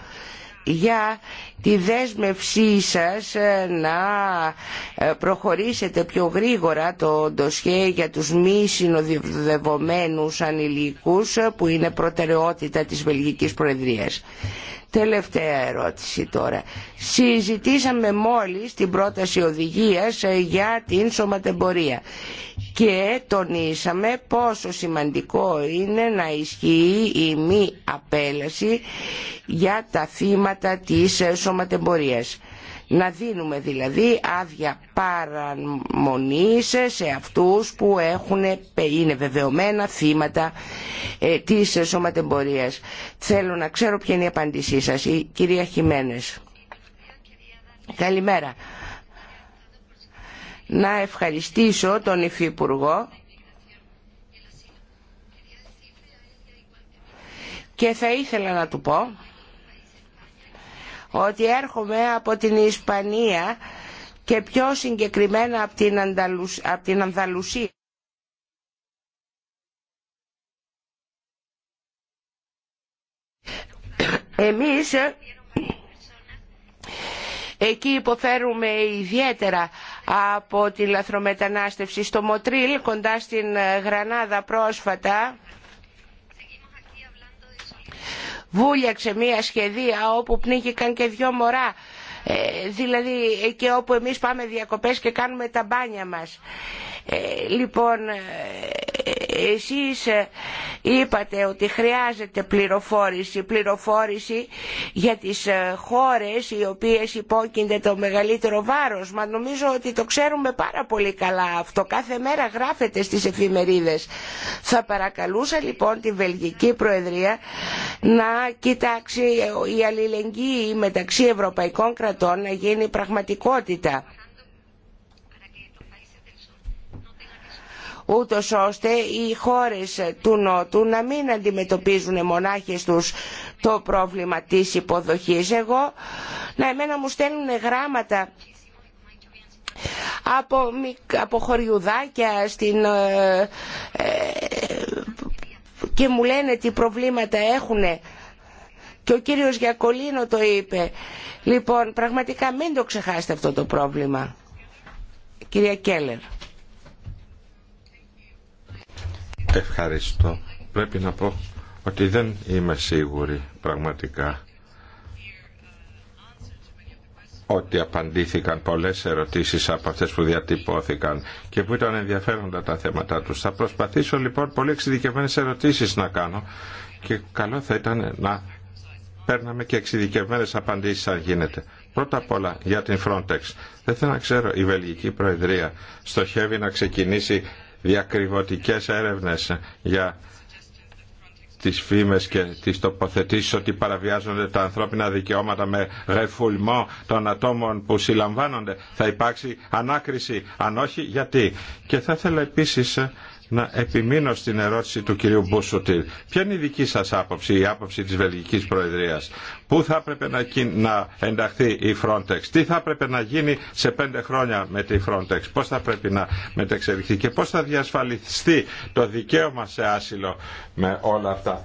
για τη δέσμευσή σας ε, να ε, προχωρήσετε πιο γρήγορα το ντοσιέ για τους μη συνοδευομένους ανηλίκους ε, που είναι προτεραιότητα της Βελγικής Προεδρίας. Τελευταία ερώτηση τώρα. Συζητήσαμε μόλις την πρόταση οδηγίας για την σωματεμπορία και τονίσαμε πόσο σημαντικό είναι να ισχύει η μη απέλαση για τα θύματα της σωματεμπορίας να δίνουμε δηλαδή άδεια παραμονή σε αυτούς που έχουν, είναι βεβαιωμένα θύματα ε, της σωματεμπορίας. Θέλω να ξέρω ποια είναι η απάντησή σας, η κυρία Χιμένες. Καλημέρα. Να ευχαριστήσω τον Υφυπουργό και θα ήθελα να του πω ότι έρχομαι από την Ισπανία και πιο συγκεκριμένα από την, Ανδαλουσία. Εμείς εκεί υποφέρουμε ιδιαίτερα από τη λαθρομετανάστευση. Στο Μοτρίλ κοντά στην Γρανάδα πρόσφατα βούλιαξε μια σχεδία όπου πνίγηκαν και δυο μωρά ε, δηλαδή και όπου εμείς πάμε διακοπές και κάνουμε τα μπάνια μας ε, λοιπόν, ε, εσείς ε, είπατε ότι χρειάζεται πληροφόρηση, πληροφόρηση για τις χώρες οι οποίες υπόκεινται το μεγαλύτερο βάρος. Μα νομίζω ότι το ξέρουμε πάρα πολύ καλά αυτό. Κάθε μέρα γράφεται στις εφημερίδες. Θα παρακαλούσα λοιπόν τη Βελγική Προεδρία να κοιτάξει η αλληλεγγύη μεταξύ ευρωπαϊκών κρατών να γίνει πραγματικότητα. ούτως ώστε οι χώρες του Νότου να μην αντιμετωπίζουν μονάχες τους το πρόβλημα της υποδοχής. Εγώ, να εμένα μου στέλνουν γράμματα από, χωριουδάκια στην, ε, ε, και μου λένε τι προβλήματα έχουνε και ο κύριος Γιακολίνο το είπε. Λοιπόν, πραγματικά μην το ξεχάσετε αυτό το πρόβλημα. Κυρία Κέλλερ. Ευχαριστώ. Πρέπει να πω ότι δεν είμαι σίγουρη πραγματικά ότι απαντήθηκαν πολλές ερωτήσεις από αυτές που διατυπώθηκαν και που ήταν ενδιαφέροντα τα θέματα τους. Θα προσπαθήσω λοιπόν πολύ εξειδικευμένες ερωτήσεις να κάνω και καλό θα ήταν να παίρναμε και εξειδικευμένες απαντήσεις αν γίνεται. Πρώτα απ' όλα για την Frontex. Δεν θέλω να ξέρω η Βελγική Προεδρία στοχεύει να ξεκινήσει διακριβωτικές έρευνες για τις φήμες και τις τοποθετήσεις ότι παραβιάζονται τα ανθρώπινα δικαιώματα με ρεφουλμό των ατόμων που συλλαμβάνονται. Θα υπάρξει ανάκριση, αν όχι γιατί. Και θα ήθελα επίσης να επιμείνω στην ερώτηση του κυρίου Μπούσουτιλ. Ποια είναι η δική σας άποψη, η άποψη της Βελγικής Προεδρίας. Πού θα έπρεπε να ενταχθεί η Frontex, τι θα έπρεπε να γίνει σε πέντε χρόνια με τη Frontex, πώς θα πρέπει να μετεξελιχθεί και πώς θα διασφαλιστεί το δικαίωμα σε άσυλο με όλα αυτά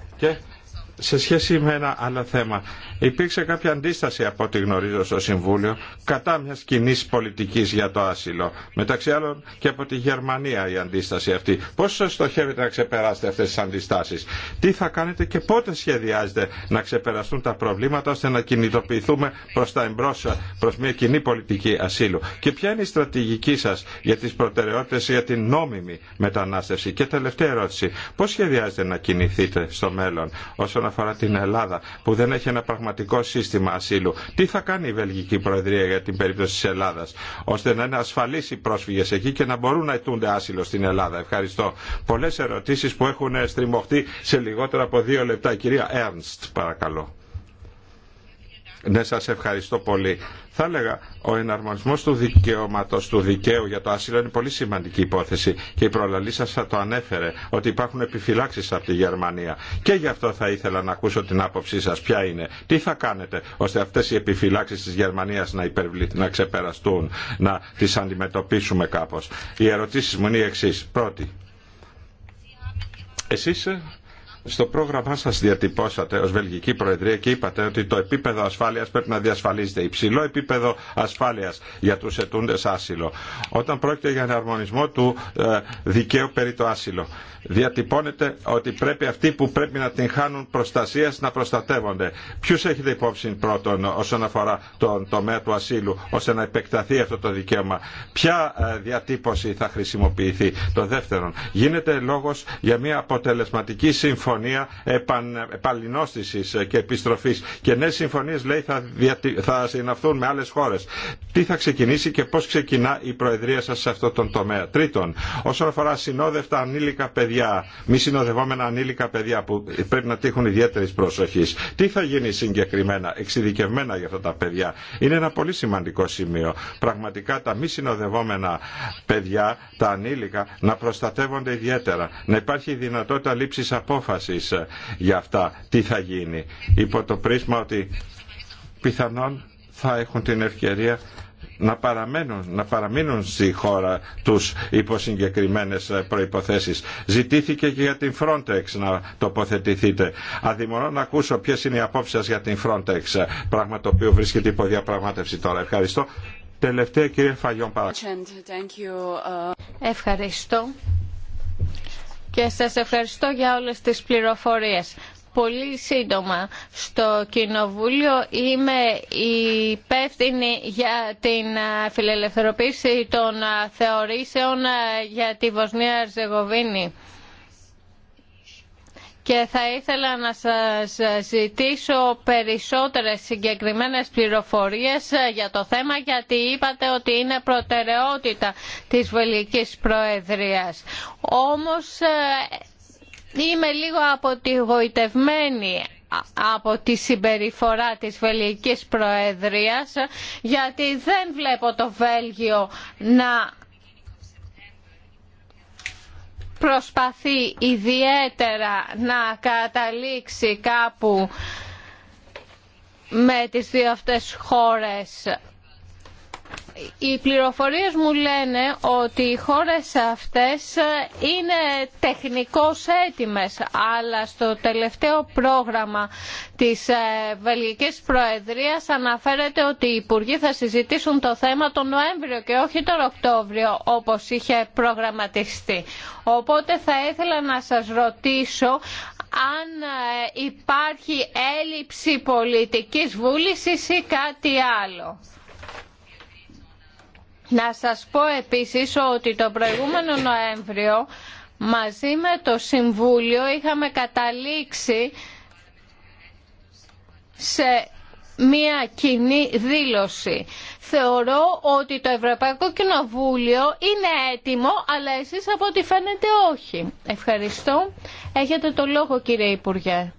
σε σχέση με ένα άλλο θέμα. Υπήρξε κάποια αντίσταση από ό,τι γνωρίζω στο Συμβούλιο κατά μια κοινή πολιτική για το άσυλο. Μεταξύ άλλων και από τη Γερμανία η αντίσταση αυτή. Πώ στοχεύετε να ξεπεράσετε αυτέ τι αντιστάσει, τι θα κάνετε και πότε σχεδιάζετε να ξεπεραστούν τα προβλήματα ώστε να κινητοποιηθούμε προ τα εμπρό, προ μια κοινή πολιτική ασύλου. Και ποια είναι η στρατηγική σα για τι προτεραιότητε για την νόμιμη μετανάστευση. Και τελευταία ερώτηση, πώ σχεδιάζετε να κινηθείτε στο μέλλον όσον αφορά την Ελλάδα που δεν έχει ένα πραγματικό σύστημα ασύλου. Τι θα κάνει η Βελγική Προεδρία για την περίπτωση της Ελλάδας ώστε να είναι ασφαλεί οι πρόσφυγες εκεί και να μπορούν να ετούνται άσυλο στην Ελλάδα. Ευχαριστώ. Πολλέ ερωτήσεις που έχουν στριμωχτεί σε λιγότερο από δύο λεπτά. Κυρία Έρνστ παρακαλώ. Ναι, σας ευχαριστώ πολύ. Θα έλεγα, ο εναρμονισμός του δικαιώματος, του δικαίου για το άσυλο είναι πολύ σημαντική υπόθεση και η προλαλή σας θα το ανέφερε ότι υπάρχουν επιφυλάξεις από τη Γερμανία και γι' αυτό θα ήθελα να ακούσω την άποψή σας ποια είναι. Τι θα κάνετε ώστε αυτές οι επιφυλάξεις της Γερμανίας να, να ξεπεραστούν, να τις αντιμετωπίσουμε κάπως. Οι ερωτήσεις μου είναι οι εξής. Πρώτη, εσείς στο πρόγραμμά σα διατυπώσατε ω Βελγική Προεδρία και είπατε ότι το επίπεδο ασφάλεια πρέπει να διασφαλίζεται. Υψηλό επίπεδο ασφάλεια για του ετούντε άσυλο. Όταν πρόκειται για εναρμονισμό του ε, δικαίου περί το άσυλο. Διατυπώνεται ότι πρέπει αυτοί που πρέπει να την χάνουν προστασία να προστατεύονται. Ποιου έχετε υπόψη πρώτον όσον αφορά τον τομέα του ασύλου ώστε να επεκταθεί αυτό το δικαίωμα. Ποια ε, διατύπωση θα χρησιμοποιηθεί. Το δεύτερον, γίνεται λόγο για μια αποτελεσματική σύμφωνη συμφωνία επαν, και επιστροφής και νέες συμφωνίες λέει θα, δια, θα συναυθούν με άλλες χώρες. Τι θα ξεκινήσει και πώς ξεκινά η Προεδρία σας σε αυτό τον τομέα. Τρίτον, όσον αφορά συνόδευτα ανήλικα παιδιά, μη συνοδευόμενα ανήλικα παιδιά που πρέπει να τύχουν ιδιαίτερης προσοχής. Τι θα γίνει συγκεκριμένα, εξειδικευμένα για αυτά τα παιδιά. Είναι ένα πολύ σημαντικό σημείο. Πραγματικά τα μη συνοδευόμενα παιδιά, τα ανήλικα, να προστατεύονται ιδιαίτερα. Να υπάρχει δυνατότητα λήψη απόφαση ε, για αυτά. Τι θα γίνει. Υπό το πρίσμα ότι πιθανόν θα έχουν την ευκαιρία να παραμένουν, να παραμείνουν στη χώρα τους υπό συγκεκριμένε ε, προϋποθέσεις. Ζητήθηκε και για την Frontex να τοποθετηθείτε. Αδημονώ να ακούσω ποιες είναι οι απόψεις σας για την Frontex, ε, πράγμα το οποίο βρίσκεται υπό διαπραγμάτευση τώρα. Ευχαριστώ. Τελευταία κυρία Φαγιόν παρακαλώ. Uh, Ευχαριστώ και σας ευχαριστώ για όλες τις πληροφορίες. Πολύ σύντομα, στο Κοινοβούλιο είμαι υπεύθυνη για την φιλελευθερωποίηση των θεωρήσεων για τη Βοσνία-Ερζεγοβίνη και θα ήθελα να σας ζητήσω περισσότερες συγκεκριμένες πληροφορίες ε, για το θέμα γιατί είπατε ότι είναι προτεραιότητα της Βελγικής Προεδρίας. Όμως ε, είμαι λίγο αποτυγοητευμένη από τη συμπεριφορά της Βελγικής Προεδρίας ε, γιατί δεν βλέπω το Βέλγιο να προσπαθεί ιδιαίτερα να καταλήξει κάπου με τις δύο αυτές χώρες οι πληροφορίες μου λένε ότι οι χώρες αυτές είναι τεχνικώς έτοιμες, αλλά στο τελευταίο πρόγραμμα της ε, Βελγικής Προεδρίας αναφέρεται ότι οι Υπουργοί θα συζητήσουν το θέμα τον Νοέμβριο και όχι τον Οκτώβριο όπως είχε προγραμματιστεί. Οπότε θα ήθελα να σας ρωτήσω αν ε, υπάρχει έλλειψη πολιτικής βούλησης ή κάτι άλλο. Να σας πω επίσης ότι το προηγούμενο Νοέμβριο μαζί με το Συμβούλιο είχαμε καταλήξει σε μία κοινή δήλωση. Θεωρώ ότι το Ευρωπαϊκό Κοινοβούλιο είναι έτοιμο, αλλά εσείς από ό,τι φαίνεται όχι. Ευχαριστώ. Έχετε το λόγο κύριε Υπουργέ.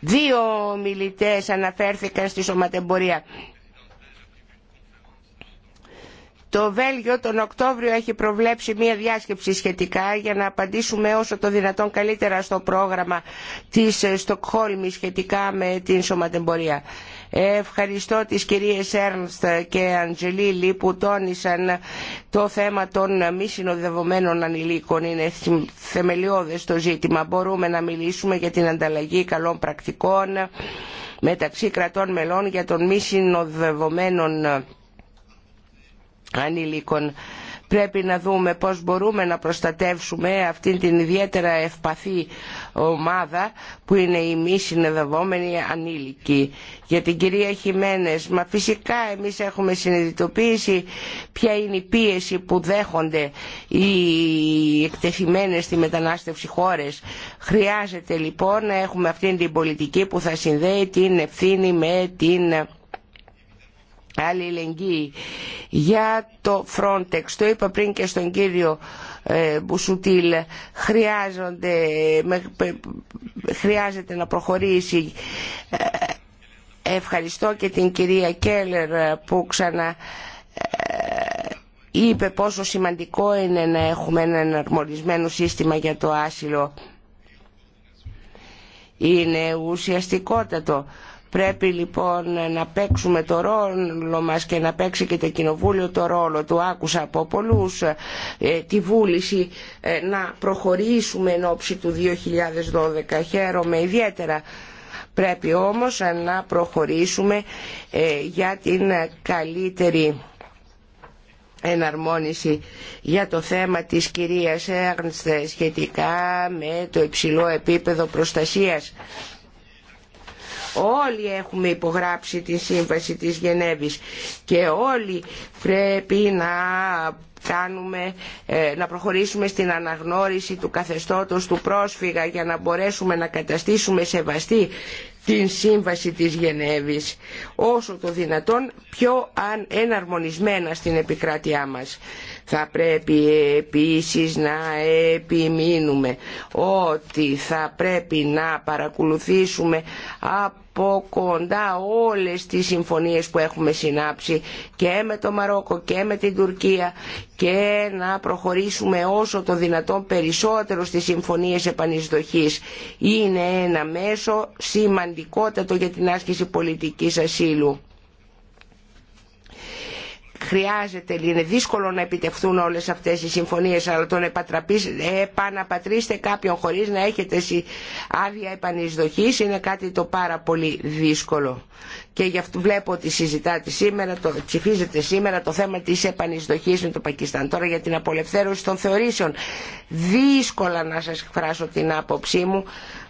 Δύο μιλητές αναφέρθηκαν στη σωματεμπορία. Το Βέλγιο τον Οκτώβριο έχει προβλέψει μία διάσκεψη σχετικά για να απαντήσουμε όσο το δυνατόν καλύτερα στο πρόγραμμα της Στοκχόλμης σχετικά με την σωματεμπορία. Ευχαριστώ τις κυρίες Έρνστ και Αντζελίλη που τόνισαν το θέμα των μη συνοδευομένων ανηλίκων. Είναι θεμελιώδες το ζήτημα. Μπορούμε να μιλήσουμε για την ανταλλαγή καλών πρακτικών μεταξύ κρατών μελών για των μη συνοδευομένων ανηλίκων πρέπει να δούμε πώς μπορούμε να προστατεύσουμε αυτήν την ιδιαίτερα ευπαθή ομάδα που είναι οι μη συνεδευόμενοι ανήλικοι. Για την κυρία Χιμένες, μα φυσικά εμείς έχουμε συνειδητοποίηση ποια είναι η πίεση που δέχονται οι εκτεθειμένες στη μετανάστευση χώρες. Χρειάζεται λοιπόν να έχουμε αυτήν την πολιτική που θα συνδέει την ευθύνη με την αλληλεγγύη για το Frontex. Το είπα πριν και στον κύριο ε, Μπουσουτήλ. Χρειάζονται, χρειάζεται να προχωρήσει. Ε, ευχαριστώ και την κυρία Κέλλερ που ξανά ε, είπε πόσο σημαντικό είναι να έχουμε ένα εναρμονισμένο σύστημα για το άσυλο. Είναι ουσιαστικότατο Πρέπει λοιπόν να παίξουμε το ρόλο μας και να παίξει και το Κοινοβούλιο το ρόλο του. Άκουσα από πολλούς ε, τη βούληση ε, να προχωρήσουμε εν ώψη του 2012. Χαίρομαι ιδιαίτερα. Πρέπει όμως ε, να προχωρήσουμε για την καλύτερη εναρμόνιση για το θέμα της κυρίας Έρνστε σχετικά με το υψηλό επίπεδο προστασίας Όλοι έχουμε υπογράψει τη σύμβαση της Γενέβης και όλοι πρέπει να κάνουμε, ε, να προχωρήσουμε στην αναγνώριση του καθεστώτος του πρόσφυγα για να μπορέσουμε να καταστήσουμε σεβαστή την σύμβαση της Γενέβης όσο το δυνατόν πιο εναρμονισμένα στην επικράτειά μας. Θα πρέπει επίσης να επιμείνουμε ότι θα πρέπει να παρακολουθήσουμε από από κοντά όλες τις συμφωνίες που έχουμε συνάψει και με το Μαρόκο και με την Τουρκία και να προχωρήσουμε όσο το δυνατόν περισσότερο στις συμφωνίες επανεισδοχής είναι ένα μέσο σημαντικότατο για την άσκηση πολιτικής ασύλου χρειάζεται, είναι δύσκολο να επιτευχθούν όλες αυτές οι συμφωνίες αλλά τον επαναπατρίστε κάποιον χωρίς να έχετε άδεια επανεισδοχής είναι κάτι το πάρα πολύ δύσκολο και γι' αυτό βλέπω ότι συζητάτε σήμερα, το, ψηφίζετε σήμερα το θέμα της επανεισδοχής με το Πακιστάν. Τώρα για την απολευθέρωση των θεωρήσεων. Δύσκολα να σας εκφράσω την άποψή μου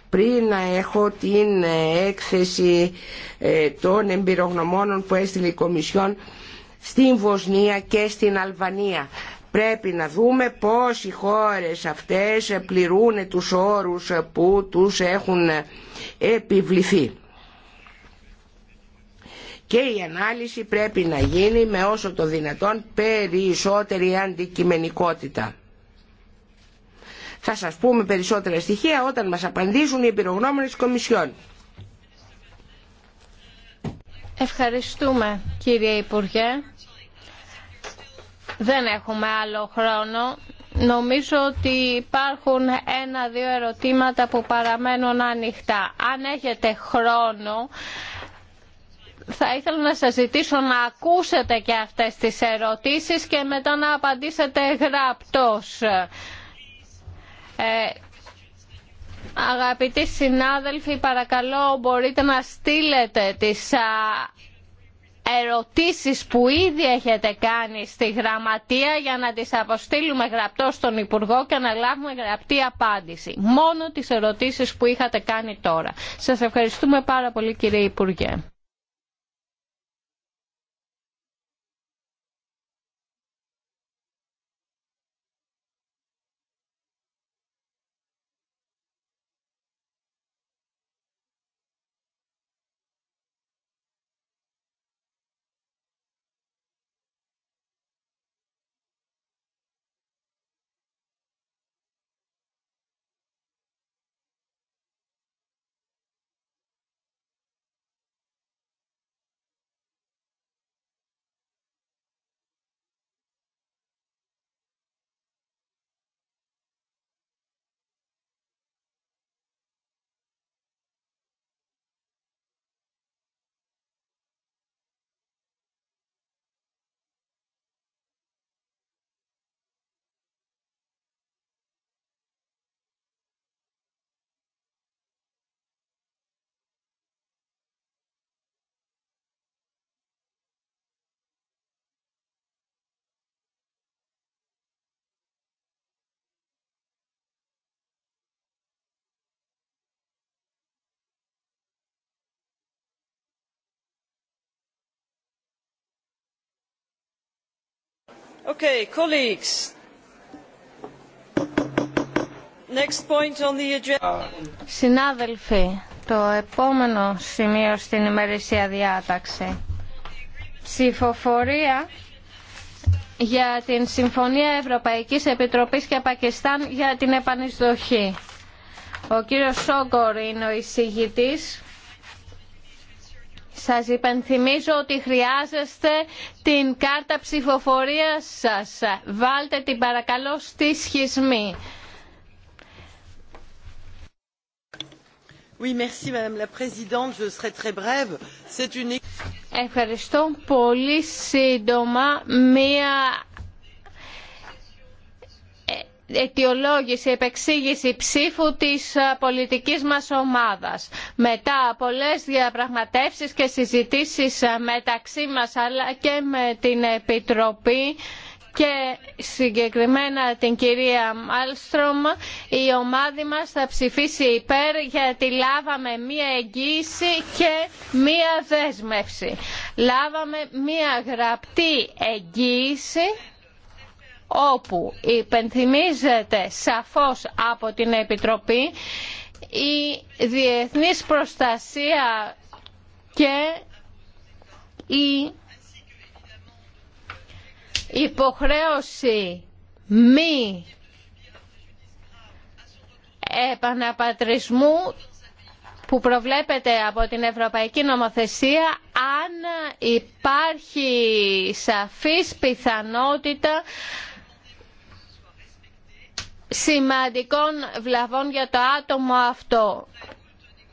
πριν να έχω την έκθεση ε, των εμπειρογνωμόνων που έστειλε η Κομισιόν στην Βοσνία και στην Αλβανία. Πρέπει να δούμε πώς οι χώρες αυτές πληρούν τους όρους που τους έχουν επιβληθεί. Και η ανάλυση πρέπει να γίνει με όσο το δυνατόν περισσότερη αντικειμενικότητα. Θα σας πούμε περισσότερα στοιχεία όταν μας απαντήσουν οι επιρρογνώμονες Κομισιόν. Ευχαριστούμε κύριε Υπουργέ. Δεν έχουμε άλλο χρόνο. Νομίζω ότι υπάρχουν ένα-δύο ερωτήματα που παραμένουν ανοιχτά. Αν έχετε χρόνο, θα ήθελα να σας ζητήσω να ακούσετε και αυτές τις ερωτήσεις και μετά να απαντήσετε γραπτός. Ε, Αγαπητοί συνάδελφοι, παρακαλώ μπορείτε να στείλετε τις ερωτήσεις που ήδη έχετε κάνει στη Γραμματεία για να τις αποστείλουμε γραπτό στον Υπουργό και να λάβουμε γραπτή απάντηση. Μόνο τις ερωτήσεις που είχατε κάνει τώρα. Σας ευχαριστούμε πάρα πολύ κύριε Υπουργέ. Συνάδελφοι, το επόμενο σημείο στην ημερήσια διάταξη. Ψηφοφορία για την Συμφωνία Ευρωπαϊκής Επιτροπής και Πακιστάν για την επανεισδοχή. Ο κύριος Σόγκορ είναι ο εισηγητής. Σας υπενθυμίζω ότι χρειάζεστε την κάρτα ψηφοφορίας σας. Βάλτε την παρακαλώ στη σχισμή. Ευχαριστώ πολύ σύντομα. Μία αιτιολόγηση, επεξήγηση ψήφου της πολιτικής μας ομάδας. Μετά πολλές διαπραγματεύσεις και συζητήσεις μεταξύ μας αλλά και με την Επιτροπή και συγκεκριμένα την κυρία Μάλστρομ, η ομάδα μας θα ψηφίσει υπέρ γιατί λάβαμε μία εγγύηση και μία δέσμευση. Λάβαμε μία γραπτή εγγύηση όπου υπενθυμίζεται σαφώς από την Επιτροπή η διεθνής προστασία και η υποχρέωση μη επαναπατρισμού που προβλέπεται από την Ευρωπαϊκή Νομοθεσία αν υπάρχει σαφής πιθανότητα σημαντικών βλαβών για το άτομο αυτό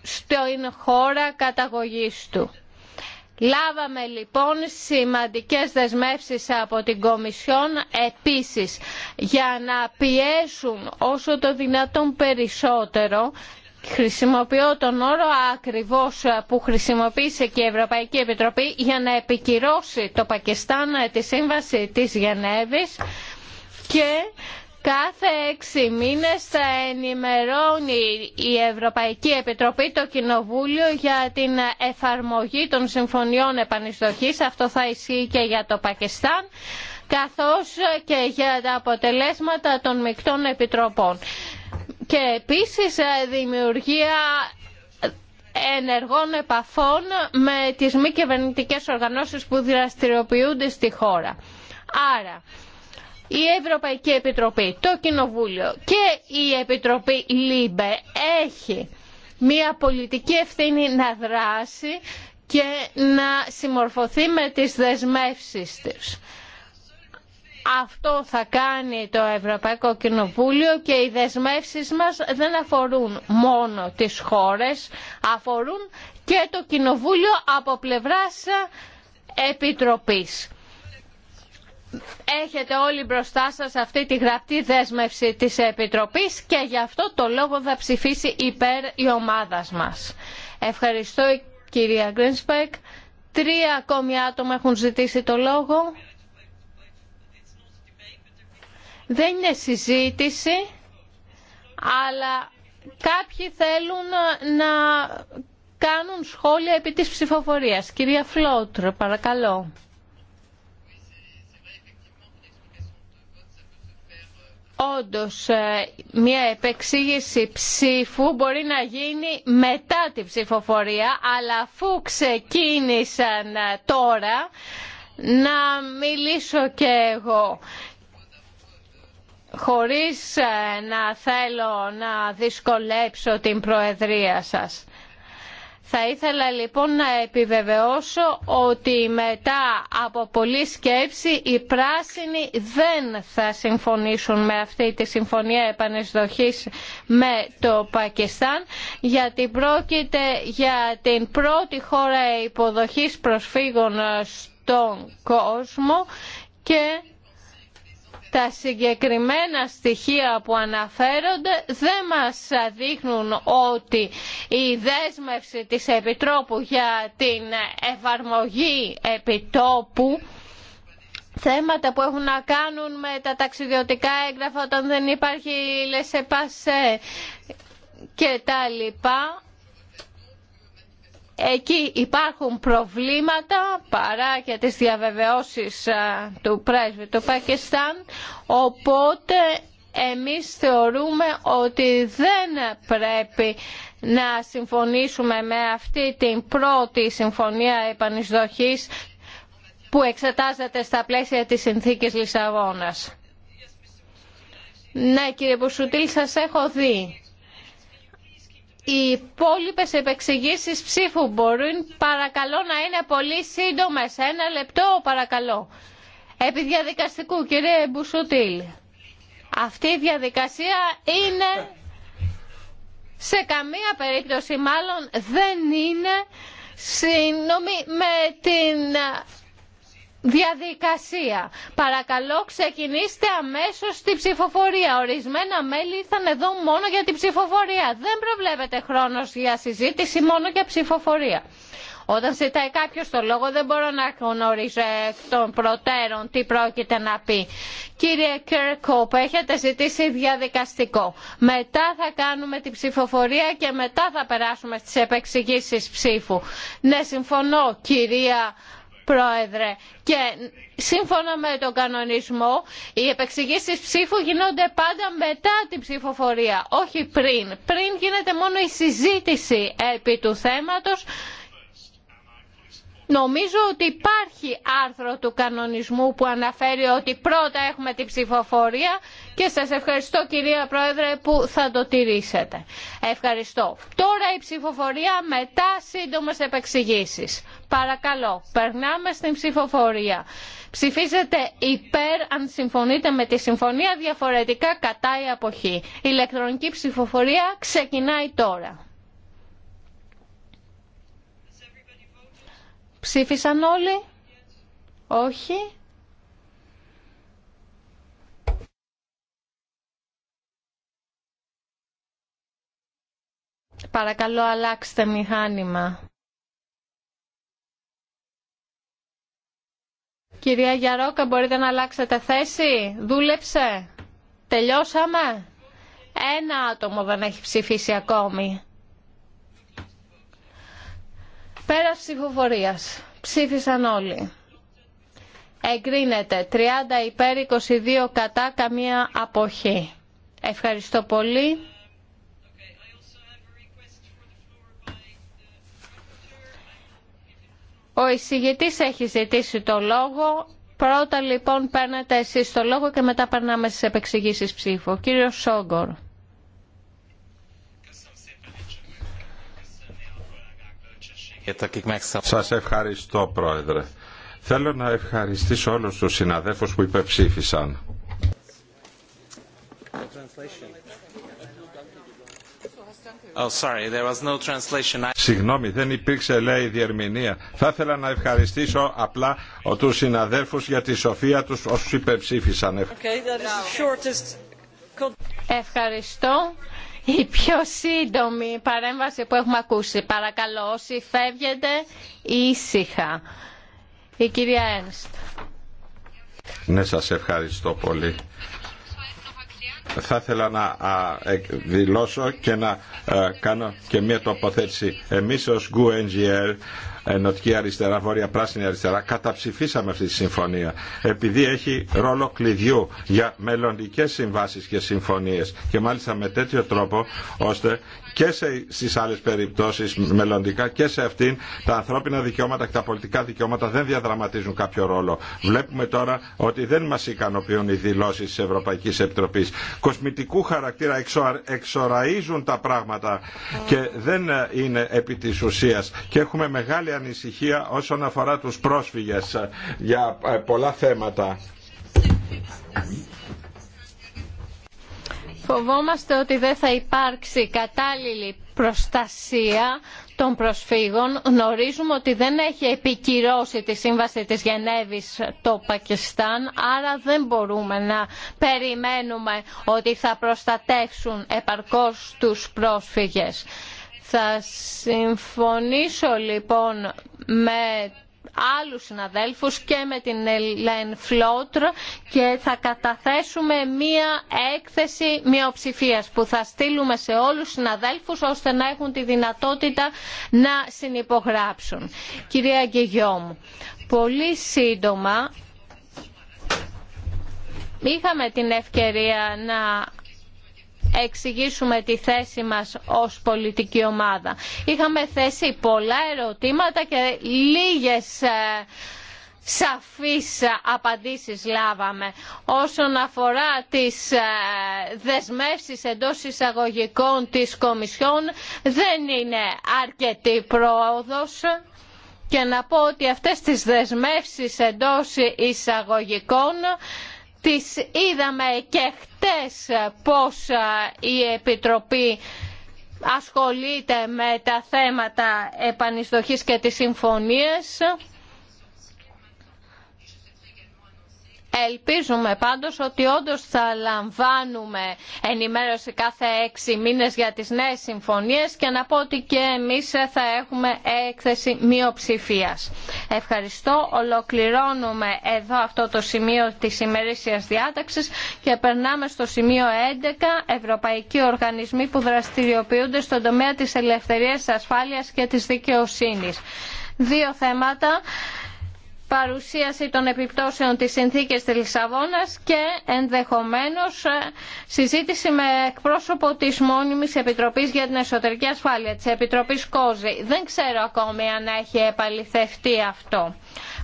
στην χώρα καταγωγής του. Λάβαμε λοιπόν σημαντικές δεσμεύσεις από την Κομισιόν επίσης για να πιέσουν όσο το δυνατόν περισσότερο χρησιμοποιώ τον όρο ακριβώς που χρησιμοποίησε και η Ευρωπαϊκή Επιτροπή για να επικυρώσει το Πακιστάν ε, τη σύμβαση της Γενέβης και Κάθε έξι μήνες θα ενημερώνει η Ευρωπαϊκή Επιτροπή το Κοινοβούλιο για την εφαρμογή των συμφωνιών επανιστοχής. Αυτό θα ισχύει και για το Πακιστάν καθώς και για τα αποτελέσματα των Μικτών επιτροπών. Και επίσης ε, δημιουργία ενεργών επαφών με τις μη κυβερνητικέ οργανώσεις που δραστηριοποιούνται στη χώρα. Άρα, η Ευρωπαϊκή Επιτροπή, το Κοινοβούλιο και η Επιτροπή ΛΥΜΠΕ έχει μια πολιτική ευθύνη να δράσει και να συμμορφωθεί με τις δεσμεύσεις της. Αυτό θα κάνει το Ευρωπαϊκό Κοινοβούλιο και οι δεσμεύσεις μας δεν αφορούν μόνο τις χώρες, αφορούν και το Κοινοβούλιο από πλευράς Επιτροπής έχετε όλοι μπροστά σας αυτή τη γραπτή δέσμευση της Επιτροπής και γι' αυτό το λόγο θα ψηφίσει υπέρ η ομάδα μας. Ευχαριστώ κυρία Γκρινσπεκ. Τρία ακόμη άτομα έχουν ζητήσει το λόγο. Δεν είναι συζήτηση, αλλά κάποιοι θέλουν να κάνουν σχόλια επί της ψηφοφορίας. Κυρία Φλότρ, παρακαλώ. όντως ε, μια επεξήγηση ψήφου μπορεί να γίνει μετά τη ψηφοφορία αλλά αφού ξεκίνησαν ε, τώρα να μιλήσω και εγώ χωρίς ε, να θέλω να δυσκολέψω την προεδρία σας. Θα ήθελα λοιπόν να επιβεβαιώσω ότι μετά από πολλή σκέψη οι πράσινοι δεν θα συμφωνήσουν με αυτή τη συμφωνία επανεσδοχής με το Πακιστάν γιατί πρόκειται για την πρώτη χώρα υποδοχής προσφύγων στον κόσμο και τα συγκεκριμένα στοιχεία που αναφέρονται δεν μας δείχνουν ότι η δέσμευση της Επιτρόπου για την εφαρμογή Επιτόπου θέματα που έχουν να κάνουν με τα ταξιδιωτικά έγγραφα όταν δεν υπάρχει λεσεπάσε και τα λοιπά Εκεί υπάρχουν προβλήματα παρά και τις διαβεβαιώσεις του πρέσβη του Πακιστάν, οπότε εμείς θεωρούμε ότι δεν πρέπει να συμφωνήσουμε με αυτή την πρώτη συμφωνία επανεισδοχής που εξετάζεται στα πλαίσια της συνθήκης Λισαβόνας. Ναι κύριε Πουσουτήλ, σας έχω δει. Οι υπόλοιπε επεξηγήσει ψήφου μπορούν παρακαλώ να είναι πολύ σύντομε. Ένα λεπτό παρακαλώ. Επί διαδικαστικού, κύριε Μπουσουτήλ. Αυτή η διαδικασία είναι σε καμία περίπτωση μάλλον δεν είναι σύνομη με την διαδικασία. Παρακαλώ ξεκινήστε αμέσως τη ψηφοφορία. Ορισμένα μέλη ήρθαν εδώ μόνο για την ψηφοφορία. Δεν προβλέπεται χρόνος για συζήτηση, μόνο για ψηφοφορία. Όταν ζητάει κάποιο το λόγο δεν μπορώ να γνωρίζω εκ των προτέρων τι πρόκειται να πει. Κύριε Κέρκοπ, έχετε ζητήσει διαδικαστικό. Μετά θα κάνουμε την ψηφοφορία και μετά θα περάσουμε στις επεξηγήσεις ψήφου. Ναι, συμφωνώ κυρία Πρόεδρε. Και σύμφωνα με τον κανονισμό, οι επεξηγήσεις ψήφου γίνονται πάντα μετά την ψηφοφορία, όχι πριν. Πριν γίνεται μόνο η συζήτηση επί του θέματος Νομίζω ότι υπάρχει άρθρο του κανονισμού που αναφέρει ότι πρώτα έχουμε την ψηφοφορία και σας ευχαριστώ κυρία Πρόεδρε που θα το τηρήσετε. Ευχαριστώ. Τώρα η ψηφοφορία μετά σύντομες επεξηγήσεις. Παρακαλώ, περνάμε στην ψηφοφορία. Ψηφίζετε υπέρ αν συμφωνείτε με τη συμφωνία, διαφορετικά κατά η αποχή. Η ηλεκτρονική ψηφοφορία ξεκινάει τώρα. Ψήφισαν όλοι. Όχι. Παρακαλώ αλλάξτε μηχάνημα. Κυρία Γιαρόκα, μπορείτε να αλλάξετε θέση. Δούλεψε. Τελειώσαμε. Ένα άτομο δεν έχει ψηφίσει ακόμη. Πέρας ψηφοφορίας. Ψήφισαν όλοι. Εγκρίνεται 30 υπέρ 22 κατά καμία αποχή. Ευχαριστώ πολύ. Ο εισηγητής έχει ζητήσει το λόγο. Πρώτα λοιπόν παίρνετε εσείς το λόγο και μετά περνάμε στις επεξηγήσεις ψήφου. Κύριο Σόγκορ. Σας ευχαριστώ Πρόεδρε. Θέλω να ευχαριστήσω όλους τους συναδέλφους που υπεψήφισαν. Oh, Συγγνώμη, δεν υπήρξε λέει διερμηνία. Θα ήθελα να ευχαριστήσω απλά του συναδέλφους για τη σοφία τους όσους υπεψήφισαν. Ευχαριστώ. Η πιο σύντομη παρέμβαση που έχουμε ακούσει. Παρακαλώ, όσοι φεύγετε ήσυχα. Η κυρία Ένστ. Ναι, σας ευχαριστώ πολύ θα ήθελα να ε, δηλώσω και να ε, κάνω και μια τοποθέτηση. Εμείς ως GUNGL Ενωτική Αριστερά, Βόρεια Πράσινη Αριστερά, καταψηφίσαμε αυτή τη συμφωνία. Επειδή έχει ρόλο κλειδιού για μελλοντικέ συμβάσει και συμφωνίες. Και μάλιστα με τέτοιο τρόπο ώστε και στις άλλες περιπτώσεις μελλοντικά και σε αυτήν τα ανθρώπινα δικαιώματα και τα πολιτικά δικαιώματα δεν διαδραματίζουν κάποιο ρόλο. Βλέπουμε τώρα ότι δεν μας ικανοποιούν οι δηλώσεις της Ευρωπαϊκής Επιτροπής. Κοσμητικού χαρακτήρα εξοραίζουν τα πράγματα και δεν είναι επί της ουσίας. Και έχουμε μεγάλη ανησυχία όσον αφορά τους πρόσφυγες για ε, πολλά θέματα. Φοβόμαστε ότι δεν θα υπάρξει κατάλληλη προστασία των προσφύγων. Γνωρίζουμε ότι δεν έχει επικυρώσει τη σύμβαση της Γενέβης το Πακιστάν, άρα δεν μπορούμε να περιμένουμε ότι θα προστατεύσουν επαρκώς τους πρόσφυγες. Θα συμφωνήσω λοιπόν με άλλους συναδέλφους και με την Ελέν Φλότρ και θα καταθέσουμε μία έκθεση μειοψηφία που θα στείλουμε σε όλους τους συναδέλφους ώστε να έχουν τη δυνατότητα να συνυπογράψουν. Κυρία Γκυγιόμ, πολύ σύντομα είχαμε την ευκαιρία να εξηγήσουμε τη θέση μας ως πολιτική ομάδα. Είχαμε θέσει πολλά ερωτήματα και λίγες ε, σαφείς απαντήσεις λάβαμε. Όσον αφορά τις ε, δεσμεύσεις εντός εισαγωγικών της Κομισιόν δεν είναι αρκετή πρόοδος και να πω ότι αυτές τις δεσμεύσεις εντός εισαγωγικών Τις είδαμε και χτες πώς η Επιτροπή ασχολείται με τα θέματα επανιστοχής και τις συμφωνίες. Ελπίζουμε πάντως ότι όντως θα λαμβάνουμε ενημέρωση κάθε έξι μήνες για τις νέες συμφωνίες και να πω ότι και εμείς θα έχουμε έκθεση μειοψηφίας. Ευχαριστώ. Ολοκληρώνουμε εδώ αυτό το σημείο της ημερήσιας διάταξης και περνάμε στο σημείο 11 Ευρωπαϊκοί Οργανισμοί που δραστηριοποιούνται στον τομέα της ελευθερίας, ασφάλειας και της δικαιοσύνης. Δύο θέματα παρουσίαση των επιπτώσεων της συνθήκης της Λισαβόνας και ενδεχομένως ε, συζήτηση με εκπρόσωπο της μόνιμης Επιτροπής για την Εσωτερική Ασφάλεια, της Επιτροπής Κόζη. Δεν ξέρω ακόμη αν έχει επαληθευτεί αυτό.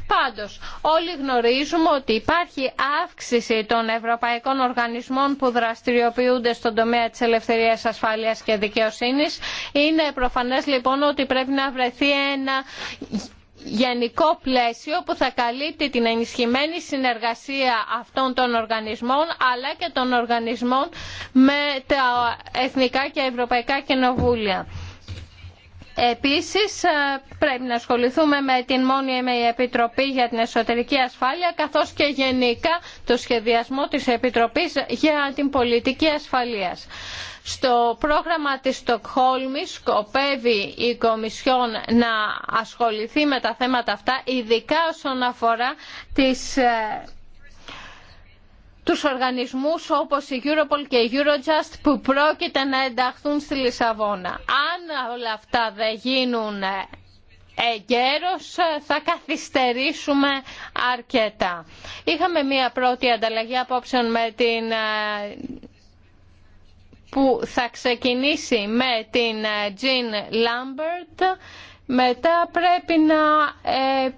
Πάντως, όλοι γνωρίζουμε ότι υπάρχει αύξηση των ευρωπαϊκών οργανισμών που δραστηριοποιούνται στον τομέα της ελευθερίας, ασφάλειας και δικαιοσύνης. Είναι προφανές λοιπόν ότι πρέπει να βρεθεί ένα γενικό πλαίσιο που θα καλύπτει την ενισχυμένη συνεργασία αυτών των οργανισμών αλλά και των οργανισμών με τα εθνικά και ευρωπαϊκά κοινοβούλια. Επίσης ε, πρέπει να ασχοληθούμε με την μόνιμη Επιτροπή για την Εσωτερική Ασφάλεια καθώς και γενικά το σχεδιασμό της Επιτροπής για την Πολιτική Ασφαλείας. Στο πρόγραμμα της Στοκχόλμης σκοπεύει η Κομισιόν να ασχοληθεί με τα θέματα αυτά, ειδικά όσον αφορά τις ε, τους οργανισμούς όπως η Europol και η Eurojust που πρόκειται να ενταχθούν στη Λισαβόνα. Αν όλα αυτά δεν γίνουν εγκαίρως θα καθυστερήσουμε αρκετά. Είχαμε μία πρώτη ανταλλαγή απόψεων με την ε, που θα ξεκινήσει με την ε, Jean Lambert. Μετά πρέπει να ε,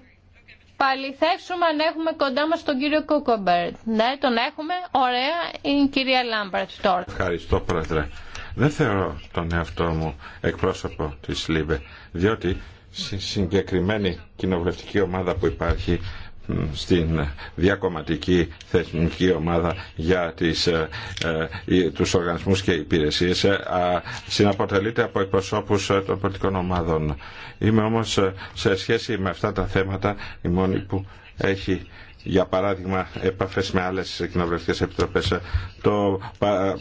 παληθεύσουμε αν έχουμε κοντά μας τον κύριο Κούκομπερτ. Ναι, τον έχουμε. Ωραία, η κυρία Λάμπερτ τώρα. Ευχαριστώ πρόεδρε. Δεν θεωρώ τον εαυτό μου εκπρόσωπο της ΛΥΜΕ διότι στη συγκεκριμένη κοινοβουλευτική ομάδα που υπάρχει στην διακομματική θεσμική ομάδα για τις, ε, ε, ε τους οργανισμούς και υπηρεσίες ε, συναποτελείται από εκπροσώπους των πολιτικών ομάδων. Είμαι όμως σε σχέση με αυτά τα θέματα η μόνη που έχει για παράδειγμα επαφές με άλλες κοινοβουλευτικές επιτροπές. Το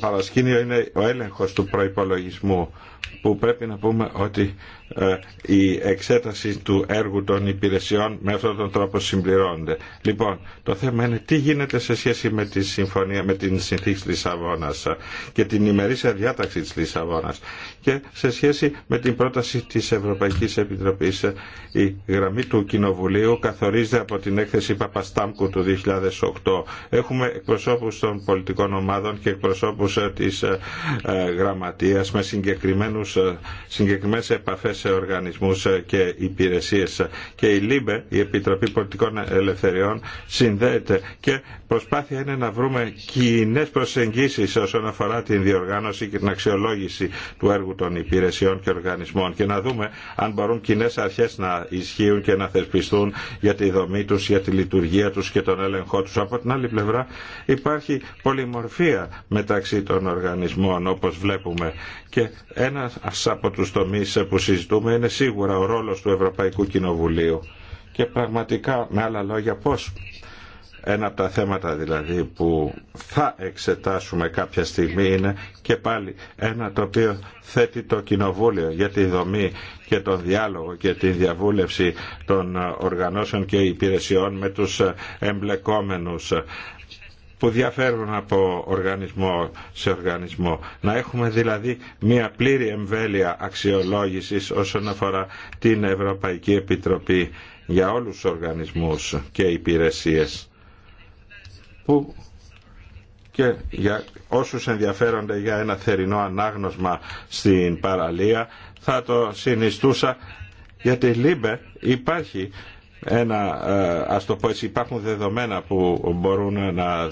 παρασκήνιο είναι ο έλεγχος του προϋπολογισμού που πρέπει να πούμε ότι ε, η εξέταση του έργου των υπηρεσιών με αυτόν τον τρόπο συμπληρώνεται. Λοιπόν, το θέμα είναι τι γίνεται σε σχέση με τη συμφωνία, με την συνθήκη της Λισαβόνας και την ημερήσια διάταξη της Λισαβόνας και σε σχέση με την πρόταση της Ευρωπαϊκής Επιτροπής η γραμμή του Κοινοβουλίου καθορίζεται από την έκθεση Παπαστάμκου του 2008. Έχουμε εκπροσώπους των πολιτικών ομάδων και εκπροσώπους ε, της ε, γραμματείας με συγκεκριμένα συγκεκριμένους, ε, συγκεκριμένες επαφές σε οργανισμούς ε, και υπηρεσίες. Και η ΛΥΜΠΕ, η Επιτροπή Πολιτικών Ελευθεριών, συνδέεται και προσπάθεια είναι να βρούμε κοινέ προσεγγίσεις όσον αφορά την διοργάνωση και την αξιολόγηση του έργου των υπηρεσιών και οργανισμών και να δούμε αν μπορούν κοινέ αρχές να ισχύουν και να θεσπιστούν για τη δομή τους, για τη λειτουργία τους και τον έλεγχό τους. Από την άλλη πλευρά υπάρχει πολυμορφία μεταξύ των οργανισμών όπως βλέπουμε και ένα από τους τομείς που συζητούμε είναι σίγουρα ο ρόλος του Ευρωπαϊκού Κοινοβουλίου. Και πραγματικά, με άλλα λόγια, πώς ένα από τα θέματα δηλαδή που θα εξετάσουμε κάποια στιγμή είναι και πάλι ένα το οποίο θέτει το Κοινοβούλιο για τη δομή και τον διάλογο και τη διαβούλευση των οργανώσεων και υπηρεσιών με τους εμπλεκόμενους που διαφέρουν από οργανισμό σε οργανισμό. Να έχουμε δηλαδή μια πλήρη εμβέλεια αξιολόγησης όσον αφορά την Ευρωπαϊκή Επιτροπή για όλους τους οργανισμούς και υπηρεσίες που και για όσους ενδιαφέρονται για ένα θερινό ανάγνωσμα στην παραλία θα το συνιστούσα γιατί λίμπε υπάρχει ένα, ε, ας το πω έτσι, υπάρχουν δεδομένα που μπορούν να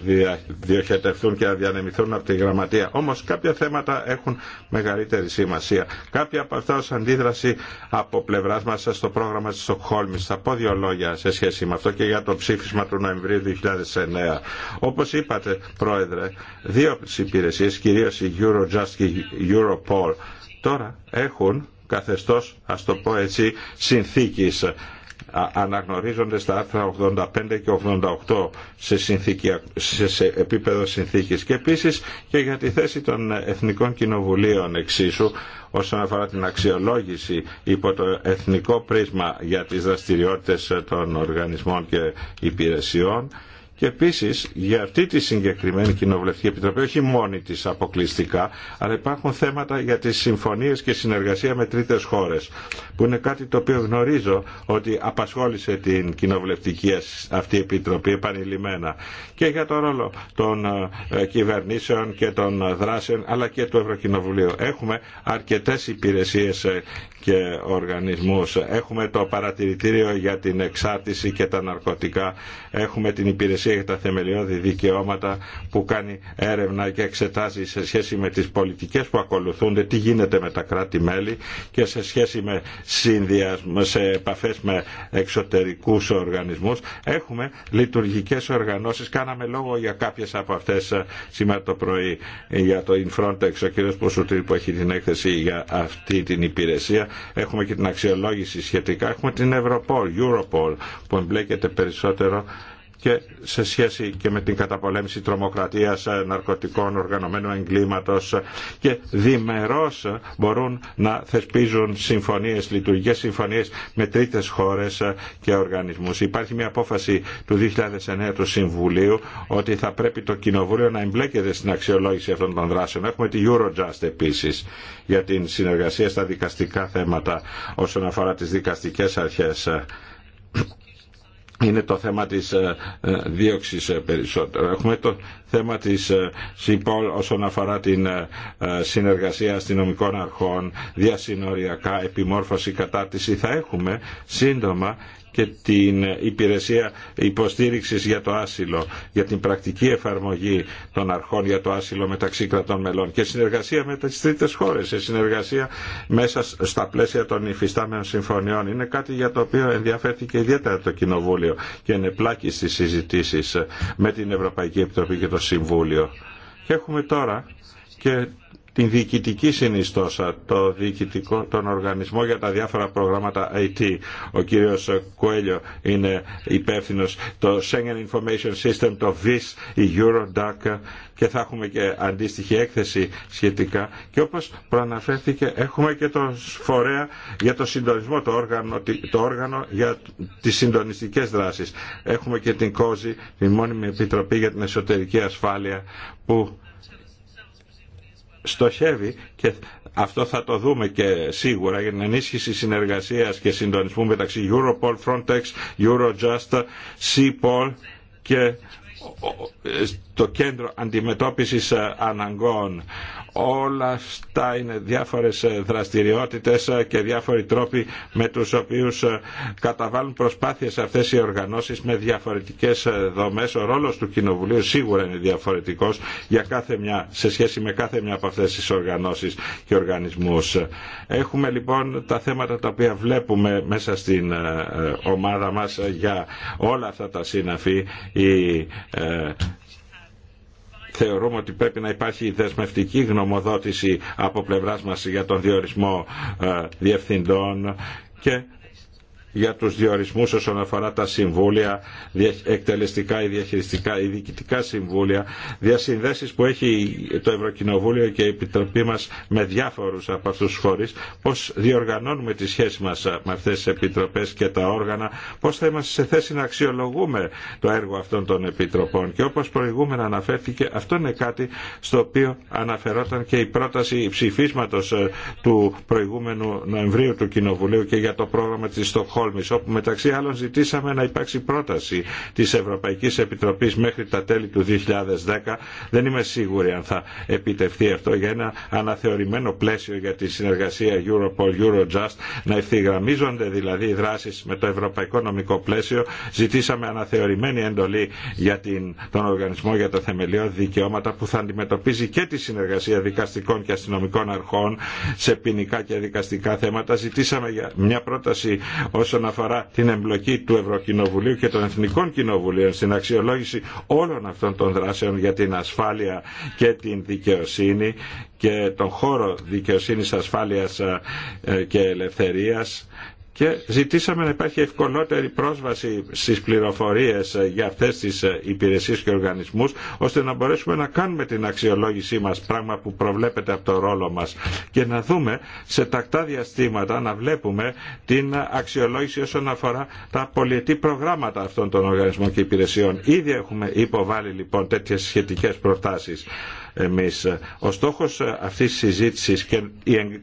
διοχετευτούν και να διανεμηθούν από τη γραμματεία. Όμως κάποια θέματα έχουν μεγαλύτερη σημασία. Κάποια από αυτά ως αντίδραση από πλευράς μας στο πρόγραμμα της Στοκχόλμης. Θα πω δύο λόγια σε σχέση με αυτό και για το ψήφισμα του Νοεμβρίου 2009. Όπως είπατε, Πρόεδρε, δύο υπηρεσίες, κυρίως η Eurojust και η Europol, τώρα έχουν καθεστώς, ας το πω έτσι, συνθήκης αναγνωρίζονται στα άρθρα 85 και 88 σε, συνθήκη, σε, επίπεδο συνθήκης και επίσης και για τη θέση των Εθνικών Κοινοβουλίων εξίσου όσον αφορά την αξιολόγηση υπό το εθνικό πρίσμα για τις δραστηριότητες των οργανισμών και υπηρεσιών και επίση για αυτή τη συγκεκριμένη Κοινοβουλευτική Επιτροπή, όχι μόνη τη αποκλειστικά, αλλά υπάρχουν θέματα για τι συμφωνίε και συνεργασία με τρίτες χώρε, που είναι κάτι το οποίο γνωρίζω ότι απασχόλησε την Κοινοβουλευτική αυτή Επιτροπή επανειλημμένα και για τον ρόλο των ε, κυβερνήσεων και των δράσεων, αλλά και του Ευρωκοινοβουλίου. Έχουμε αρκετέ υπηρεσίε ε, και οργανισμού. Έχουμε το παρατηρητήριο για την εξάρτηση και τα ναρκωτικά. Έχουμε την υπηρεσία Υπηρεσία για τα Θεμελιώδη Δικαιώματα που κάνει έρευνα και εξετάζει σε σχέση με τις πολιτικές που ακολουθούνται, τι γίνεται με τα κράτη-μέλη και σε σχέση με συνδυασμό, σε επαφές με εξωτερικούς οργανισμούς. Έχουμε λειτουργικές οργανώσεις, κάναμε λόγο για κάποιες από αυτές ε, σήμερα το πρωί για το Infrontex, ο κ. Ποσουτήρ που έχει την έκθεση για αυτή την υπηρεσία. Έχουμε και την αξιολόγηση σχετικά, έχουμε την Ευρωπόλ, Europol που εμπλέκεται περισσότερο και σε σχέση και με την καταπολέμηση τρομοκρατίας, ναρκωτικών, οργανωμένου εγκλήματος και διμερώς μπορούν να θεσπίζουν συμφωνίες, λειτουργικές συμφωνίες με τρίτες χώρες και οργανισμούς. Υπάρχει μια απόφαση του 2009 του Συμβουλίου ότι θα πρέπει το Κοινοβούλιο να εμπλέκεται στην αξιολόγηση αυτών των δράσεων. Έχουμε τη Eurojust επίσης για την συνεργασία στα δικαστικά θέματα όσον αφορά τις δικαστικές αρχές είναι το θέμα της ε, ε, δίωξης ε, περισσότερο. Έχουμε το θέμα της ΣΥΠΟΛ όσον αφορά την συνεργασία αστυνομικών αρχών, διασυνοριακά, επιμόρφωση, κατάρτιση. Θα έχουμε σύντομα και την υπηρεσία υποστήριξης για το άσυλο, για την πρακτική εφαρμογή των αρχών για το άσυλο μεταξύ κρατών μελών και συνεργασία με τις τρίτες χώρες, σε συνεργασία μέσα στα πλαίσια των υφιστάμενων συμφωνιών. Είναι κάτι για το οποίο ενδιαφέρθηκε ιδιαίτερα το Κοινοβούλιο και είναι πλάκη στις συζητήσεις με την Ευρωπαϊκή Επιτροπή και το Συμβούλιο. Και έχουμε τώρα και την διοικητική συνιστόσα, το διοικητικό, τον οργανισμό για τα διάφορα προγράμματα IT. Ο κύριος Κουέλιο είναι υπεύθυνο το Schengen Information System, το VIS, η Eurodac και θα έχουμε και αντίστοιχη έκθεση σχετικά. Και όπως προαναφέρθηκε έχουμε και το φορέα για το συντονισμό, το όργανο, το όργανο για τις συντονιστικές δράσεις. Έχουμε και την COSI, την μόνιμη επιτροπή για την εσωτερική ασφάλεια που στοχεύει και αυτό θα το δούμε και σίγουρα για την ενίσχυση συνεργασίας και συντονισμού μεταξύ Europol, Frontex, Eurojust, CPOL και το κέντρο αντιμετώπισης ε, αναγκών όλα αυτά είναι διάφορες ε, δραστηριότητες ε, και διάφοροι τρόποι με τους οποίους ε, καταβάλουν προσπάθειες αυτές οι οργανώσεις με διαφορετικές δομές. Ο ρόλος του Κοινοβουλίου σίγουρα είναι διαφορετικός για κάθε μια, σε σχέση με κάθε μια από αυτές τις οργανώσεις και οργανισμούς. Έχουμε λοιπόν τα θέματα τα οποία βλέπουμε μέσα στην ομάδα μας για όλα αυτά τα σύναφη θεωρούμε ότι πρέπει να υπάρχει δεσμευτική γνωμοδότηση από πλευράς μας για τον διορισμό ε, διευθυντών και για τους διορισμούς όσον αφορά τα συμβούλια, εκτελεστικά ή διαχειριστικά ή διοικητικά συμβούλια, διασυνδέσεις που έχει το Ευρωκοινοβούλιο και η Επιτροπή μας με διάφορους από αυτούς τους φορείς, πώς διοργανώνουμε τη σχέση μας με αυτές τις επιτροπές και τα όργανα, πώς θα είμαστε σε θέση να αξιολογούμε το έργο αυτών των επιτροπών. Και όπως προηγούμενα αναφέρθηκε, αυτό είναι κάτι στο οποίο αναφερόταν και η πρόταση ψηφίσματος ε, του προηγούμενου Νοεμβρίου του Κοινοβουλίου και για το πρόγραμμα της Στοκχόλμης όπου μεταξύ άλλων ζητήσαμε να υπάρξει πρόταση της Ευρωπαϊκής Επιτροπής μέχρι τα τέλη του 2010 δεν είμαι σίγουρη αν θα επιτευχθεί αυτό για ένα αναθεωρημένο πλαίσιο για τη συνεργασία Europol, Eurojust να ευθυγραμμίζονται δηλαδή οι δράσεις με το Ευρωπαϊκό Νομικό Πλαίσιο ζητήσαμε αναθεωρημένη εντολή για την, τον Οργανισμό για τα Θεμελιώδη Δικαιώματα που θα αντιμετωπίζει και τη συνεργασία δικαστικών και αστυνομικών αρχών σε ποινικά και δικαστικά θέματα ζητήσαμε μια πρόταση ως όσον αφορά την εμπλοκή του Ευρωκοινοβουλίου και των Εθνικών Κοινοβουλίων στην αξιολόγηση όλων αυτών των δράσεων για την ασφάλεια και την δικαιοσύνη και τον χώρο δικαιοσύνης, ασφάλειας ε, ε, και ελευθερίας και ζητήσαμε να υπάρχει ευκολότερη πρόσβαση στις πληροφορίες για αυτές τις υπηρεσίες και οργανισμούς ώστε να μπορέσουμε να κάνουμε την αξιολόγησή μας πράγμα που προβλέπεται από το ρόλο μας και να δούμε σε τακτά διαστήματα να βλέπουμε την αξιολόγηση όσον αφορά τα πολιετή προγράμματα αυτών των οργανισμών και υπηρεσιών. Ήδη έχουμε υποβάλει λοιπόν τέτοιες σχετικές προτάσεις εμείς. Ο στόχος αυτής της συζήτησης και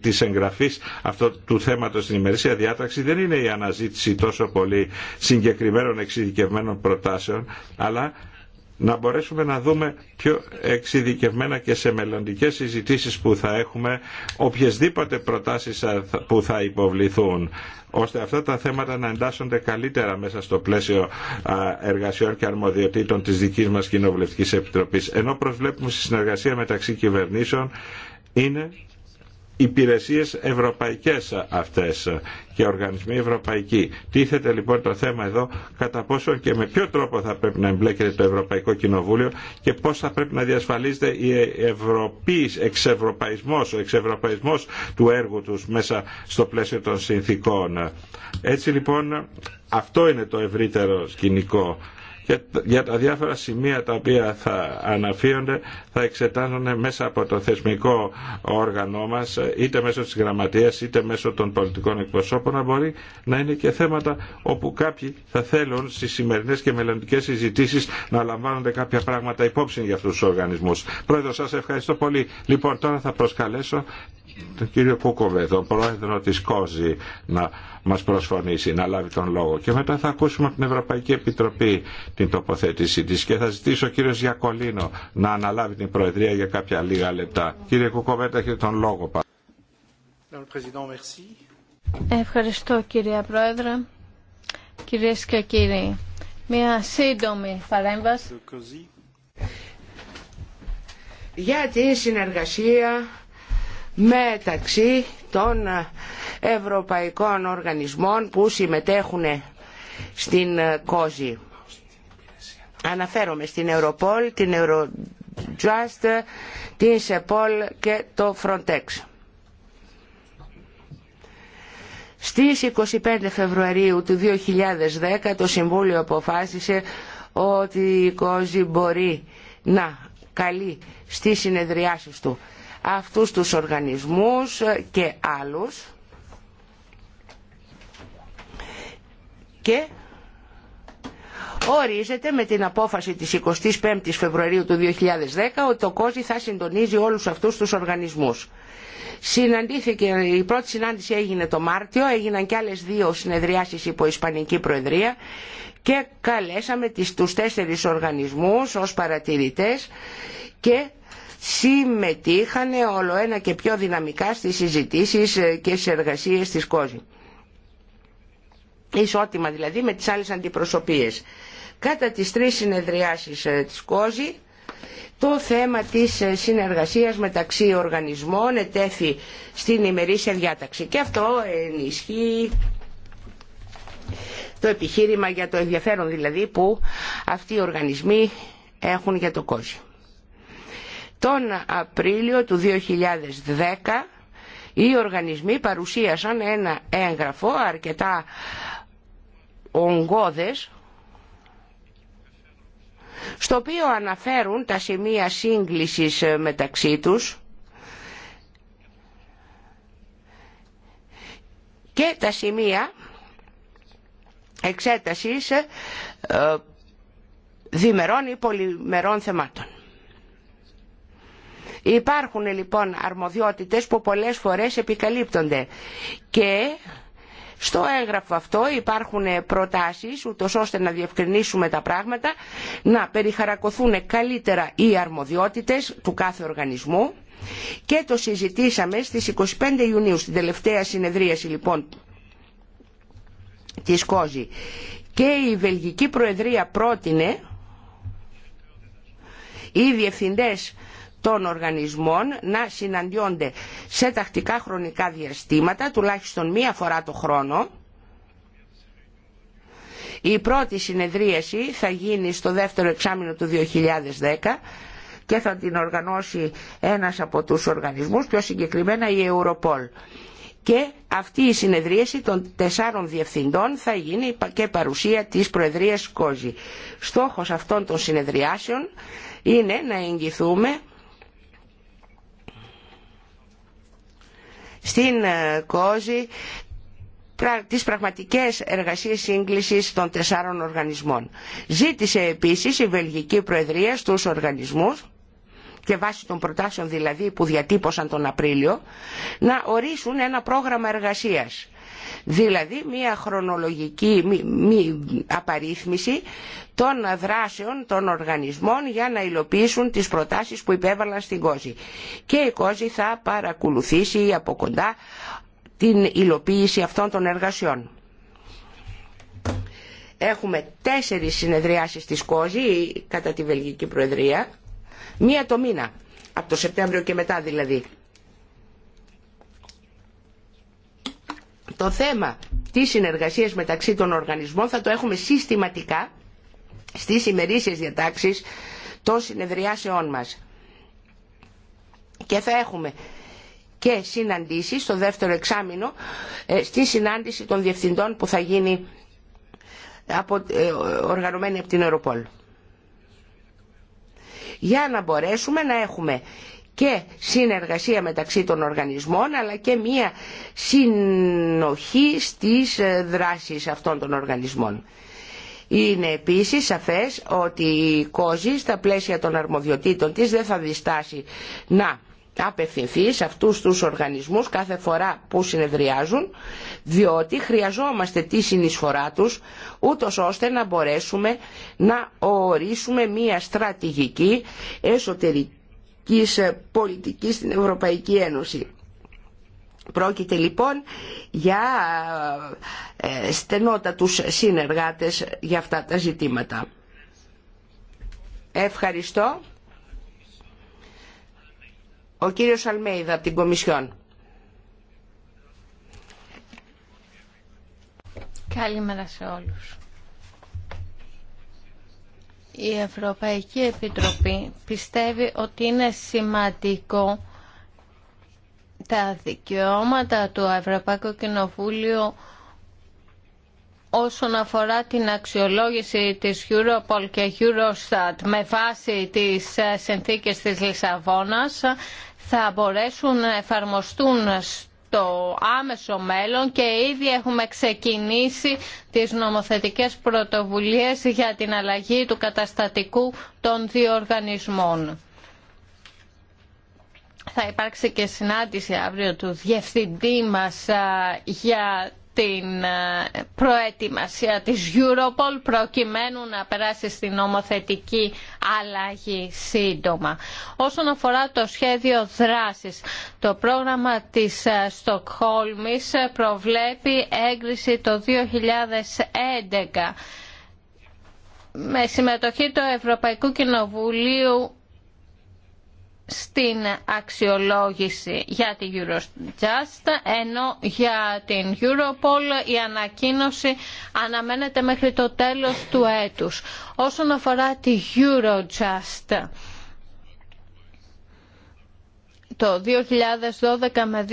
της εγγραφής αυτού του θέματος στην ημερήσια διάταξη δεν είναι η αναζήτηση τόσο πολύ συγκεκριμένων εξειδικευμένων προτάσεων, αλλά να μπορέσουμε να δούμε πιο εξειδικευμένα και σε μελλοντικές συζητήσεις που θα έχουμε οποιασδήποτε προτάσεις που θα υποβληθούν ώστε αυτά τα θέματα να εντάσσονται καλύτερα μέσα στο πλαίσιο εργασιών και αρμοδιοτήτων της δικής μας Κοινοβουλευτικής Επιτροπής. Ενώ προσβλέπουμε στη συνεργασία μεταξύ κυβερνήσεων είναι υπηρεσίες ευρωπαϊκές αυτές και οργανισμοί ευρωπαϊκοί. Τίθεται λοιπόν το θέμα εδώ κατά πόσο και με ποιο τρόπο θα πρέπει να εμπλέκεται το Ευρωπαϊκό Κοινοβούλιο και πώς θα πρέπει να διασφαλίζεται η ευρωπής εξευρωπαϊσμός, ο εξευρωπαϊσμός του έργου τους μέσα στο πλαίσιο των συνθήκων. Έτσι λοιπόν αυτό είναι το ευρύτερο σκηνικό και για τα διάφορα σημεία τα οποία θα αναφύονται θα εξετάζονται μέσα από το θεσμικό όργανό μας είτε μέσω της γραμματείας είτε μέσω των πολιτικών εκπροσώπων να μπορεί να είναι και θέματα όπου κάποιοι θα θέλουν στις σημερινές και μελλοντικές συζητήσεις να λαμβάνονται κάποια πράγματα υπόψη για αυτούς τους οργανισμούς. Πρόεδρο σας ευχαριστώ πολύ. Λοιπόν τώρα θα προσκαλέσω τον κύριο Κούκοβε, τον πρόεδρο της Κόζη, να μας προσφωνήσει, να λάβει τον λόγο. Και μετά θα ακούσουμε από την Ευρωπαϊκή Επιτροπή την τοποθέτησή της και θα ζητήσω ο κύριος Γιακολίνο να αναλάβει την Προεδρία για κάποια λίγα λεπτά. Κύριε Κούκοβε, έχετε τον λόγο. Ευχαριστώ κύριε Πρόεδρε. Κυρίες και κύριοι, μια σύντομη παρέμβαση για τη συνεργασία μεταξύ των ευρωπαϊκών οργανισμών που συμμετέχουν στην κόζη. Αναφέρομαι στην Europol, την Eurojust, την Σεπόλ και το Frontex. Στις 25 Φεβρουαρίου του 2010 το Συμβούλιο αποφάσισε ότι η κόζη μπορεί να καλεί στις συνεδριάσεις του αυτούς τους οργανισμούς και άλλους και ορίζεται με την απόφαση της 25ης Φεβρουαρίου του 2010 ότι το ΚΟΖΙ θα συντονίζει όλους αυτούς τους οργανισμούς. Συναντήθηκε, η πρώτη συνάντηση έγινε το Μάρτιο, έγιναν και άλλες δύο συνεδριάσεις υπό Ισπανική Προεδρία και καλέσαμε τις, τους τέσσερις οργανισμούς ως παρατηρητές και συμμετείχαν όλο ένα και πιο δυναμικά στις συζητήσεις ε, και στις εργασίες της ΚΟΖΗ. Ισότιμα δηλαδή με τις άλλες αντιπροσωπείες. Κατά τις τρεις συνεδριάσεις ε, της ΚΟΖΗ το θέμα της ε, συνεργασίας μεταξύ οργανισμών ετέθη στην ημερήσια διάταξη και αυτό ενισχύει το επιχείρημα για το ενδιαφέρον δηλαδή που αυτοί οι οργανισμοί έχουν για το κόσμο. Τον Απρίλιο του 2010 οι οργανισμοί παρουσίασαν ένα έγγραφο αρκετά ογκώδες στο οποίο αναφέρουν τα σημεία σύγκλησης μεταξύ τους και τα σημεία εξέτασης ε, διμερών ή πολυμερών θεμάτων. Υπάρχουν λοιπόν αρμοδιότητες που πολλές φορές επικαλύπτονται και στο έγγραφο αυτό υπάρχουν προτάσεις ούτως ώστε να διευκρινίσουμε τα πράγματα, να περιχαρακωθούν καλύτερα οι αρμοδιότητες του κάθε οργανισμού και το συζητήσαμε στις 25 Ιουνίου, στην τελευταία συνεδρίαση λοιπόν της ΚΟΖΗ. Και η Βελγική Προεδρία πρότεινε οι διευθυντές των οργανισμών να συναντιόνται σε τακτικά χρονικά διαστήματα, τουλάχιστον μία φορά το χρόνο. Η πρώτη συνεδρίαση θα γίνει στο δεύτερο εξάμεινο του 2010 και θα την οργανώσει ένας από τους οργανισμούς, πιο συγκεκριμένα η Europol. Και αυτή η συνεδρίαση των τεσσάρων διευθυντών θα γίνει και παρουσία της Προεδρίας Κόζη. Στόχος αυτών των συνεδριάσεων είναι να εγγυθούμε στην ε, κόζη τις πραγματικές εργασίες σύγκλησης των τεσσάρων οργανισμών. Ζήτησε επίσης η Βελγική Προεδρία στους οργανισμούς και βάσει των προτάσεων δηλαδή που διατύπωσαν τον Απρίλιο, να ορίσουν ένα πρόγραμμα εργασίας δηλαδή μια χρονολογική μη, απαρίθμηση των δράσεων των οργανισμών για να υλοποιήσουν τις προτάσεις που υπέβαλαν στην κόζη και η κόζη θα παρακολουθήσει από κοντά την υλοποίηση αυτών των εργασιών. Έχουμε τέσσερις συνεδριάσεις της κόζη κατά τη Βελγική Προεδρία, μία το μήνα, από το Σεπτέμβριο και μετά δηλαδή. το θέμα της συνεργασίας μεταξύ των οργανισμών θα το έχουμε συστηματικά στις ημερήσιες διατάξεις των συνεδριάσεών μας. Και θα έχουμε και συναντήσεις στο δεύτερο εξάμεινο ε, στη συνάντηση των διευθυντών που θα γίνει από, ε, οργανωμένη από την Ευρωπόλ. Για να μπορέσουμε να έχουμε και συνεργασία μεταξύ των οργανισμών αλλά και μία συνοχή στις ε, δράσεις αυτών των οργανισμών. Είναι επίσης σαφές ότι η ΚΟΖΗ στα πλαίσια των αρμοδιοτήτων της δεν θα διστάσει να απευθυνθεί σε αυτούς τους οργανισμούς κάθε φορά που συνεδριάζουν διότι χρειαζόμαστε τη συνεισφορά τους ούτως ώστε να μπορέσουμε να ορίσουμε μια στρατηγική εσωτερική ευρωπαϊκής πολιτικής στην Ευρωπαϊκή Ένωση. Πρόκειται λοιπόν για ε, στενότατους συνεργάτες για αυτά τα ζητήματα. Ευχαριστώ. Ο κύριος Αλμέιδα από την Κομισιόν. Καλημέρα σε όλους η Ευρωπαϊκή Επιτροπή πιστεύει ότι είναι σημαντικό τα δικαιώματα του Ευρωπαϊκού Κοινοβούλιο όσον αφορά την αξιολόγηση της Europol και Eurostat με βάση τις ε, συνθήκες της Λισαβόνας θα μπορέσουν να εφαρμοστούν το άμεσο μέλλον και ήδη έχουμε ξεκινήσει τις νομοθετικές πρωτοβουλίες για την αλλαγή του καταστατικού των δύο οργανισμών. Θα υπάρξει και συνάντηση αύριο του Διευθυντή μας για την ε, προετοιμασία της Europol προκειμένου να περάσει στην νομοθετική αλλαγή σύντομα. Όσον αφορά το σχέδιο δράσης, το πρόγραμμα της ε, Στοκχόλμης ε, προβλέπει έγκριση το 2011 με συμμετοχή του Ευρωπαϊκού Κοινοβουλίου στην αξιολόγηση για τη Eurojust, ενώ για την Europol η ανακοίνωση αναμένεται μέχρι το τέλος του έτους. Όσον αφορά τη Eurojust, το 2012 με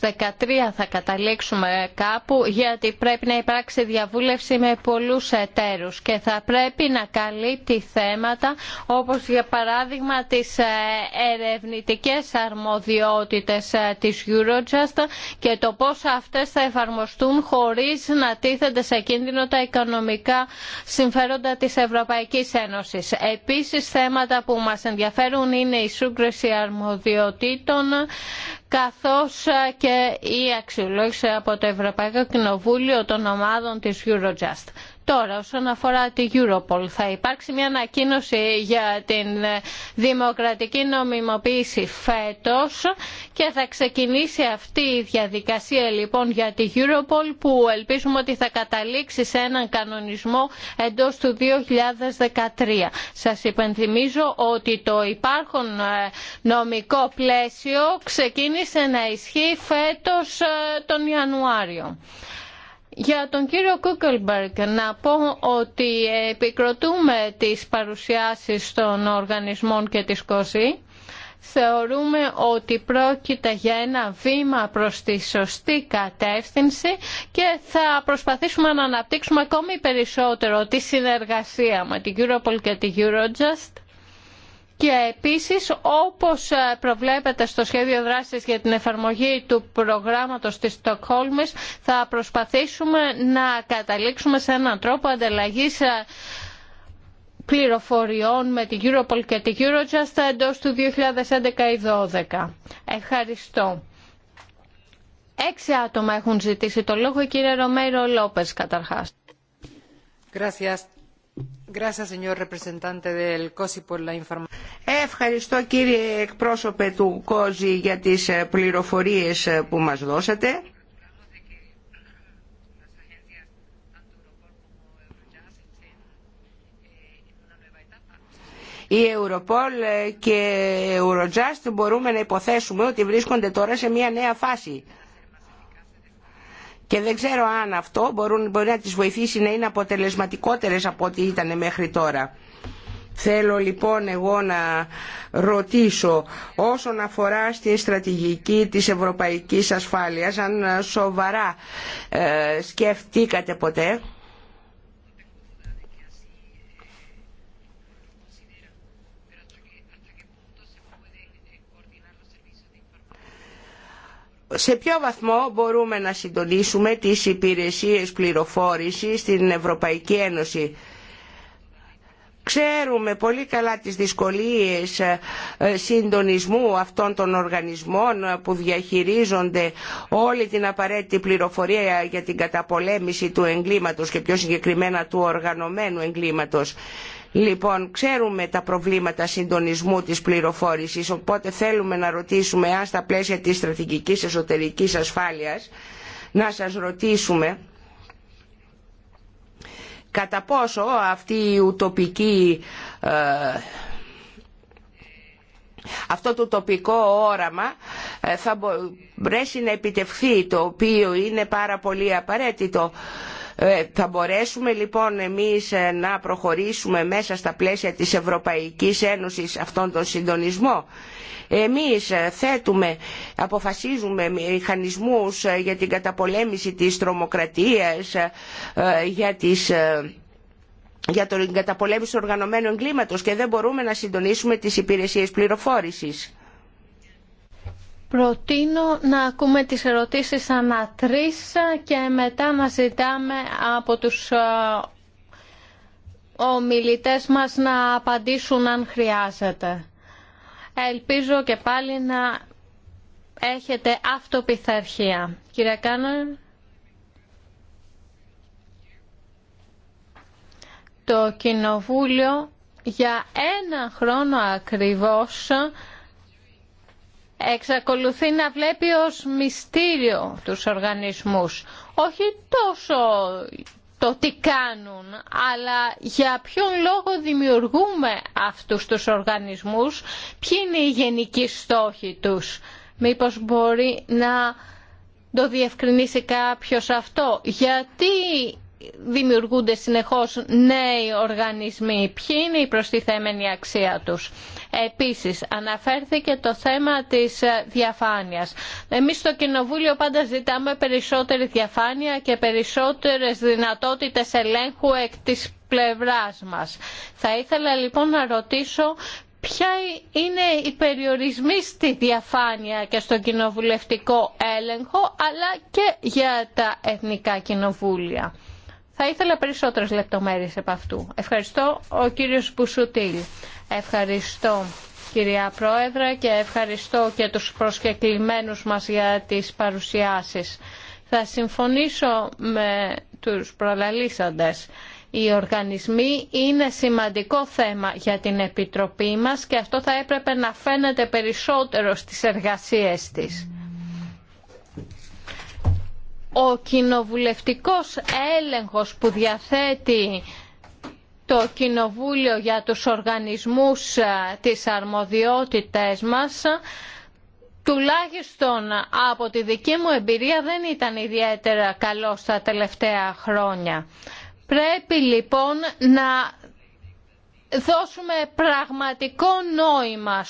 2013 θα καταλήξουμε κάπου γιατί πρέπει να υπάρξει διαβούλευση με πολλούς εταίρους και θα πρέπει να καλύπτει θέματα όπως για παράδειγμα τις ε, ερευνητικές αρμοδιότητες ε, της Eurojust και το πώς αυτές θα εφαρμοστούν χωρίς να τίθενται σε κίνδυνο τα οικονομικά συμφέροντα της Ευρωπαϊκής Ένωσης. Επίσης θέματα που μας ενδιαφέρουν είναι η σύγκριση αρμοδιότητας καθώ καθώς ε, και η αξιολόγηση από το Ευρωπαϊκό Κοινοβούλιο των ομάδων της Eurojust. Τώρα, όσον αφορά τη Europol, θα υπάρξει μια ανακοίνωση για την δημοκρατική νομιμοποίηση φέτος και θα ξεκινήσει αυτή η διαδικασία λοιπόν για τη Europol που ελπίζουμε ότι θα καταλήξει σε έναν κανονισμό εντός του 2013. Σας υπενθυμίζω ότι το υπάρχον ε, νομικό πλαίσιο ξεκίνησε να ισχύει φέτος ε, τον Ιανουάριο. Για τον κύριο Κούκελμπεργκ να πω ότι επικροτούμε τις παρουσιάσεις των οργανισμών και της ΚΟΖΗ. Θεωρούμε ότι πρόκειται για ένα βήμα προς τη σωστή κατεύθυνση και θα προσπαθήσουμε να αναπτύξουμε ακόμη περισσότερο τη συνεργασία με την Europol και την Eurojust και επίσης, όπως ε, προβλέπεται στο σχέδιο δράσης για την εφαρμογή του προγράμματος της Στοκχόλμης, θα προσπαθήσουμε να καταλήξουμε σε έναν τρόπο ανταλλαγής ε, πληροφοριών με την Europol και την Eurojust εντός του 2011 ή 2012. Ευχαριστώ. Έξι άτομα έχουν ζητήσει το λόγο, κυρία Ρομέρο Λόπες καταρχάς. Gracias. Ευχαριστώ κύριε εκπρόσωπε του ΚΟΖΙ για τις ε, πληροφορίες ε, που μας δώσατε. η Europol ε, και η Eurojust μπορούμε να υποθέσουμε ότι βρίσκονται τώρα σε μια νέα φάση και δεν ξέρω αν αυτό μπορεί να τις βοηθήσει να είναι αποτελεσματικότερες από ό,τι ήταν μέχρι τώρα. Θέλω λοιπόν εγώ να ρωτήσω όσον αφορά στη στρατηγική της ευρωπαϊκής ασφάλειας αν σοβαρά ε, σκεφτήκατε ποτέ σε ποιο βαθμό μπορούμε να συντονίσουμε τις υπηρεσίες πληροφόρησης στην Ευρωπαϊκή Ένωση. Ξέρουμε πολύ καλά τις δυσκολίες ε, συντονισμού αυτών των οργανισμών που διαχειρίζονται όλη την απαραίτητη πληροφορία για την καταπολέμηση του εγκλήματος και πιο συγκεκριμένα του οργανωμένου εγκλήματος Λοιπόν, ξέρουμε τα προβλήματα συντονισμού της πληροφόρησης, οπότε θέλουμε να ρωτήσουμε αν στα πλαίσια της στρατηγικής εσωτερικής ασφάλειας, να σας ρωτήσουμε κατά πόσο αυτή η ε, αυτό το τοπικό όραμα ε, θα μπορέσει να επιτευχθεί, το οποίο είναι πάρα πολύ απαραίτητο ε, θα μπορέσουμε λοιπόν εμείς ε, να προχωρήσουμε μέσα στα πλαίσια της Ευρωπαϊκής Ένωσης αυτόν τον συντονισμό. Εμείς ε, θέτουμε, αποφασίζουμε μηχανισμούς για την καταπολέμηση της τρομοκρατίας, για τις για την καταπολέμηση του οργανωμένου εγκλήματος και δεν μπορούμε να συντονίσουμε τις υπηρεσίες πληροφόρησης. Προτείνω να ακούμε τις ερωτήσεις ανατρίσα και μετά να ζητάμε από τους ε, ομιλητές μας να απαντήσουν αν χρειάζεται. Ελπίζω και πάλι να έχετε αυτοπιθαρχία. Κύριε Κάνερ. Το Κοινοβούλιο για ένα χρόνο ακριβώς εξακολουθεί να βλέπει ως μυστήριο τους οργανισμούς. Όχι τόσο το τι κάνουν, αλλά για ποιον λόγο δημιουργούμε αυτούς τους οργανισμούς, ποιοι είναι οι γενικοί στόχοι τους. Μήπως μπορεί να το διευκρινίσει κάποιος αυτό. Γιατί δημιουργούνται συνεχώς νέοι οργανισμοί, ποιοι είναι η προστιθέμενη αξία τους. Επίσης, αναφέρθηκε το θέμα της ε, διαφάνειας. Εμείς στο Κοινοβούλιο πάντα ζητάμε περισσότερη διαφάνεια και περισσότερες δυνατότητες ελέγχου εκ της πλευράς μας. Θα ήθελα λοιπόν να ρωτήσω ποια είναι οι περιορισμοί στη διαφάνεια και στο κοινοβουλευτικό έλεγχο, αλλά και για τα εθνικά κοινοβούλια. Θα ήθελα περισσότερες λεπτομέρειες από αυτού. Ευχαριστώ ο κύριος Μπουσουτήλ. Ευχαριστώ κυρία Πρόεδρε και ευχαριστώ και τους προσκεκλημένους μας για τις παρουσιάσεις. Θα συμφωνήσω με τους προλαλήσαντες. Οι οργανισμοί είναι σημαντικό θέμα για την Επιτροπή μας και αυτό θα έπρεπε να φαίνεται περισσότερο στις εργασίες της ο κοινοβουλευτικός έλεγχος που διαθέτει το Κοινοβούλιο για τους οργανισμούς ε, της αρμοδιότητες μας τουλάχιστον από τη δική μου εμπειρία δεν ήταν ιδιαίτερα καλό στα τελευταία χρόνια. Πρέπει λοιπόν να δώσουμε πραγματικό νόημα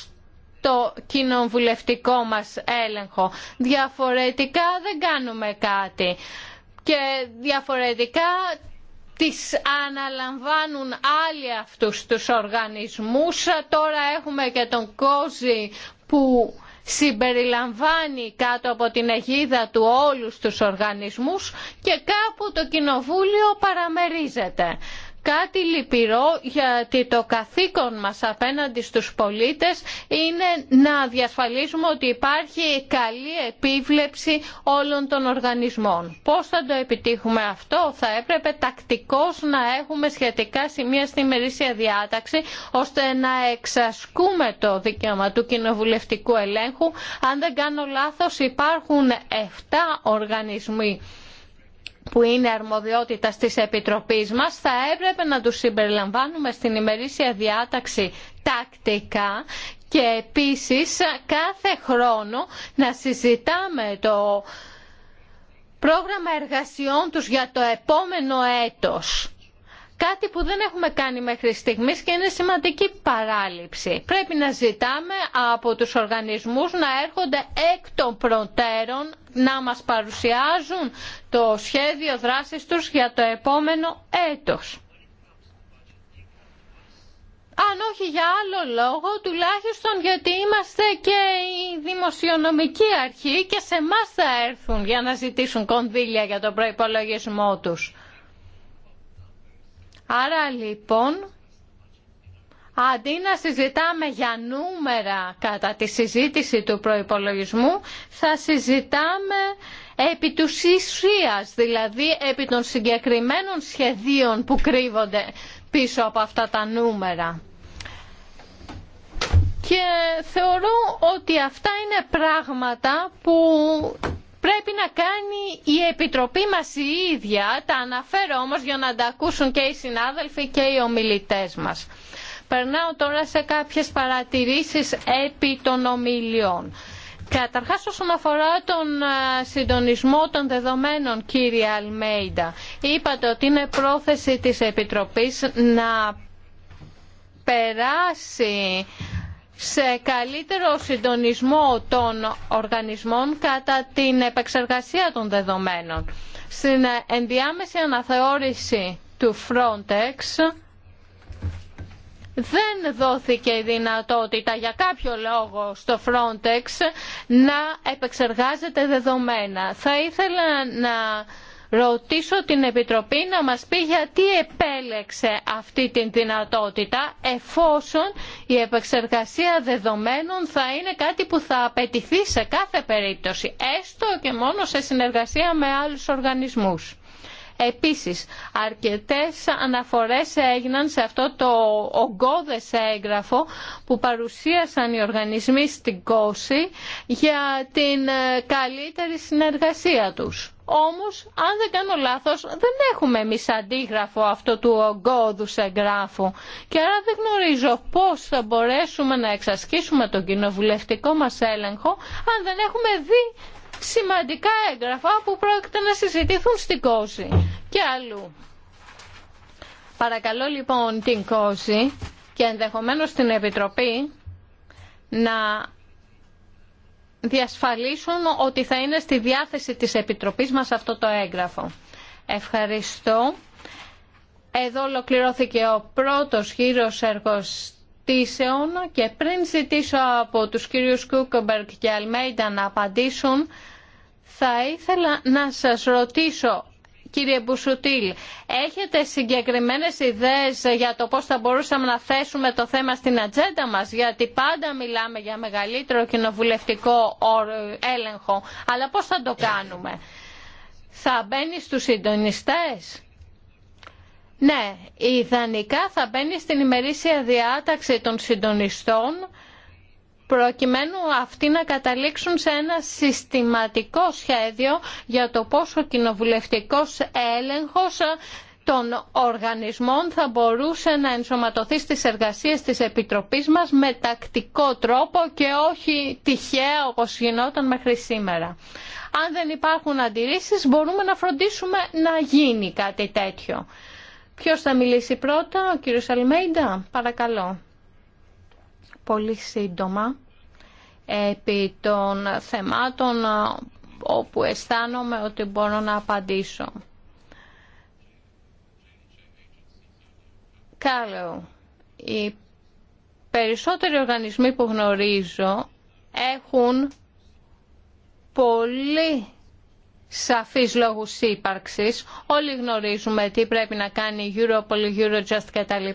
το κοινοβουλευτικό μας έλεγχο. Διαφορετικά δεν κάνουμε κάτι. Και διαφορετικά τις αναλαμβάνουν άλλοι αυτούς τους οργανισμούς. Τώρα έχουμε και τον Κόζη που συμπεριλαμβάνει κάτω από την αιγίδα του όλους τους οργανισμούς και κάπου το κοινοβούλιο παραμερίζεται κάτι λυπηρό γιατί το καθήκον μας απέναντι στους πολίτες είναι να διασφαλίσουμε ότι υπάρχει καλή επίβλεψη όλων των οργανισμών. Πώς θα το επιτύχουμε αυτό θα έπρεπε τακτικώς να έχουμε σχετικά σημεία στη μερίσια διάταξη ώστε να εξασκούμε το δικαίωμα του κοινοβουλευτικού ελέγχου. Αν δεν κάνω λάθος υπάρχουν 7 οργανισμοί που είναι αρμοδιότητα της Επιτροπής μας θα έπρεπε να τους συμπεριλαμβάνουμε στην ημερήσια διάταξη τακτικά και επίσης κάθε χρόνο να συζητάμε το πρόγραμμα εργασιών τους για το επόμενο έτος. Κάτι που δεν έχουμε κάνει μέχρι στιγμής και είναι σημαντική παράληψη. Πρέπει να ζητάμε από τους οργανισμούς να έρχονται εκ των προτέρων να μας παρουσιάζουν το σχέδιο δράσης τους για το επόμενο έτος. Αν όχι για άλλο λόγο, τουλάχιστον γιατί είμαστε και η δημοσιονομική αρχή και σε εμά θα έρθουν για να ζητήσουν κονδύλια για τον προϋπολογισμό τους. Άρα λοιπόν Αντί να συζητάμε για νούμερα κατά τη συζήτηση του προϋπολογισμού, θα συζητάμε επί του ουσίας, δηλαδή επί των συγκεκριμένων σχεδίων που κρύβονται πίσω από αυτά τα νούμερα. Και θεωρώ ότι αυτά είναι πράγματα που πρέπει να κάνει η Επιτροπή μας η ίδια, τα αναφέρω όμως για να τα ακούσουν και οι συνάδελφοι και οι ομιλητές μας. Περνάω τώρα σε κάποιες παρατηρήσεις επί των ομιλιών. Καταρχάς όσον αφορά τον συντονισμό των δεδομένων, κύριε Αλμέιντα, είπατε ότι είναι πρόθεση της Επιτροπής να περάσει σε καλύτερο συντονισμό των οργανισμών κατά την επεξεργασία των δεδομένων. Στην ε, ενδιάμεση αναθεώρηση του Frontex δεν δόθηκε η δυνατότητα για κάποιο λόγο στο Frontex να επεξεργάζεται δεδομένα. Θα ήθελα να ρωτήσω την Επιτροπή να μας πει γιατί επέλεξε αυτή την δυνατότητα εφόσον η επεξεργασία δεδομένων θα είναι κάτι που θα απαιτηθεί σε κάθε περίπτωση, έστω και μόνο σε συνεργασία με άλλους οργανισμούς. Επίσης, αρκετές αναφορές έγιναν σε αυτό το ογκώδες έγγραφο που παρουσίασαν οι οργανισμοί στην Κώση για την ε, καλύτερη συνεργασία τους. Όμως, αν δεν κάνω λάθος, δεν έχουμε εμεί αντίγραφο αυτό του ογκώδους εγγράφου και άρα δεν γνωρίζω πώς θα μπορέσουμε να εξασκήσουμε τον κοινοβουλευτικό μας έλεγχο αν δεν έχουμε δει σημαντικά έγγραφα που πρόκειται να συζητηθούν στην Κόζη και αλλού. Παρακαλώ λοιπόν την Κόζη και ενδεχομένως την Επιτροπή να διασφαλίσουν ότι θα είναι στη διάθεση της Επιτροπής μας αυτό το έγγραφο. Ευχαριστώ. Εδώ ολοκληρώθηκε ο πρώτος γύρος εργοστήσεων και πριν ζητήσω από τους κύριους Κούκομπερκ και Αλμέιντα να απαντήσουν, θα ήθελα να σας ρωτήσω Κύριε Μπουσουτήλ, έχετε συγκεκριμένες ιδέες για το πώς θα μπορούσαμε να θέσουμε το θέμα στην ατζέντα μας, γιατί πάντα μιλάμε για μεγαλύτερο κοινοβουλευτικό έλεγχο, αλλά πώς θα το κάνουμε. Θα μπαίνει στους συντονιστές. Ναι, ιδανικά θα μπαίνει στην ημερήσια διάταξη των συντονιστών προκειμένου αυτοί να καταλήξουν σε ένα συστηματικό σχέδιο για το πόσο ο κοινοβουλευτικός έλεγχος των οργανισμών θα μπορούσε να ενσωματωθεί στις εργασίες της Επιτροπής μας με τακτικό τρόπο και όχι τυχαία όπως γινόταν μέχρι σήμερα. Αν δεν υπάρχουν αντιρρήσεις μπορούμε να φροντίσουμε να γίνει κάτι τέτοιο. Ποιος θα μιλήσει πρώτα, ο κύριος Αλμέιντα, παρακαλώ πολύ σύντομα επί των θεμάτων όπου αισθάνομαι ότι μπορώ να απαντήσω. Κάλεο, οι περισσότεροι οργανισμοί που γνωρίζω έχουν πολύ σαφείς λόγους ύπαρξης. Όλοι γνωρίζουμε τι πρέπει να κάνει η Europol, η Eurojust κτλ.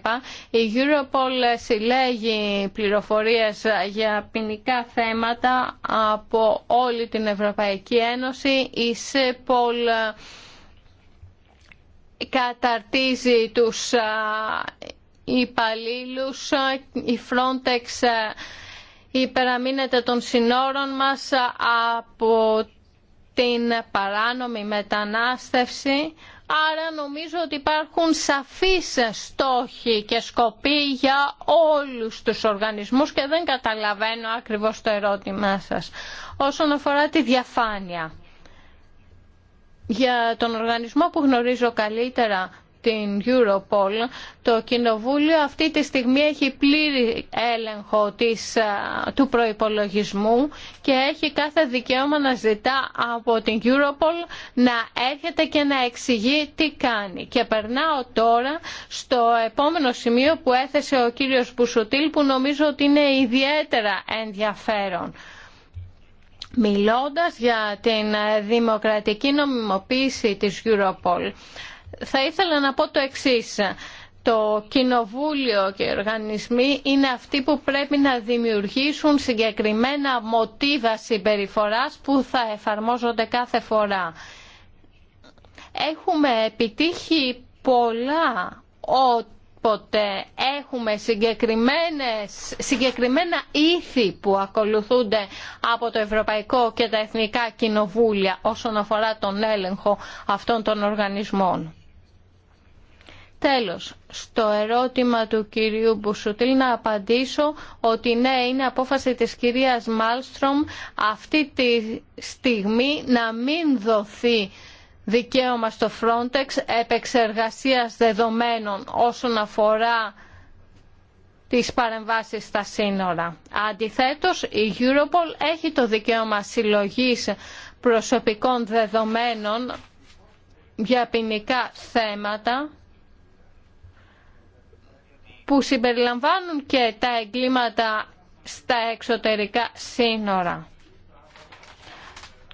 Η Europol συλλέγει πληροφορίες για ποινικά θέματα από όλη την Ευρωπαϊκή Ένωση. Η Σεπολ καταρτίζει τους υπαλλήλους, η Frontex υπεραμείνεται των συνόρων μας από την παράνομη μετανάστευση. Άρα νομίζω ότι υπάρχουν σαφείς στόχοι και σκοποί για όλους τους οργανισμούς και δεν καταλαβαίνω ακριβώς το ερώτημά σας. Όσον αφορά τη διαφάνεια, για τον οργανισμό που γνωρίζω καλύτερα, την Europol, το Κοινοβούλιο αυτή τη στιγμή έχει πλήρη έλεγχο της, του προϋπολογισμού και έχει κάθε δικαίωμα να ζητά από την Europol να έρχεται και να εξηγεί τι κάνει. Και περνάω τώρα στο επόμενο σημείο που έθεσε ο κύριος Μπουσουτήλ που νομίζω ότι είναι ιδιαίτερα ενδιαφέρον μιλώντας για την δημοκρατική νομιμοποίηση της Europol. Θα ήθελα να πω το εξής. Το κοινοβούλιο και οι οργανισμοί είναι αυτοί που πρέπει να δημιουργήσουν συγκεκριμένα μοτίβα συμπεριφοράς που θα εφαρμόζονται κάθε φορά. Έχουμε επιτύχει πολλά όποτε έχουμε συγκεκριμένες, συγκεκριμένα ήθη που ακολουθούνται από το Ευρωπαϊκό και τα Εθνικά Κοινοβούλια όσον αφορά τον έλεγχο αυτών των οργανισμών. Τέλος, στο ερώτημα του κυρίου Μπουσουτήλ να απαντήσω ότι ναι, είναι απόφαση της κυρίας Μάλστρομ αυτή τη στιγμή να μην δοθεί δικαίωμα στο Frontex επεξεργασίας δεδομένων όσον αφορά τις παρεμβάσεις στα σύνορα. Αντιθέτως, η Europol έχει το δικαίωμα συλλογής προσωπικών δεδομένων για ποινικά θέματα που συμπεριλαμβάνουν και τα εγκλήματα στα εξωτερικά σύνορα.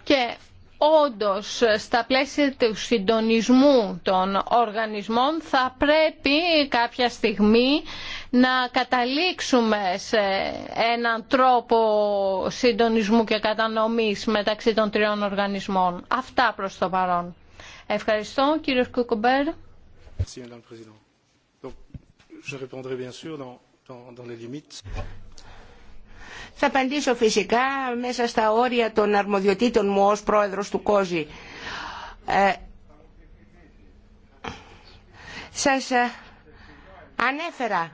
Και όντως στα πλαίσια του συντονισμού των οργανισμών θα πρέπει κάποια στιγμή να καταλήξουμε σε έναν τρόπο συντονισμού και κατανομής μεταξύ των τριών οργανισμών. Αυτά προς το παρόν. Ευχαριστώ κύριος Κουκουμπέρ. Θα απαντήσω φυσικά μέσα στα όρια των αρμοδιοτήτων μου ως πρόεδρος του ΚΟΖΗ. Ε, σας ε, ανέφερα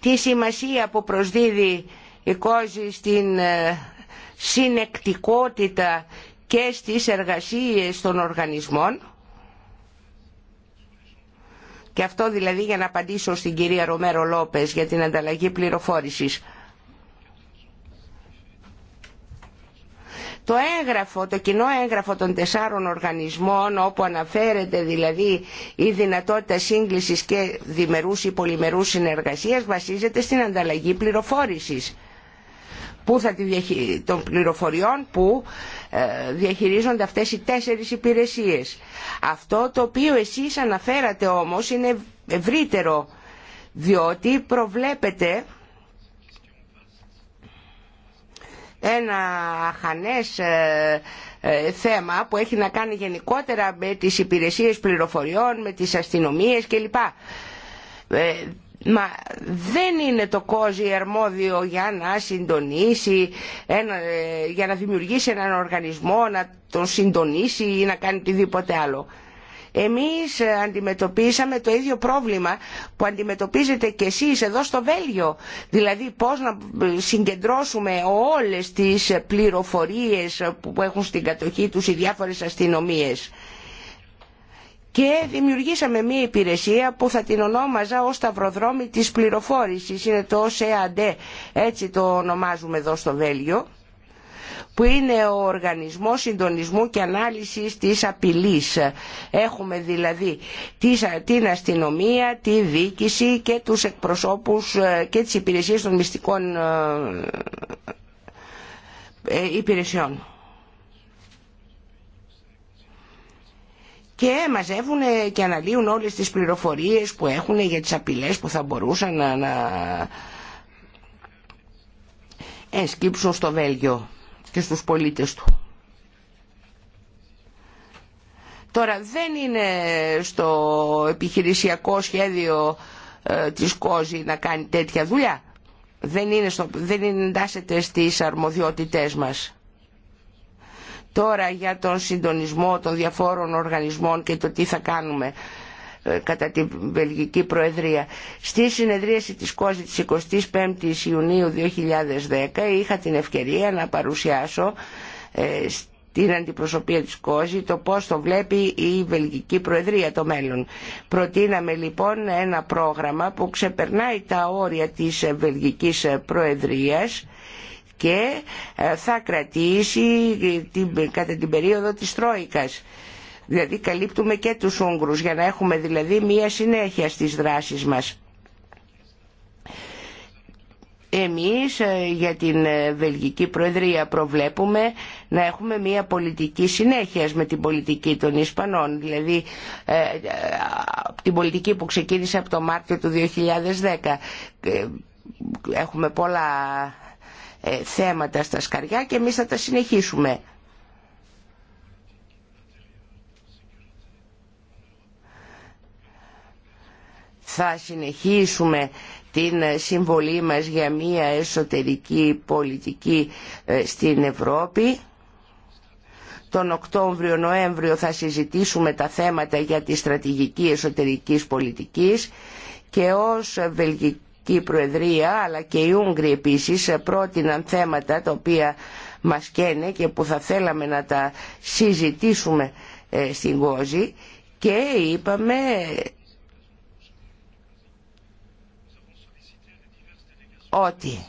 τη σημασία που προσδίδει η ΚΟΖΗ στην ε, συνεκτικότητα και στις εργασίες των οργανισμών και αυτό δηλαδή για να απαντήσω στην κυρία Ρομέρο Λόπες για την ανταλλαγή πληροφόρησης. Το έγγραφο, το κοινό έγγραφο των τεσσάρων οργανισμών όπου αναφέρεται δηλαδή η δυνατότητα σύγκλησης και διμερούς ή πολυμερούς συνεργασίας βασίζεται στην ανταλλαγή πληροφόρησης που θα τη των πληροφοριών που ε, διαχειρίζονται αυτές οι τέσσερις υπηρεσίες. Αυτό το οποίο εσείς αναφέρατε όμως είναι ευρύτερο διότι προβλέπετε ένα χανές ε, ε, θέμα που έχει να κάνει γενικότερα με τις υπηρεσίες πληροφοριών, με τις αστυνομίες κλπ. Μα δεν είναι το κόζι αρμόδιο για να συντονίσει, ένα, ε, για να δημιουργήσει έναν οργανισμό, να τον συντονίσει ή να κάνει οτιδήποτε άλλο. Εμείς αντιμετωπίσαμε το ίδιο πρόβλημα που αντιμετωπίζετε και εσείς εδώ στο Βέλγιο. Δηλαδή πώς να συγκεντρώσουμε όλες τις πληροφορίες που έχουν στην κατοχή τους οι διάφορες αστυνομίες και δημιουργήσαμε μια υπηρεσία που θα την ονόμαζα ως σταυροδρόμι της πληροφόρησης, είναι το ΣΕΑΝΤΕ, έτσι το ονομάζουμε εδώ στο Βέλγιο, που είναι ο Οργανισμός Συντονισμού και Ανάλυσης της Απειλής. Έχουμε δηλαδή την αστυνομία, τη δίκηση και τους εκπροσώπους ε, και τις υπηρεσίες των μυστικών ε, ε, υπηρεσιών. και μαζεύουν και αναλύουν όλες τις πληροφορίες που έχουν για τις απειλές που θα μπορούσαν να, να ενσκύψουν στο Βέλγιο και στους πολίτες του. Τώρα δεν είναι στο επιχειρησιακό σχέδιο ε, της Κόζη να κάνει τέτοια δουλειά. Δεν, είναι στο, δεν εντάσσεται στις αρμοδιότητές μας. Τώρα για τον συντονισμό των διαφόρων οργανισμών και το τι θα κάνουμε ε, κατά τη Βελγική Προεδρία. Στη συνεδρίαση της ΚΟΖΗ της 25ης Ιουνίου 2010 είχα την ευκαιρία να παρουσιάσω ε, στην αντιπροσωπεία της Κόζη, το πώς το βλέπει η Βελγική Προεδρία το μέλλον. Προτείναμε λοιπόν ένα πρόγραμμα που ξεπερνάει τα όρια της Βελγικής Προεδρίας και ε, θα κρατήσει κατά την περίοδο της Τρόικας. Δηλαδή καλύπτουμε και τους Ούγγρους για να έχουμε δηλαδή μία συνέχεια στις δράσεις μας. Εμείς ε, για την ε, Βελγική Προεδρία προβλέπουμε να έχουμε μια πολιτική συνέχεια με την πολιτική των Ισπανών, δηλαδή την πολιτική που ξεκίνησε από το Μάρτιο του 2010. Έχουμε πολλά ε, θέματα στα σκαριά και εμείς θα τα συνεχίσουμε. Θα συνεχίσουμε την συμβολή μας για μια εσωτερική πολιτική ε, στην Ευρώπη. Τον Οκτώβριο-Νοέμβριο θα συζητήσουμε τα θέματα για τη στρατηγική εσωτερικής πολιτικής και ως βελγική η Προεδρία αλλά και οι Ούγγροι επίσης πρότειναν θέματα τα οποία μας καίνε και που θα θέλαμε να τα συζητήσουμε ε, στην Κόζη και είπαμε ότι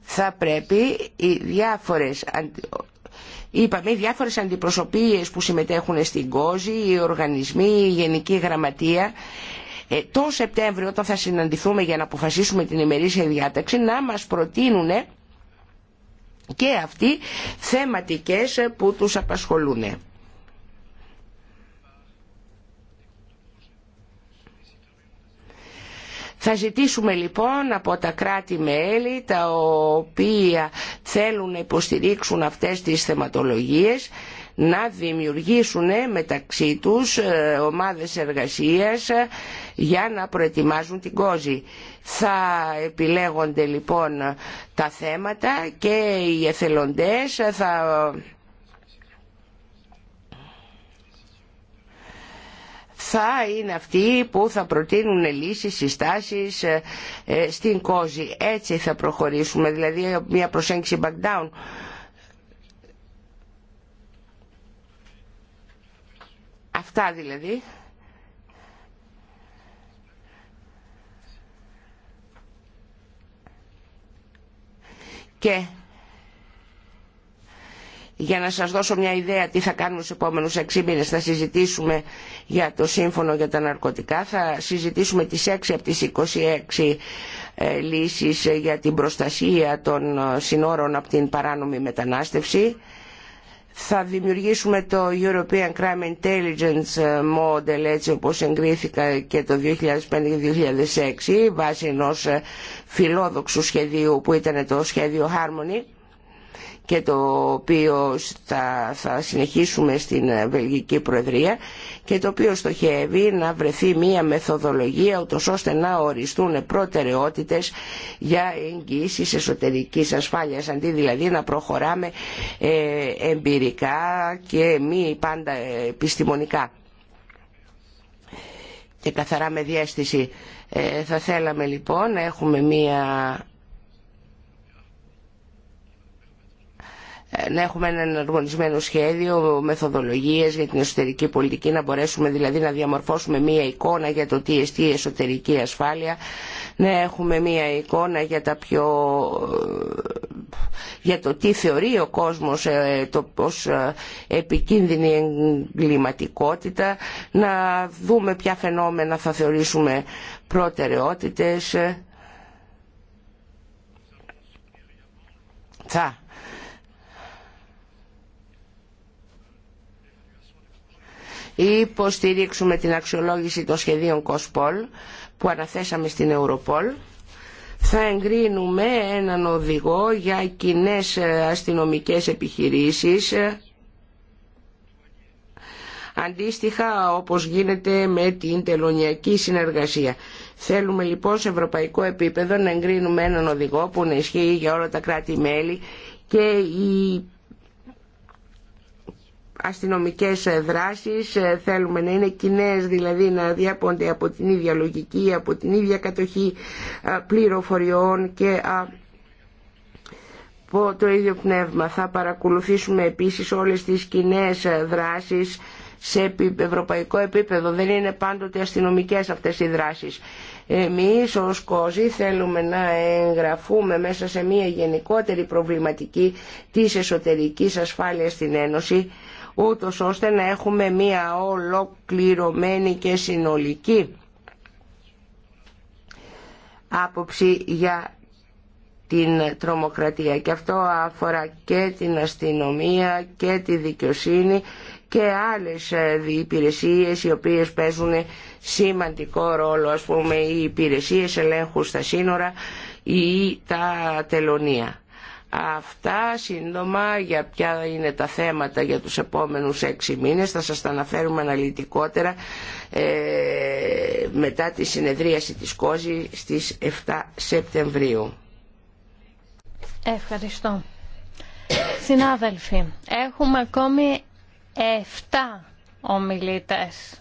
θα πρέπει οι διάφορες Είπαμε οι διάφορες αντιπροσωπείες που συμμετέχουν στην Κόζη, οι οργανισμοί, η Γενική Γραμματεία τον ε, το Σεπτέμβριο όταν θα συναντηθούμε για να αποφασίσουμε την ημερήσια διάταξη να μας προτείνουν και αυτοί θεματικές που τους απασχολούν. Θα ζητήσουμε λοιπόν από τα κράτη-μέλη τα οποία θέλουν να υποστηρίξουν αυτές τις θεματολογίες να δημιουργήσουν μεταξύ τους ε, ομάδες εργασίας ε, για να προετοιμάζουν την κόζη. Θα επιλέγονται λοιπόν τα θέματα και οι εθελοντές ε, θα... θα είναι αυτοί που θα προτείνουν λύσεις, συστάσεις στην κόζη. Έτσι θα προχωρήσουμε, δηλαδή μια προσέγγιση back down Αυτά δηλαδή. Και για να σας δώσω μια ιδέα τι θα κάνουμε στους επόμενους 6 μήνες θα συζητήσουμε για το σύμφωνο για τα ναρκωτικά θα συζητήσουμε τις 6 από τις 26 ε, λύσεις ε, για την προστασία των ε, συνόρων από την παράνομη μετανάστευση θα δημιουργήσουμε το European Crime Intelligence ε, Model έτσι όπως εγκρίθηκα και το 2005-2006 βάσει ενός ε, φιλόδοξου σχεδίου που ήταν το σχέδιο Harmony και το οποίο θα, θα συνεχίσουμε στην Βελγική Προεδρία και το οποίο στοχεύει να βρεθεί μία μεθοδολογία ούτως ώστε να οριστούν προτεραιότητες για εγγύησεις εσωτερικής ασφάλειας αντί δηλαδή να προχωράμε ε, εμπειρικά και μη πάντα επιστημονικά και καθαρά με διέστηση. Ε, θα θέλαμε λοιπόν να έχουμε μία Ε, να έχουμε ένα εναρμονισμένο σχέδιο, μεθοδολογίες για την εσωτερική πολιτική, να μπορέσουμε δηλαδή να διαμορφώσουμε μία εικόνα για το τι εστί εσωτερική ασφάλεια, να έχουμε μία εικόνα για, τα πιο... Ε, για το τι θεωρεί ο κόσμος ε, το, ως επικίνδυνη εγκληματικότητα, να δούμε ποια φαινόμενα θα θεωρήσουμε προτεραιότητες. Θα υποστηρίξουμε την αξιολόγηση των σχεδίων COSPOL που αναθέσαμε στην Europol. Θα εγκρίνουμε έναν οδηγό για κοινέ ε, αστυνομικές επιχειρήσεις αντίστοιχα όπως γίνεται με την τελωνιακή συνεργασία. Θέλουμε λοιπόν σε ευρωπαϊκό επίπεδο να εγκρίνουμε έναν οδηγό που να ισχύει για όλα τα κράτη-μέλη και η αστυνομικές ε, δράσεις, ε, θέλουμε να είναι κοινέ, δηλαδή να διέπονται από την ίδια λογική, από την ίδια κατοχή ε, πληροφοριών και από το ίδιο πνεύμα. Θα παρακολουθήσουμε επίσης όλες τις κοινέ δράσεις σε ευρωπαϊκό επίπεδο. Δεν είναι πάντοτε αστυνομικές αυτές οι δράσεις. Εμείς ως κόζοι θέλουμε να εγγραφούμε μέσα σε μια γενικότερη προβληματική της εσωτερικής ασφάλειας στην Ένωση ούτως ώστε να έχουμε μία ολοκληρωμένη και συνολική άποψη για την τρομοκρατία και αυτό αφορά και την αστυνομία και τη δικαιοσύνη και άλλες ε, υπηρεσίες οι οποίες παίζουν σημαντικό ρόλο ας πούμε οι υπηρεσίες ελέγχου στα σύνορα ή τα τελωνία. Αυτά σύντομα για ποια είναι τα θέματα για τους επόμενους έξι μήνες. Θα σας τα αναφέρουμε αναλυτικότερα ε, μετά τη συνεδρίαση της Κόζη στις 7 Σεπτεμβρίου. Ευχαριστώ. Συνάδελφοι, έχουμε ακόμη 7 ομιλητές.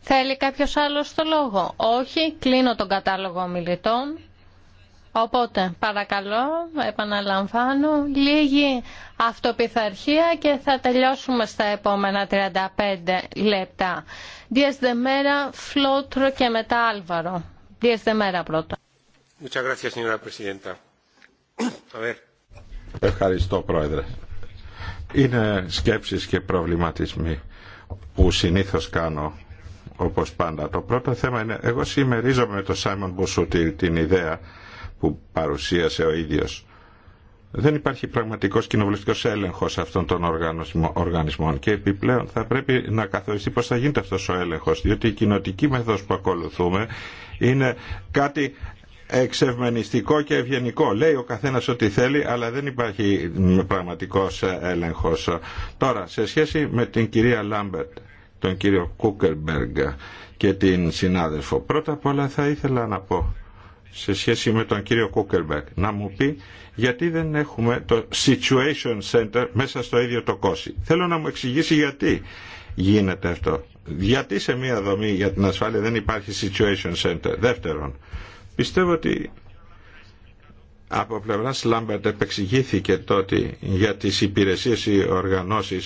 Θέλει κάποιος άλλος το λόγο. Όχι, κλείνω τον κατάλογο ομιλητών. Οπότε, παρακαλώ, επαναλαμβάνω, λίγη αυτοπιθαρχία και θα τελειώσουμε στα επόμενα 35 λεπτά. δε μέρα, Φλότρο και μετά Άλβαρο. δε μέρα πρώτα. Ευχαριστώ, Πρόεδρε. Είναι σκέψεις και προβληματισμοί που συνήθως κάνω όπως πάντα. Το πρώτο θέμα είναι, εγώ συμμερίζομαι με τον Σάιμον Μπουσούτη την ιδέα που παρουσίασε ο ίδιος. Δεν υπάρχει πραγματικός κοινοβουλευτικός έλεγχος αυτών των οργανισμών και επιπλέον θα πρέπει να καθοριστεί πώς θα γίνεται αυτός ο έλεγχος, διότι η κοινοτική μέθοδος που ακολουθούμε είναι κάτι εξευμενιστικό και ευγενικό. Λέει ο καθένας ό,τι θέλει, αλλά δεν υπάρχει πραγματικός έλεγχος. Τώρα, σε σχέση με την κυρία Λάμπερτ, τον κύριο Κούκερμπεργκ και την συνάδελφο, πρώτα απ' όλα θα ήθελα να πω σε σχέση με τον κύριο Κούκερμπεκ να μου πει γιατί δεν έχουμε το Situation Center μέσα στο ίδιο το κόσι. Θέλω να μου εξηγήσει γιατί γίνεται αυτό. Γιατί σε μια δομή για την ασφάλεια δεν υπάρχει Situation Center. Δεύτερον, πιστεύω ότι από πλευρά Λάμπερτ επεξηγήθηκε τότε για τι υπηρεσίε ή οργανώσει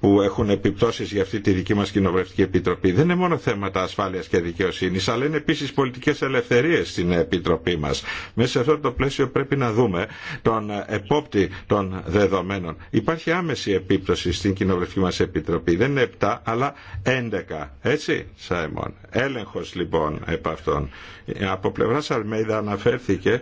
που έχουν επιπτώσει για αυτή τη δική μα κοινοβουλευτική επιτροπή. Δεν είναι μόνο θέματα ασφάλεια και δικαιοσύνη, αλλά είναι επίση πολιτικέ ελευθερίε στην επιτροπή μα. Μέσα σε αυτό το πλαίσιο πρέπει να δούμε τον επόπτη των δεδομένων. Υπάρχει άμεση επίπτωση στην κοινοβουλευτική μα επιτροπή. Δεν είναι 7, αλλά 11. Έτσι, Σάιμον. Έλεγχο λοιπόν επ' αυτών. Από πλευρά Αλμέιδα αναφέρθηκε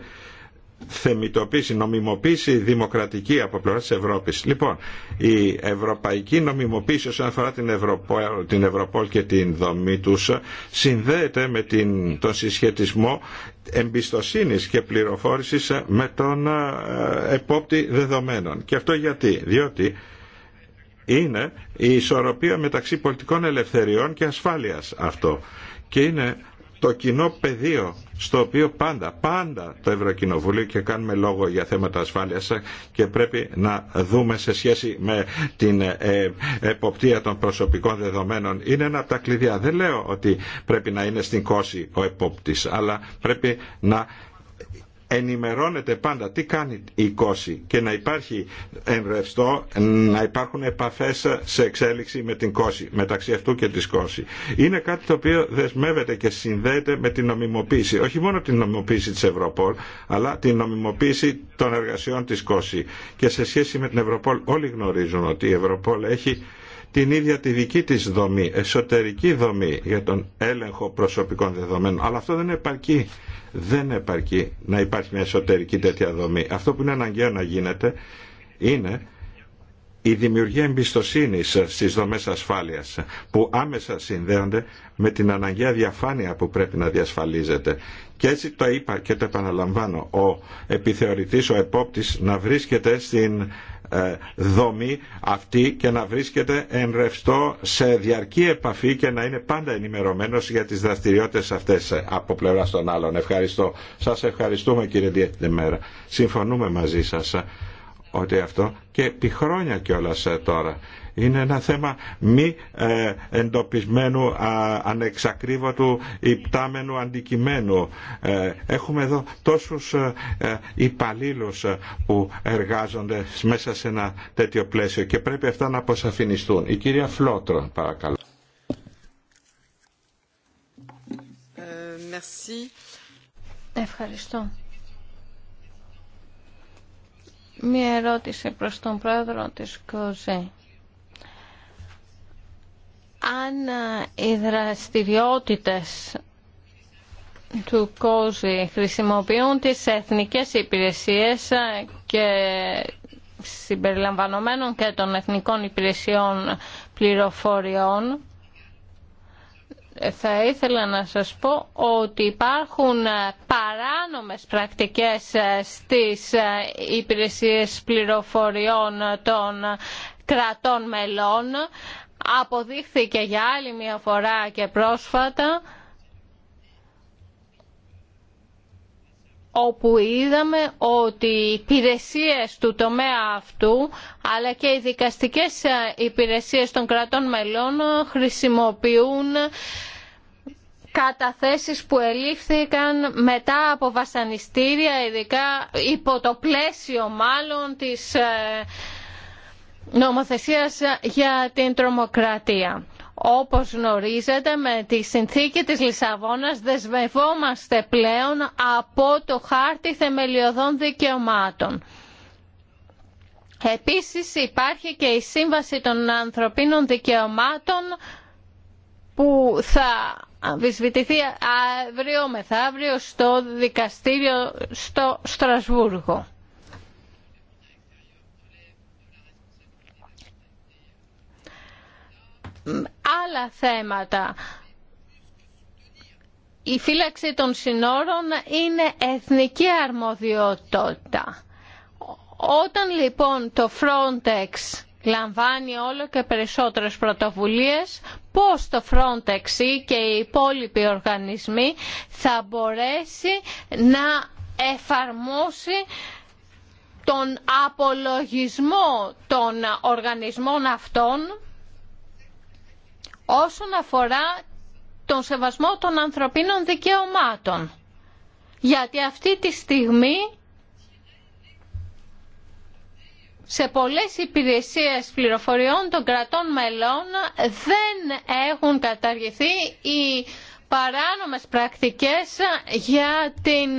θεμητοποίηση, νομιμοποίηση δημοκρατική από πλευρά τη Ευρώπη. Λοιπόν, η ευρωπαϊκή νομιμοποίηση όσον αφορά την Ευρωπόλ, την Ευρωπόλ και την δομή του συνδέεται με την, τον συσχετισμό εμπιστοσύνη και πληροφόρηση με τον ε, επόπτη δεδομένων. Και αυτό γιατί, διότι είναι η ισορροπία μεταξύ πολιτικών ελευθεριών και ασφάλειας αυτό. Και είναι το κοινό πεδίο στο οποίο πάντα, πάντα το Ευρωκοινοβούλιο και κάνουμε λόγο για θέματα ασφάλειας και πρέπει να δούμε σε σχέση με την ε, εποπτεία των προσωπικών δεδομένων είναι ένα από τα κλειδιά. Δεν λέω ότι πρέπει να είναι στην κόση ο επόπτης, αλλά πρέπει να ενημερώνεται πάντα τι κάνει η Κώση και να υπάρχει εμβρευστό να υπάρχουν επαφές σε εξέλιξη με την κόση, μεταξύ αυτού και της Κώση. Είναι κάτι το οποίο δεσμεύεται και συνδέεται με την νομιμοποίηση, όχι μόνο την νομιμοποίηση της Ευρωπόλ, αλλά την νομιμοποίηση των εργασιών της Κώση. Και σε σχέση με την Ευρωπόλ όλοι γνωρίζουν ότι η Ευρωπόλ έχει την ίδια τη δική της δομή, εσωτερική δομή για τον έλεγχο προσωπικών δεδομένων. Αλλά αυτό δεν επαρκεί δεν επαρκεί να υπάρχει μια εσωτερική τέτοια δομή. Αυτό που είναι αναγκαίο να γίνεται είναι η δημιουργία εμπιστοσύνης στι δομέ ασφάλεια που άμεσα συνδέονται με την αναγκαία διαφάνεια που πρέπει να διασφαλίζεται. Και έτσι το είπα και το επαναλαμβάνω, ο επιθεωρητής, ο επόπτης να βρίσκεται στην ε, δομή αυτή και να βρίσκεται ρευστό σε διαρκή επαφή και να είναι πάντα ενημερωμένος για τις δραστηριότητες αυτές ε, από πλευρά των άλλων. Ευχαριστώ. Σας ευχαριστούμε κύριε μέρα. Συμφωνούμε μαζί σας ε, ότι αυτό και επί χρόνια κιόλας τώρα είναι ένα θέμα μη ε, εντοπισμένου, ανεξακρίβωτου, υπτάμενου αντικειμένου. Ε, έχουμε εδώ τόσους ε, υπαλλήλους που εργάζονται μέσα σε ένα τέτοιο πλαίσιο και πρέπει αυτά να αποσαφινιστούν. Η κυρία Φλότρο, παρακαλώ. Ευχαριστώ. Μία ερώτηση προς τον πρόεδρο της ΚΟΖΕ αν ε, οι δραστηριότητες του ΚΟΖΗ χρησιμοποιούν τις εθνικές υπηρεσίες ε, και συμπεριλαμβανομένων και των εθνικών υπηρεσιών πληροφοριών θα ήθελα να σας πω ότι υπάρχουν ε, παράνομες πρακτικές στις υπηρεσίες πληροφοριών των κρατών μελών αποδείχθηκε για άλλη μια φορά και πρόσφατα όπου είδαμε ότι οι υπηρεσίες του τομέα αυτού αλλά και οι δικαστικές υπηρεσίες των κρατών μελών χρησιμοποιούν καταθέσεις που ελήφθηκαν μετά από βασανιστήρια, ειδικά υπό το πλαίσιο μάλλον της ε, νομοθεσίας για την τρομοκρατία. Όπως γνωρίζετε με τη συνθήκη της Λισαβόνας δεσμευόμαστε πλέον από το χάρτη θεμελιωδών δικαιωμάτων. Επίσης υπάρχει και η Σύμβαση των Ανθρωπίνων Δικαιωμάτων που θα αμφισβητηθεί αύριο μεθαύριο στο δικαστήριο στο Στρασβούργο. άλλα θέματα. Η φύλαξη των συνόρων είναι εθνική αρμοδιότητα. Όταν λοιπόν το Frontex λαμβάνει όλο και περισσότερες πρωτοβουλίες, πώς το Frontex και οι υπόλοιποι οργανισμοί θα μπορέσει να εφαρμόσει τον απολογισμό των οργανισμών αυτών όσον αφορά τον σεβασμό των ανθρωπίνων δικαιωμάτων. Γιατί αυτή τη στιγμή σε πολλές υπηρεσίες πληροφοριών των κρατών μελών δεν έχουν καταργηθεί οι παράνομες πρακτικές για την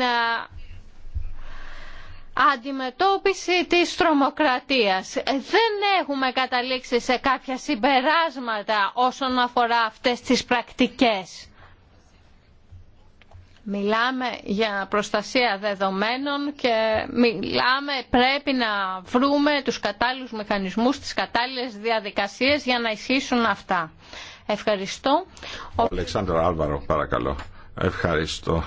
αντιμετώπιση της τρομοκρατίας. Δεν έχουμε καταλήξει σε κάποια συμπεράσματα όσον αφορά αυτές τις πρακτικές. Μιλάμε για προστασία δεδομένων και μιλάμε πρέπει να βρούμε τους κατάλληλους μηχανισμούς, τις κατάλληλες διαδικασίες για να ισχύσουν αυτά. Ευχαριστώ. Αλεξάνδρο Άλβαρο, παρακαλώ. Ευχαριστώ.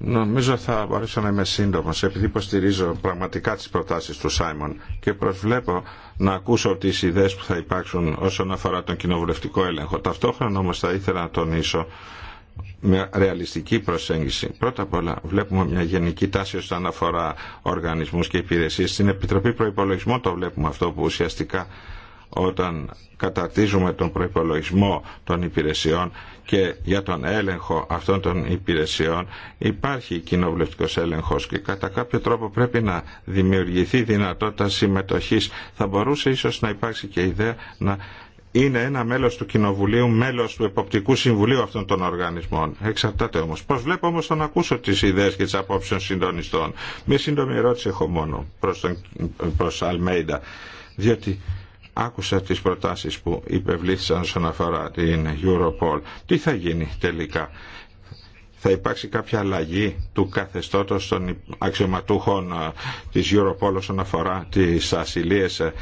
Νομίζω θα μπορέσω να είμαι σύντομο, επειδή υποστηρίζω πραγματικά τι προτάσει του Σάιμον και προσβλέπω να ακούσω τι ιδέε που θα υπάρξουν όσον αφορά τον κοινοβουλευτικό έλεγχο. Ταυτόχρονα όμω θα ήθελα να τονίσω με ρεαλιστική προσέγγιση. Πρώτα απ' όλα βλέπουμε μια γενική τάση όσον αφορά οργανισμού και υπηρεσίε. Στην Επιτροπή Προπολογισμών το βλέπουμε αυτό που ουσιαστικά όταν καταρτίζουμε τον προϋπολογισμό των υπηρεσιών και για τον έλεγχο αυτών των υπηρεσιών υπάρχει κοινοβουλευτικός έλεγχος και κατά κάποιο τρόπο πρέπει να δημιουργηθεί δυνατότητα συμμετοχής. Θα μπορούσε ίσως να υπάρξει και ιδέα να είναι ένα μέλος του Κοινοβουλίου, μέλος του Εποπτικού Συμβουλίου αυτών των οργανισμών. Εξαρτάται όμως. Πώς βλέπω όμως να ακούσω τις ιδέες και τις απόψεις των συντονιστών. Μία σύντομη ερώτηση έχω μόνο προς, τον, προς Αλμέιντα. Διότι Άκουσα τις προτάσεις που υπευλήθησαν όσον αφορά την Europol. Τι θα γίνει τελικά. Θα υπάρξει κάποια αλλαγή του καθεστώτος των αξιωματούχων ε, της Europol όσον αφορά τις ασυλίες. Ε?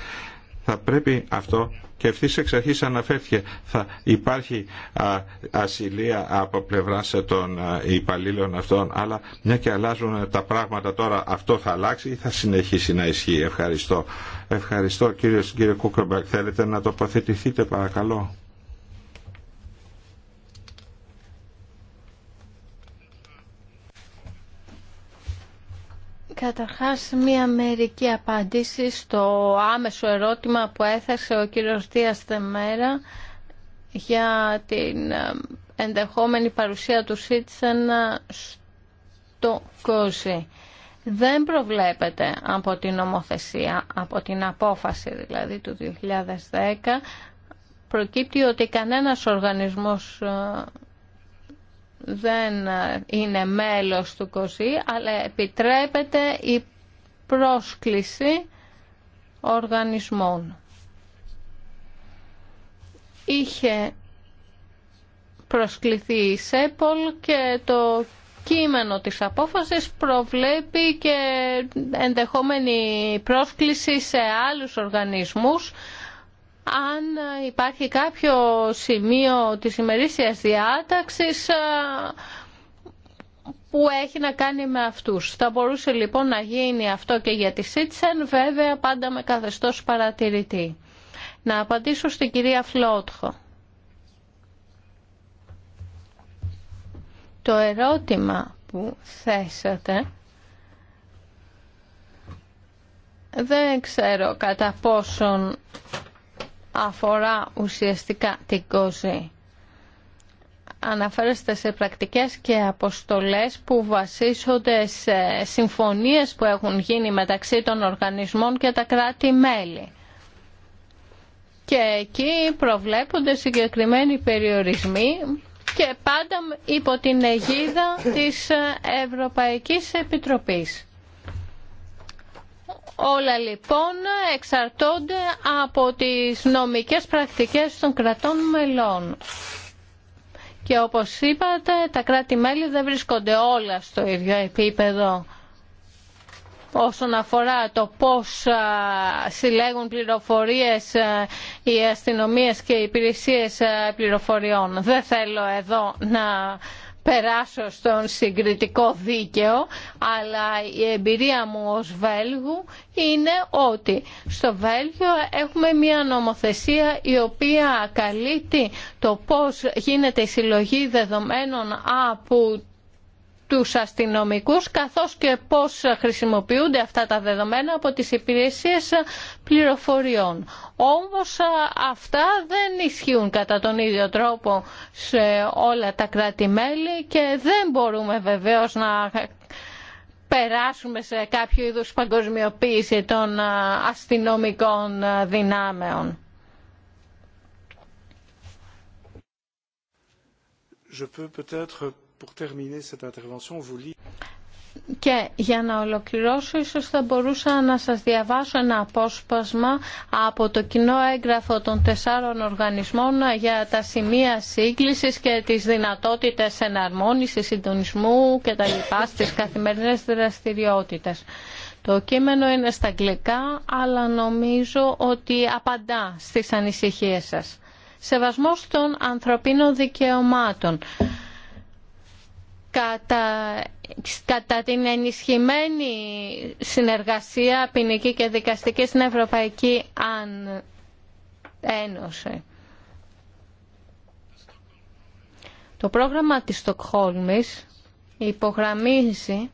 Θα πρέπει αυτό και ευθύ εξ αρχή αναφέρθηκε θα υπάρχει ασυλία από πλευρά των υπαλλήλων αυτών. Αλλά μια και αλλάζουν τα πράγματα τώρα, αυτό θα αλλάξει ή θα συνεχίσει να ισχύει. Ευχαριστώ. Ευχαριστώ κύριε, κύριε Θέλετε να τοποθετηθείτε παρακαλώ. Καταρχάς μία μερική απάντηση στο άμεσο ερώτημα που έθεσε ο κύριος Δίας Θεμέρα για την ε, ενδεχόμενη παρουσία του Σίτσεν ε, στο ΚΟΖΙ. Δεν προβλέπεται από την νομοθεσία, από την απόφαση δηλαδή του 2010, προκύπτει ότι κανένας οργανισμός ε, δεν είναι μέλος του ΚΟΣΥ, αλλά επιτρέπεται η πρόσκληση οργανισμών. Είχε προσκληθεί η ΣΕΠΟΛ και το κείμενο της απόφασης προβλέπει και ενδεχόμενη πρόσκληση σε άλλους οργανισμούς αν υπάρχει κάποιο σημείο της ημερήσιας διάταξης που έχει να κάνει με αυτούς. Θα μπορούσε λοιπόν να γίνει αυτό και για τη Σίτσεν, βέβαια πάντα με καθεστώς παρατηρητή. Να απαντήσω στην κυρία Φλότχο. Το ερώτημα που θέσατε δεν ξέρω κατά πόσον αφορά ουσιαστικά την κόζη. Αναφέρεστε σε πρακτικές και αποστολές που βασίζονται σε συμφωνίες που έχουν γίνει μεταξύ των οργανισμών και τα κράτη-μέλη. Και εκεί προβλέπονται συγκεκριμένοι περιορισμοί και πάντα υπό την αιγίδα της Ευρωπαϊκής Επιτροπής. Όλα λοιπόν εξαρτώνται από τις νομικές πρακτικές των κρατών μελών. Και όπως είπατε, τα κράτη-μέλη δεν βρίσκονται όλα στο ίδιο επίπεδο όσον αφορά το πώς συλλέγουν πληροφορίες οι αστυνομίες και οι υπηρεσίες πληροφοριών. Δεν θέλω εδώ να περάσω στον συγκριτικό δίκαιο, αλλά η εμπειρία μου ως Βέλγου είναι ότι στο Βέλγιο έχουμε μια νομοθεσία η οποία καλύπτει το πώς γίνεται η συλλογή δεδομένων από τους αστυνομικούς καθώς και πώς χρησιμοποιούνται αυτά τα δεδομένα από τις υπηρεσίες πληροφοριών. Όμως αυτά δεν ισχύουν κατά τον ίδιο τρόπο σε όλα τα κράτη-μέλη και δεν μπορούμε βεβαίως να περάσουμε σε κάποιο είδους παγκοσμιοποίηση των αστυνομικών δυνάμεων. Je peux και για να ολοκληρώσω, ίσως θα μπορούσα να σας διαβάσω ένα απόσπασμα από το κοινό έγγραφο των τεσσάρων οργανισμών για τα σημεία σύγκλησης και τις δυνατότητες εναρμόνισης, συντονισμού και τα λοιπά στις καθημερινές δραστηριότητες. Το κείμενο είναι στα αγγλικά, αλλά νομίζω ότι απαντά στις ανησυχίες σας. Σεβασμός των ανθρωπίνων δικαιωμάτων κατά, την ενισχυμένη συνεργασία ποινική και δικαστική στην Ευρωπαϊκή Ένωση. Το πρόγραμμα της Στοκχόλμης υπογραμμίζει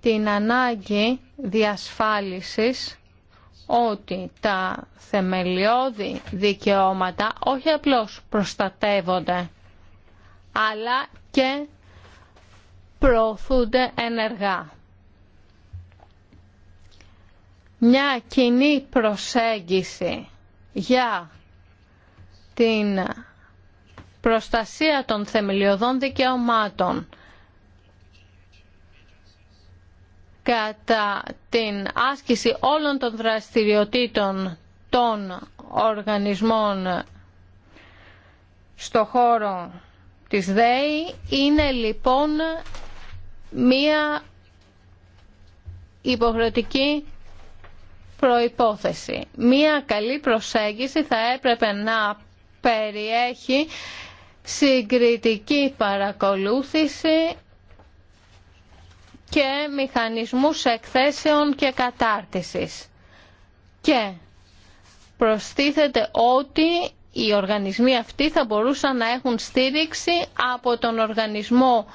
την ανάγκη διασφάλισης ότι τα θεμελιώδη δικαιώματα όχι απλώς προστατεύονται, αλλά και προωθούνται ενεργά. Μια κοινή προσέγγιση για την προστασία των θεμελιωδών δικαιωμάτων κατά την άσκηση όλων των δραστηριοτήτων των οργανισμών στο χώρο της ΔΕΗ είναι λοιπόν μία υποχρεωτική προϋπόθεση. Μία καλή προσέγγιση θα έπρεπε να περιέχει συγκριτική παρακολούθηση και μηχανισμούς εκθέσεων και κατάρτισης. Και προστίθεται ότι οι οργανισμοί αυτοί θα μπορούσαν να έχουν στήριξη από τον οργανισμό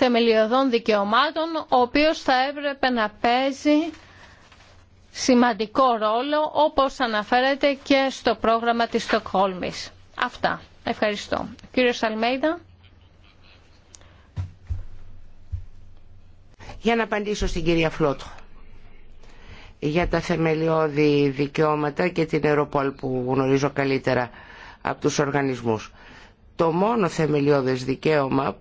θεμελιωδών δικαιωμάτων, ο οποίος θα έπρεπε να παίζει σημαντικό ρόλο, όπως αναφέρεται και στο πρόγραμμα της Στοκχόλμης. Αυτά. Ευχαριστώ. Κύριο Αλμέιδα. Για να απαντήσω στην κυρία Φλότο για τα θεμελιώδη δικαιώματα και την Ευρωπόλ που γνωρίζω καλύτερα από τους οργανισμούς. Το μόνο θεμελιώδες δικαίωμα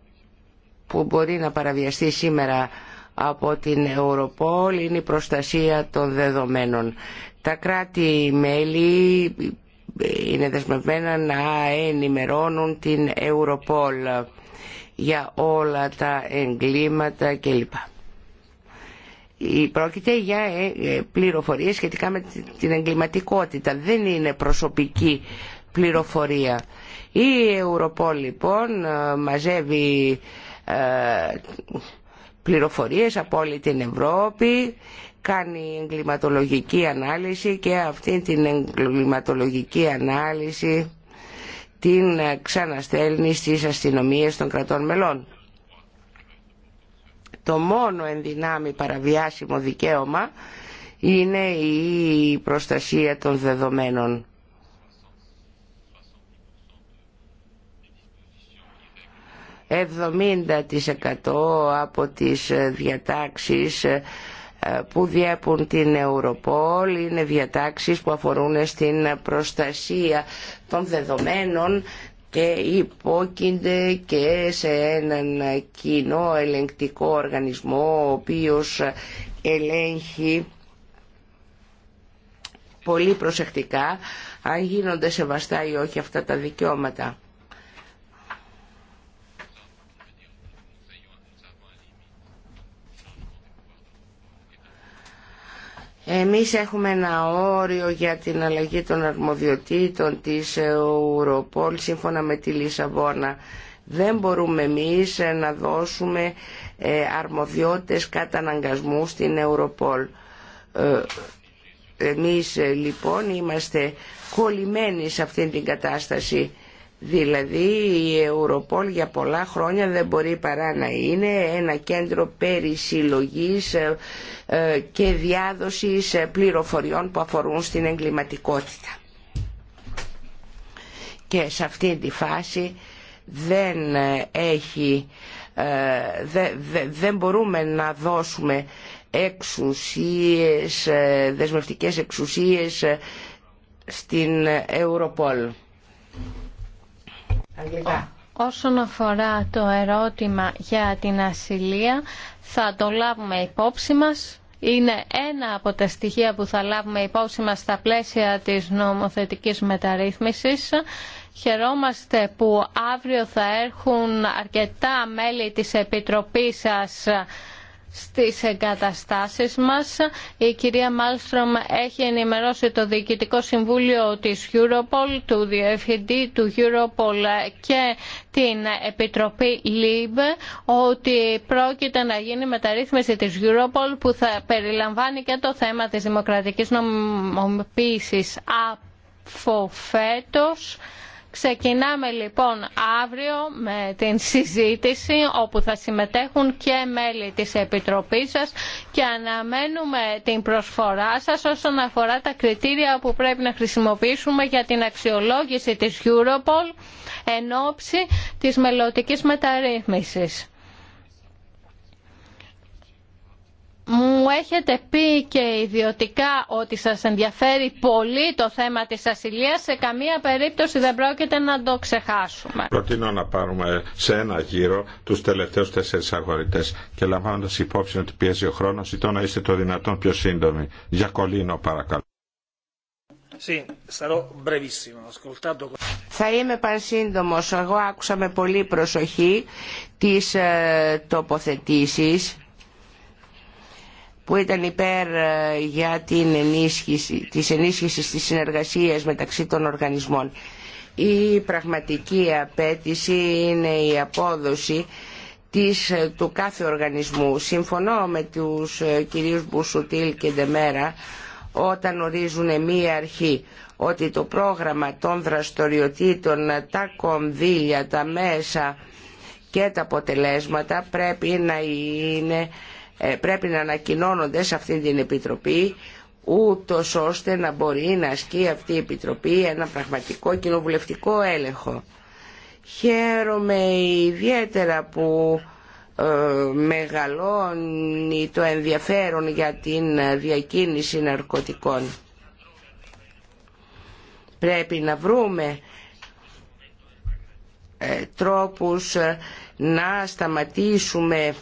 που μπορεί να παραβιαστεί σήμερα από την Ευρωπολ είναι η προστασία των δεδομένων. Τα κράτη-μέλη είναι δεσμευμένα να ενημερώνουν την Ευρωπολ για όλα τα εγκλήματα κλπ. Πρόκειται για ε, ε, πληροφορίες σχετικά με την εγκληματικότητα. Δεν είναι προσωπική πληροφορία. Η Ευρωπολ λοιπόν ε, μαζεύει ε, πληροφορίες από όλη την Ευρώπη, κάνει εγκληματολογική ανάλυση και αυτή την εγκληματολογική ανάλυση την ξαναστέλνει στις αστυνομίες των κρατών μελών. Το μόνο ενδυνάμει παραβιάσιμο δικαίωμα είναι η προστασία των δεδομένων. 70% από τις διατάξεις ε, που διέπουν την Ευρωπόλ είναι διατάξεις που αφορούν στην προστασία των δεδομένων και υπόκεινται και σε έναν κοινό ελεγκτικό οργανισμό ο οποίος ελέγχει πολύ προσεκτικά αν γίνονται σεβαστά ή όχι αυτά τα δικαιώματα. Εμείς έχουμε ένα όριο για την αλλαγή των αρμοδιοτήτων της Ευρωπολ σύμφωνα με τη Λισαβόνα. Δεν μπορούμε εμείς ε, να δώσουμε ε, αρμοδιότητες αναγκασμού στην Ευρωπολ Εμείς ε, λοιπόν είμαστε κολλημένοι σε αυτήν την κατάσταση Δηλαδή η Ευρωπόλ για πολλά χρόνια δεν μπορεί παρά να είναι ένα κέντρο περισυλλογής ε, ε, και διάδοσης ε, πληροφοριών που αφορούν στην εγκληματικότητα. Και σε αυτή τη φάση δεν έχει, δεν, μπορούμε να δώσουμε εξουσίες, δεσμευτικές εξουσίες στην Ευρωπόλ αγγλικά. Όσον αφορά το ερώτημα για την ασυλία, θα το λάβουμε υπόψη μας. Είναι ένα από τα στοιχεία που θα λάβουμε υπόψη μας στα πλαίσια της νομοθετικής μεταρρύθμισης. Χαιρόμαστε που αύριο θα έρχουν αρκετά μέλη της Επιτροπής σας στις εγκαταστάσεις μας. Η κυρία Μάλστρομ έχει ενημερώσει το Διοικητικό Συμβούλιο της Europol, του Διευθυντή του Europol και την Επιτροπή ΛΥΜΠ ότι πρόκειται να γίνει μεταρρύθμιση της Europol που θα περιλαμβάνει και το θέμα της δημοκρατικής νομοποίησης από φέτος Ξεκινάμε λοιπόν αύριο με την συζήτηση όπου θα συμμετέχουν και μέλη της Επιτροπής σας και αναμένουμε την προσφορά σας όσον αφορά τα κριτήρια που πρέπει να χρησιμοποιήσουμε για την αξιολόγηση της Europol εν ώψη της μελλοντικής μεταρρύθμισης. μου έχετε πει και ιδιωτικά ότι σας ενδιαφέρει πολύ το θέμα της ασυλίας. Σε καμία περίπτωση δεν πρόκειται να το ξεχάσουμε. Προτείνω να πάρουμε σε ένα γύρο τους τελευταίους τέσσερις αγορητές και λαμβάνοντας υπόψη ότι πιέζει ο χρόνος, ζητώ να είστε το δυνατόν πιο σύντομοι. Για κολλήνω παρακαλώ. Θα είμαι πανσύντομος. Εγώ άκουσα με πολύ προσοχή τις ε, τοποθετήσεις που ήταν υπέρ ε, για την ενίσχυση, της ενίσχυσης της συνεργασίας μεταξύ των οργανισμών. Η πραγματική απέτηση είναι η απόδοση της, ε, του κάθε οργανισμού. Συμφωνώ με τους ε, κυρίους Μπουσουτήλ και Ντεμέρα όταν ορίζουν μία αρχή ότι το πρόγραμμα των δραστηριοτήτων, τα κονδύλια, τα μέσα και τα αποτελέσματα πρέπει να είναι ε, πρέπει να ανακοινώνονται σε αυτή την Επιτροπή ούτω ώστε να μπορεί να ασκεί αυτή η Επιτροπή ένα πραγματικό κοινοβουλευτικό έλεγχο. Χαίρομαι ιδιαίτερα που ε, μεγαλώνει το ενδιαφέρον για την διακίνηση ναρκωτικών. Πρέπει να βρούμε ε, τρόπους να σταματήσουμε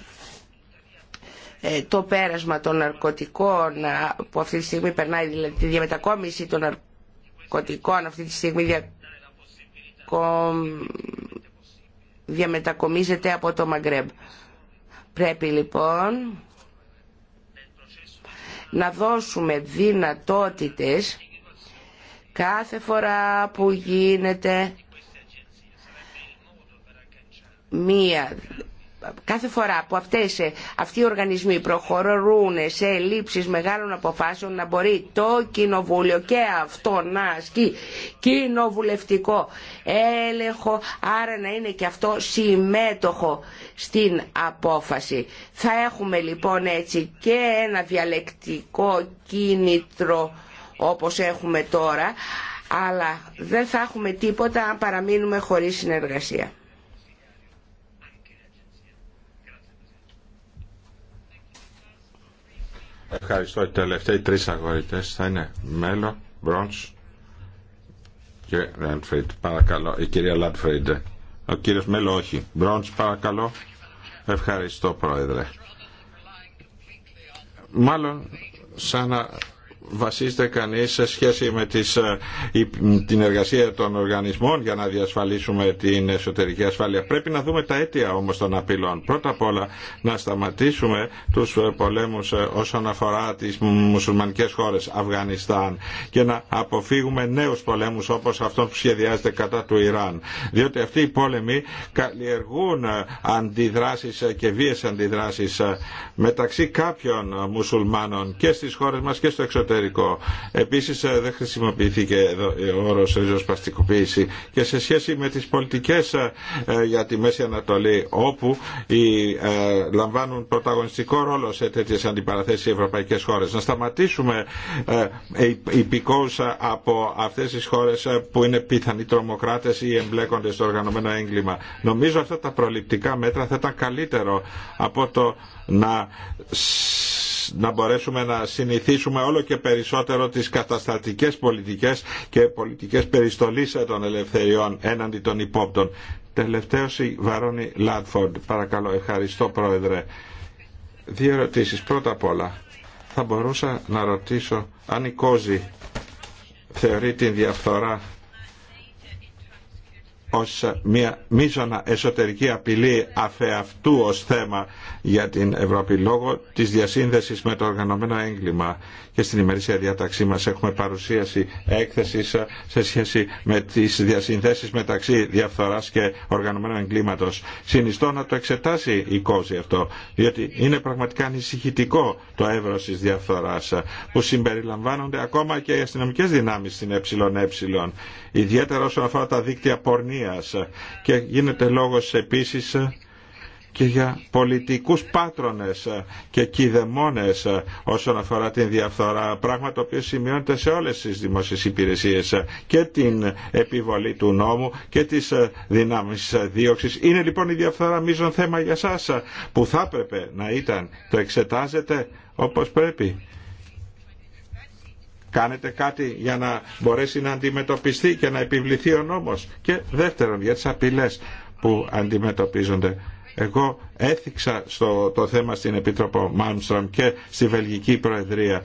ε, το πέρασμα των ναρκωτικών ε, που αυτή τη στιγμή περνάει, δηλαδή τη διαμετακόμιση των ναρκωτικών αυτή τη στιγμή διαμετακομίζεται από το Μαγκρέμπ. Πρέπει λοιπόν να δώσουμε δυνατότητες κάθε φορά που γίνεται μία κάθε φορά που αυτές, ε, αυτοί οι οργανισμοί προχωρούν σε λήψεις μεγάλων αποφάσεων να μπορεί το κοινοβούλιο και αυτό να ασκεί κοινοβουλευτικό έλεγχο άρα να είναι και αυτό συμμέτοχο στην απόφαση. Θα έχουμε λοιπόν έτσι και ένα διαλεκτικό κίνητρο όπως έχουμε τώρα αλλά δεν θα έχουμε τίποτα αν παραμείνουμε χωρίς συνεργασία. Ευχαριστώ. Οι τελευταίοι τρει αγορητέ θα είναι Μέλο, Μπρόντ και Λάντφριντ. Παρακαλώ, η κυρία Λάντφριντ. Ο κύριο Μέλο, όχι. Μπρόντ, παρακαλώ. Ευχαριστώ, Πρόεδρε. Μάλλον σαν να βασίζεται κανείς σε σχέση με τις, ε, την εργασία των οργανισμών για να διασφαλίσουμε την εσωτερική ασφάλεια. Πρέπει να δούμε τα αίτια όμως των απειλών. Πρώτα απ' όλα να σταματήσουμε τους ε, πολέμους ε, όσον αφορά τις μουσουλμανικές χώρες Αφγανιστάν και να αποφύγουμε νέους πολέμους όπως αυτό που σχεδιάζεται κατά του Ιράν. Διότι αυτοί οι πόλεμοι καλλιεργούν αντιδράσεις και βίες αντιδράσεις μεταξύ κάποιων μουσουλμάνων και στις χώρες μας και στο εξωτερικό εσωτερικό. Επίσης ε, δεν χρησιμοποιήθηκε ε, ο όρος ριζοσπαστικοποίηση και σε σχέση με τις πολιτικές ε, για τη Μέση Ανατολή όπου οι, λαμβάνουν πρωταγωνιστικό ρόλο σε τέτοιες αντιπαραθέσεις οι ευρωπαϊκές χώρες. Να σταματήσουμε ε, από αυτές τις χώρες που είναι πιθανοί τρομοκράτε ή εμπλέκονται στο οργανωμένο έγκλημα. Νομίζω αυτά τα προληπτικά μέτρα θα ήταν καλύτερο από το να να μπορέσουμε να συνηθίσουμε όλο και περισσότερο τις καταστατικές πολιτικές και πολιτικές περιστολής των ελευθεριών έναντι των υπόπτων. Τελευταίος η Βαρόνη Λάντφορντ. Παρακαλώ, ευχαριστώ Πρόεδρε. Δύο ερωτήσεις. Πρώτα απ' όλα, θα μπορούσα να ρωτήσω αν η Κόζη θεωρεί την διαφθορά ως μια μίζωνα εσωτερική απειλή αφεαυτού ως θέμα για την Ευρώπη λόγω της διασύνδεσης με το οργανωμένο έγκλημα και στην ημερήσια διάταξή μας έχουμε παρουσίαση έκθεσης σε σχέση με τις διασυνδέσεις μεταξύ διαφθοράς και οργανωμένου εγκλήματος. Συνιστώ να το εξετάσει η κόζη αυτό, διότι είναι πραγματικά ανησυχητικό το εύρος της διαφθοράς που συμπεριλαμβάνονται ακόμα και οι αστυνομικές δυνάμεις στην ΕΕ, ιδιαίτερα όσον αφορά τα δίκτυα πορνεία και γίνεται λόγος επίσης και για πολιτικούς πάτρονες και κηδεμόνες όσον αφορά την διαφθορά, πράγμα το οποίο σημειώνεται σε όλες τις δημόσιες υπηρεσίες και την επιβολή του νόμου και της δυνάμεις δίωξης. Είναι λοιπόν η διαφθορά μείζον θέμα για σας που θα έπρεπε να ήταν το εξετάζετε όπως πρέπει Κάνετε κάτι για να μπορέσει να αντιμετωπιστεί και να επιβληθεί ο νόμος. Και δεύτερον, για τις απειλές που αντιμετωπίζονται. Εγώ έθιξα στο, το θέμα στην Επίτροπο Μάμστρομ και στη Βελγική Προεδρία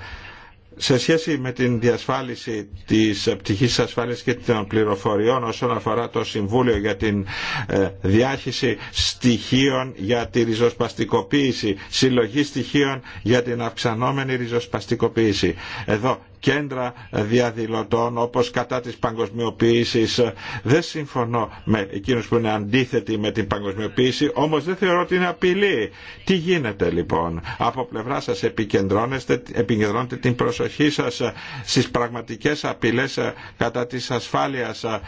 σε σχέση με την διασφάλιση της πτυχής ασφάλειας και των πληροφοριών όσον αφορά το Συμβούλιο για την ε, διάχυση στοιχείων για τη ριζοσπαστικοποίηση, συλλογή στοιχείων για την αυξανόμενη ριζοσπαστικοποίηση. Εδώ κέντρα διαδηλωτών όπως κατά της παγκοσμιοποίησης. Δεν συμφωνώ με εκείνους που είναι αντίθετοι με την παγκοσμιοποίηση, όμως δεν θεωρώ ότι είναι απειλή. Τι γίνεται λοιπόν. Από πλευρά σας επικεντρώνεστε, επικεντρώνετε την προσοχή σας στις πραγματικές απειλές ε, κατά της ασφάλειας ε,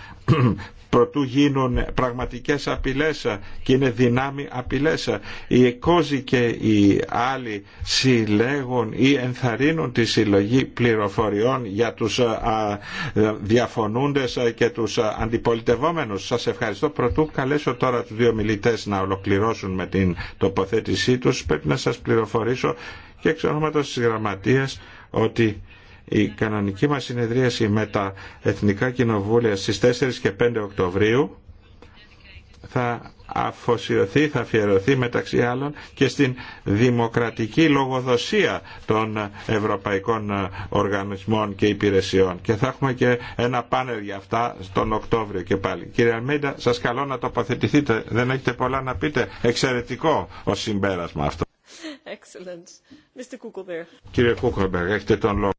προτού γίνουν πραγματικές απειλές και είναι δυνάμει απειλές. Οι εκόζοι και οι άλλοι συλλέγουν ή ενθαρρύνουν τη συλλογή πληροφοριών για τους διαφωνούντες και τους αντιπολιτευόμενους. Σας ευχαριστώ. Προτού καλέσω τώρα τους δύο μιλητές να ολοκληρώσουν με την τοποθέτησή τους. Πρέπει να σας πληροφορήσω και εξ ονόματος της Γραμματείας ότι η κανονική μας συνεδρίαση με τα Εθνικά Κοινοβούλια στις 4 και 5 Οκτωβρίου θα αφοσιωθεί, θα αφιερωθεί μεταξύ άλλων και στην δημοκρατική λογοδοσία των ευρωπαϊκών οργανισμών και υπηρεσιών. Και θα έχουμε και ένα πάνελ για αυτά τον Οκτώβριο και πάλι. Κύριε Αλμίντα, σας καλώ να τοποθετηθείτε. Δεν έχετε πολλά να πείτε. Εξαιρετικό ο συμπέρασμα αυτό. Κύριε Κούκομπερ, έχετε τον λόγο.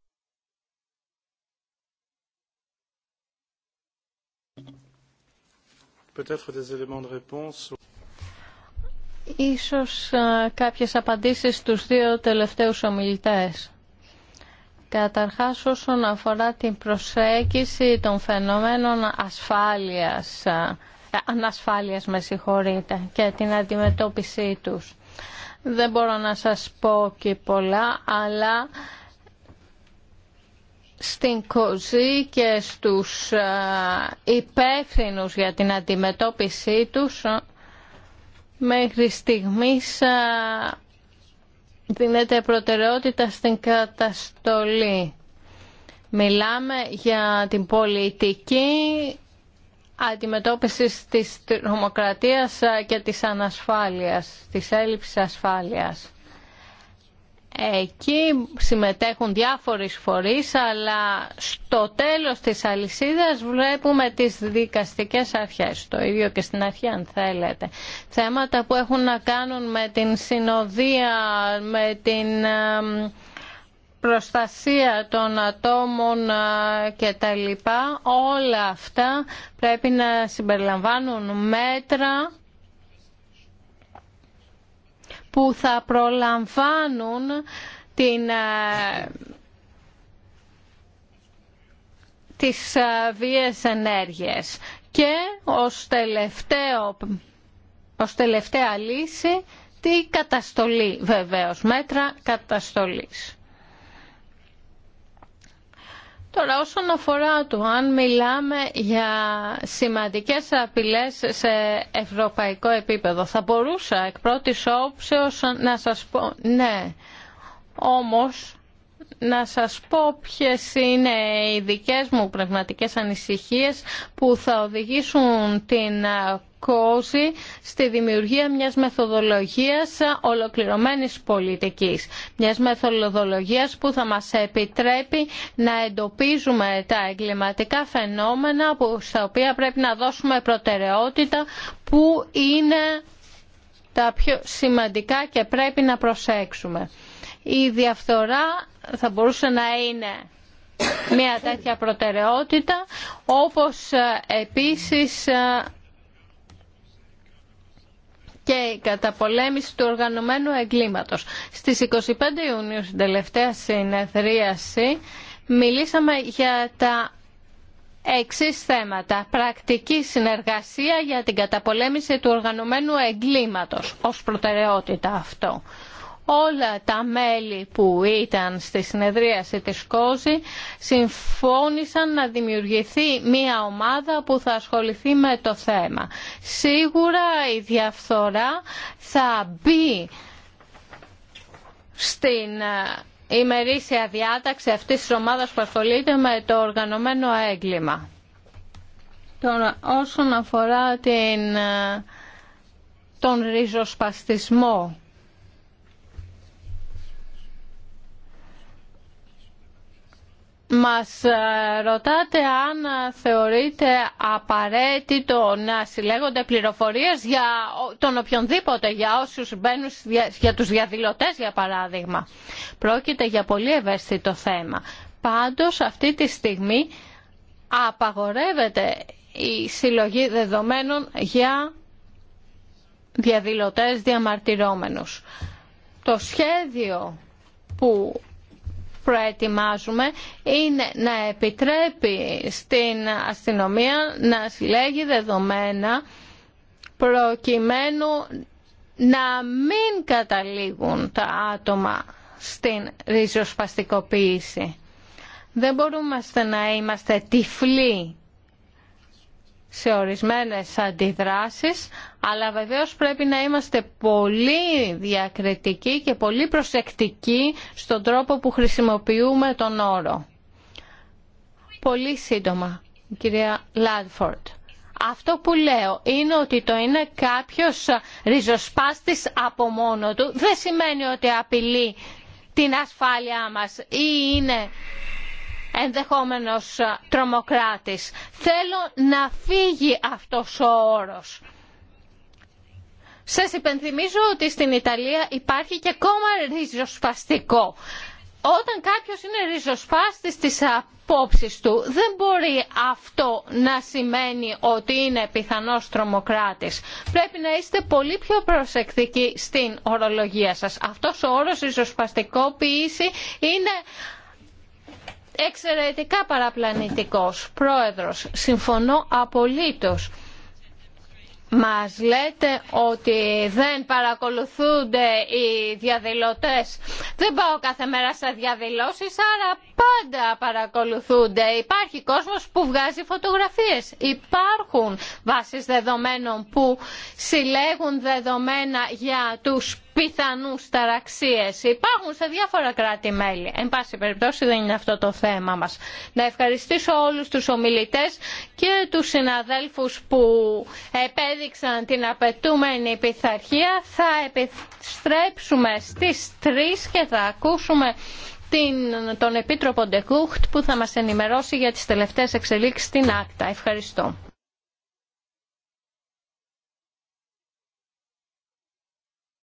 Ίσως ε, κάποιες απαντήσεις στους δύο τελευταίους ομιλητές. Καταρχάς όσον αφορά την προσέγγιση των φαινομένων ασφάλειας, ε, ε, ανασφάλειας με συγχωρείτε, και την αντιμετώπιση τους. Δεν μπορώ να σας πω και πολλά, αλλά στην ΚΟΖΗ και στους ε, υπεύθυνου για την αντιμετώπιση τους ε, μέχρι στιγμής ε, δίνεται προτεραιότητα στην καταστολή. Μιλάμε για την πολιτική αντιμετώπιση της τρομοκρατίας και της ανασφάλειας, της έλλειψης ασφάλειας. Εκεί συμμετέχουν διάφορες φορείς, αλλά στο τέλος της αλυσίδας βλέπουμε τις δικαστικές αρχές, το ίδιο και στην αρχή αν θέλετε. Θέματα που έχουν να κάνουν με την συνοδεία, με την προστασία των ατόμων ε, και τα όλα αυτά πρέπει να συμπεριλαμβάνουν μέτρα που θα προλαμβάνουν την, ε, τις ε, βίες ενέργειες. Και ως, τελευταίο, ως τελευταία λύση, τη καταστολή βεβαίως, μέτρα καταστολής. Τώρα όσον αφορά το αν μιλάμε για σημαντικές απειλές σε ευρωπαϊκό επίπεδο, θα μπορούσα εκ πρώτης όψεως να σας πω ναι. Όμως να σας πω ποιες είναι οι δικές μου πνευματικές ανησυχίες που θα οδηγήσουν την στη δημιουργία μιας μεθοδολογίας ολοκληρωμένης πολιτικής. Μιας μεθοδολογίας που θα μας επιτρέπει να εντοπίζουμε τα εγκληματικά φαινόμενα που, στα οποία πρέπει να δώσουμε προτεραιότητα που είναι τα πιο σημαντικά και πρέπει να προσέξουμε. Η διαφθορά θα μπορούσε να είναι μια τέτοια προτεραιότητα όπως επίσης ε, και η καταπολέμηση του οργανωμένου εγκλήματος. Στις 25 Ιουνίου στην τελευταία συνεδρίαση μιλήσαμε για τα εξή θέματα. Πρακτική συνεργασία για την καταπολέμηση του οργανωμένου εγκλήματος ως προτεραιότητα αυτό όλα τα μέλη που ήταν στη συνεδρίαση της ΚΟΖΗ συμφώνησαν να δημιουργηθεί μία ομάδα που θα ασχοληθεί με το θέμα. Σίγουρα η διαφθορά θα μπει στην ε, ημερήσια διάταξη αυτής της ομάδας που ασχολείται με το οργανωμένο έγκλημα. Τώρα, όσον αφορά την, ε, τον ριζοσπαστισμό Μας ε, ρωτάτε αν θεωρείτε απαραίτητο να συλλέγονται πληροφορίες για τον οποιονδήποτε, για όσους μπαίνουν, για τους διαδηλωτές για παράδειγμα. Πρόκειται για πολύ ευαίσθητο θέμα. Πάντως αυτή τη στιγμή απαγορεύεται η συλλογή δεδομένων για διαδηλωτές διαμαρτυρόμενους. Το σχέδιο που προετοιμάζουμε είναι να επιτρέπει στην αστυνομία να συλλέγει δεδομένα προκειμένου να μην καταλήγουν τα άτομα στην ριζοσπαστικοποίηση. Δεν μπορούμε να είμαστε τυφλοί σε ορισμένες αντιδράσεις, αλλά βεβαίως πρέπει να είμαστε πολύ διακριτικοί και πολύ προσεκτικοί στον τρόπο που χρησιμοποιούμε τον όρο. Πολύ σύντομα, κυρία Λάντφορντ. Αυτό που λέω είναι ότι το είναι κάποιος ριζοσπάστης από μόνο του. Δεν σημαίνει ότι απειλεί την ασφάλειά μας ή είναι ενδεχόμενος τρομοκράτης. Θέλω να φύγει αυτός ο όρος. Σας υπενθυμίζω ότι στην Ιταλία υπάρχει και κόμμα ριζοσπαστικό. Όταν κάποιος είναι ριζοσπάστης της απόψης του, δεν μπορεί αυτό να σημαίνει ότι είναι πιθανός τρομοκράτης. Πρέπει να είστε πολύ πιο προσεκτικοί στην ορολογία σας. Αυτός ο όρος ριζοσπαστικοποίηση είναι εξαιρετικά παραπλανητικός. Πρόεδρος, συμφωνώ απολύτως. Μας λέτε ότι δεν παρακολουθούνται οι διαδηλωτές. Δεν πάω κάθε μέρα στα διαδηλώσεις, άρα πάντα παρακολουθούνται. Υπάρχει κόσμος που βγάζει φωτογραφίες. Υπάρχουν βάσεις δεδομένων που συλλέγουν δεδομένα για τους Πιθανού ταραξίε. Υπάρχουν σε διάφορα κράτη-μέλη. Εν πάση περιπτώσει δεν είναι αυτό το θέμα μας. Να ευχαριστήσω όλους τους ομιλητές και τους συναδέλφους που επέδειξαν την απαιτούμενη πειθαρχία. Θα επιστρέψουμε στις 3 και θα ακούσουμε την, τον Επίτροπο Ντεκούχτ που θα μας ενημερώσει για τις τελευταίες εξελίξεις στην Άκτα. Ευχαριστώ.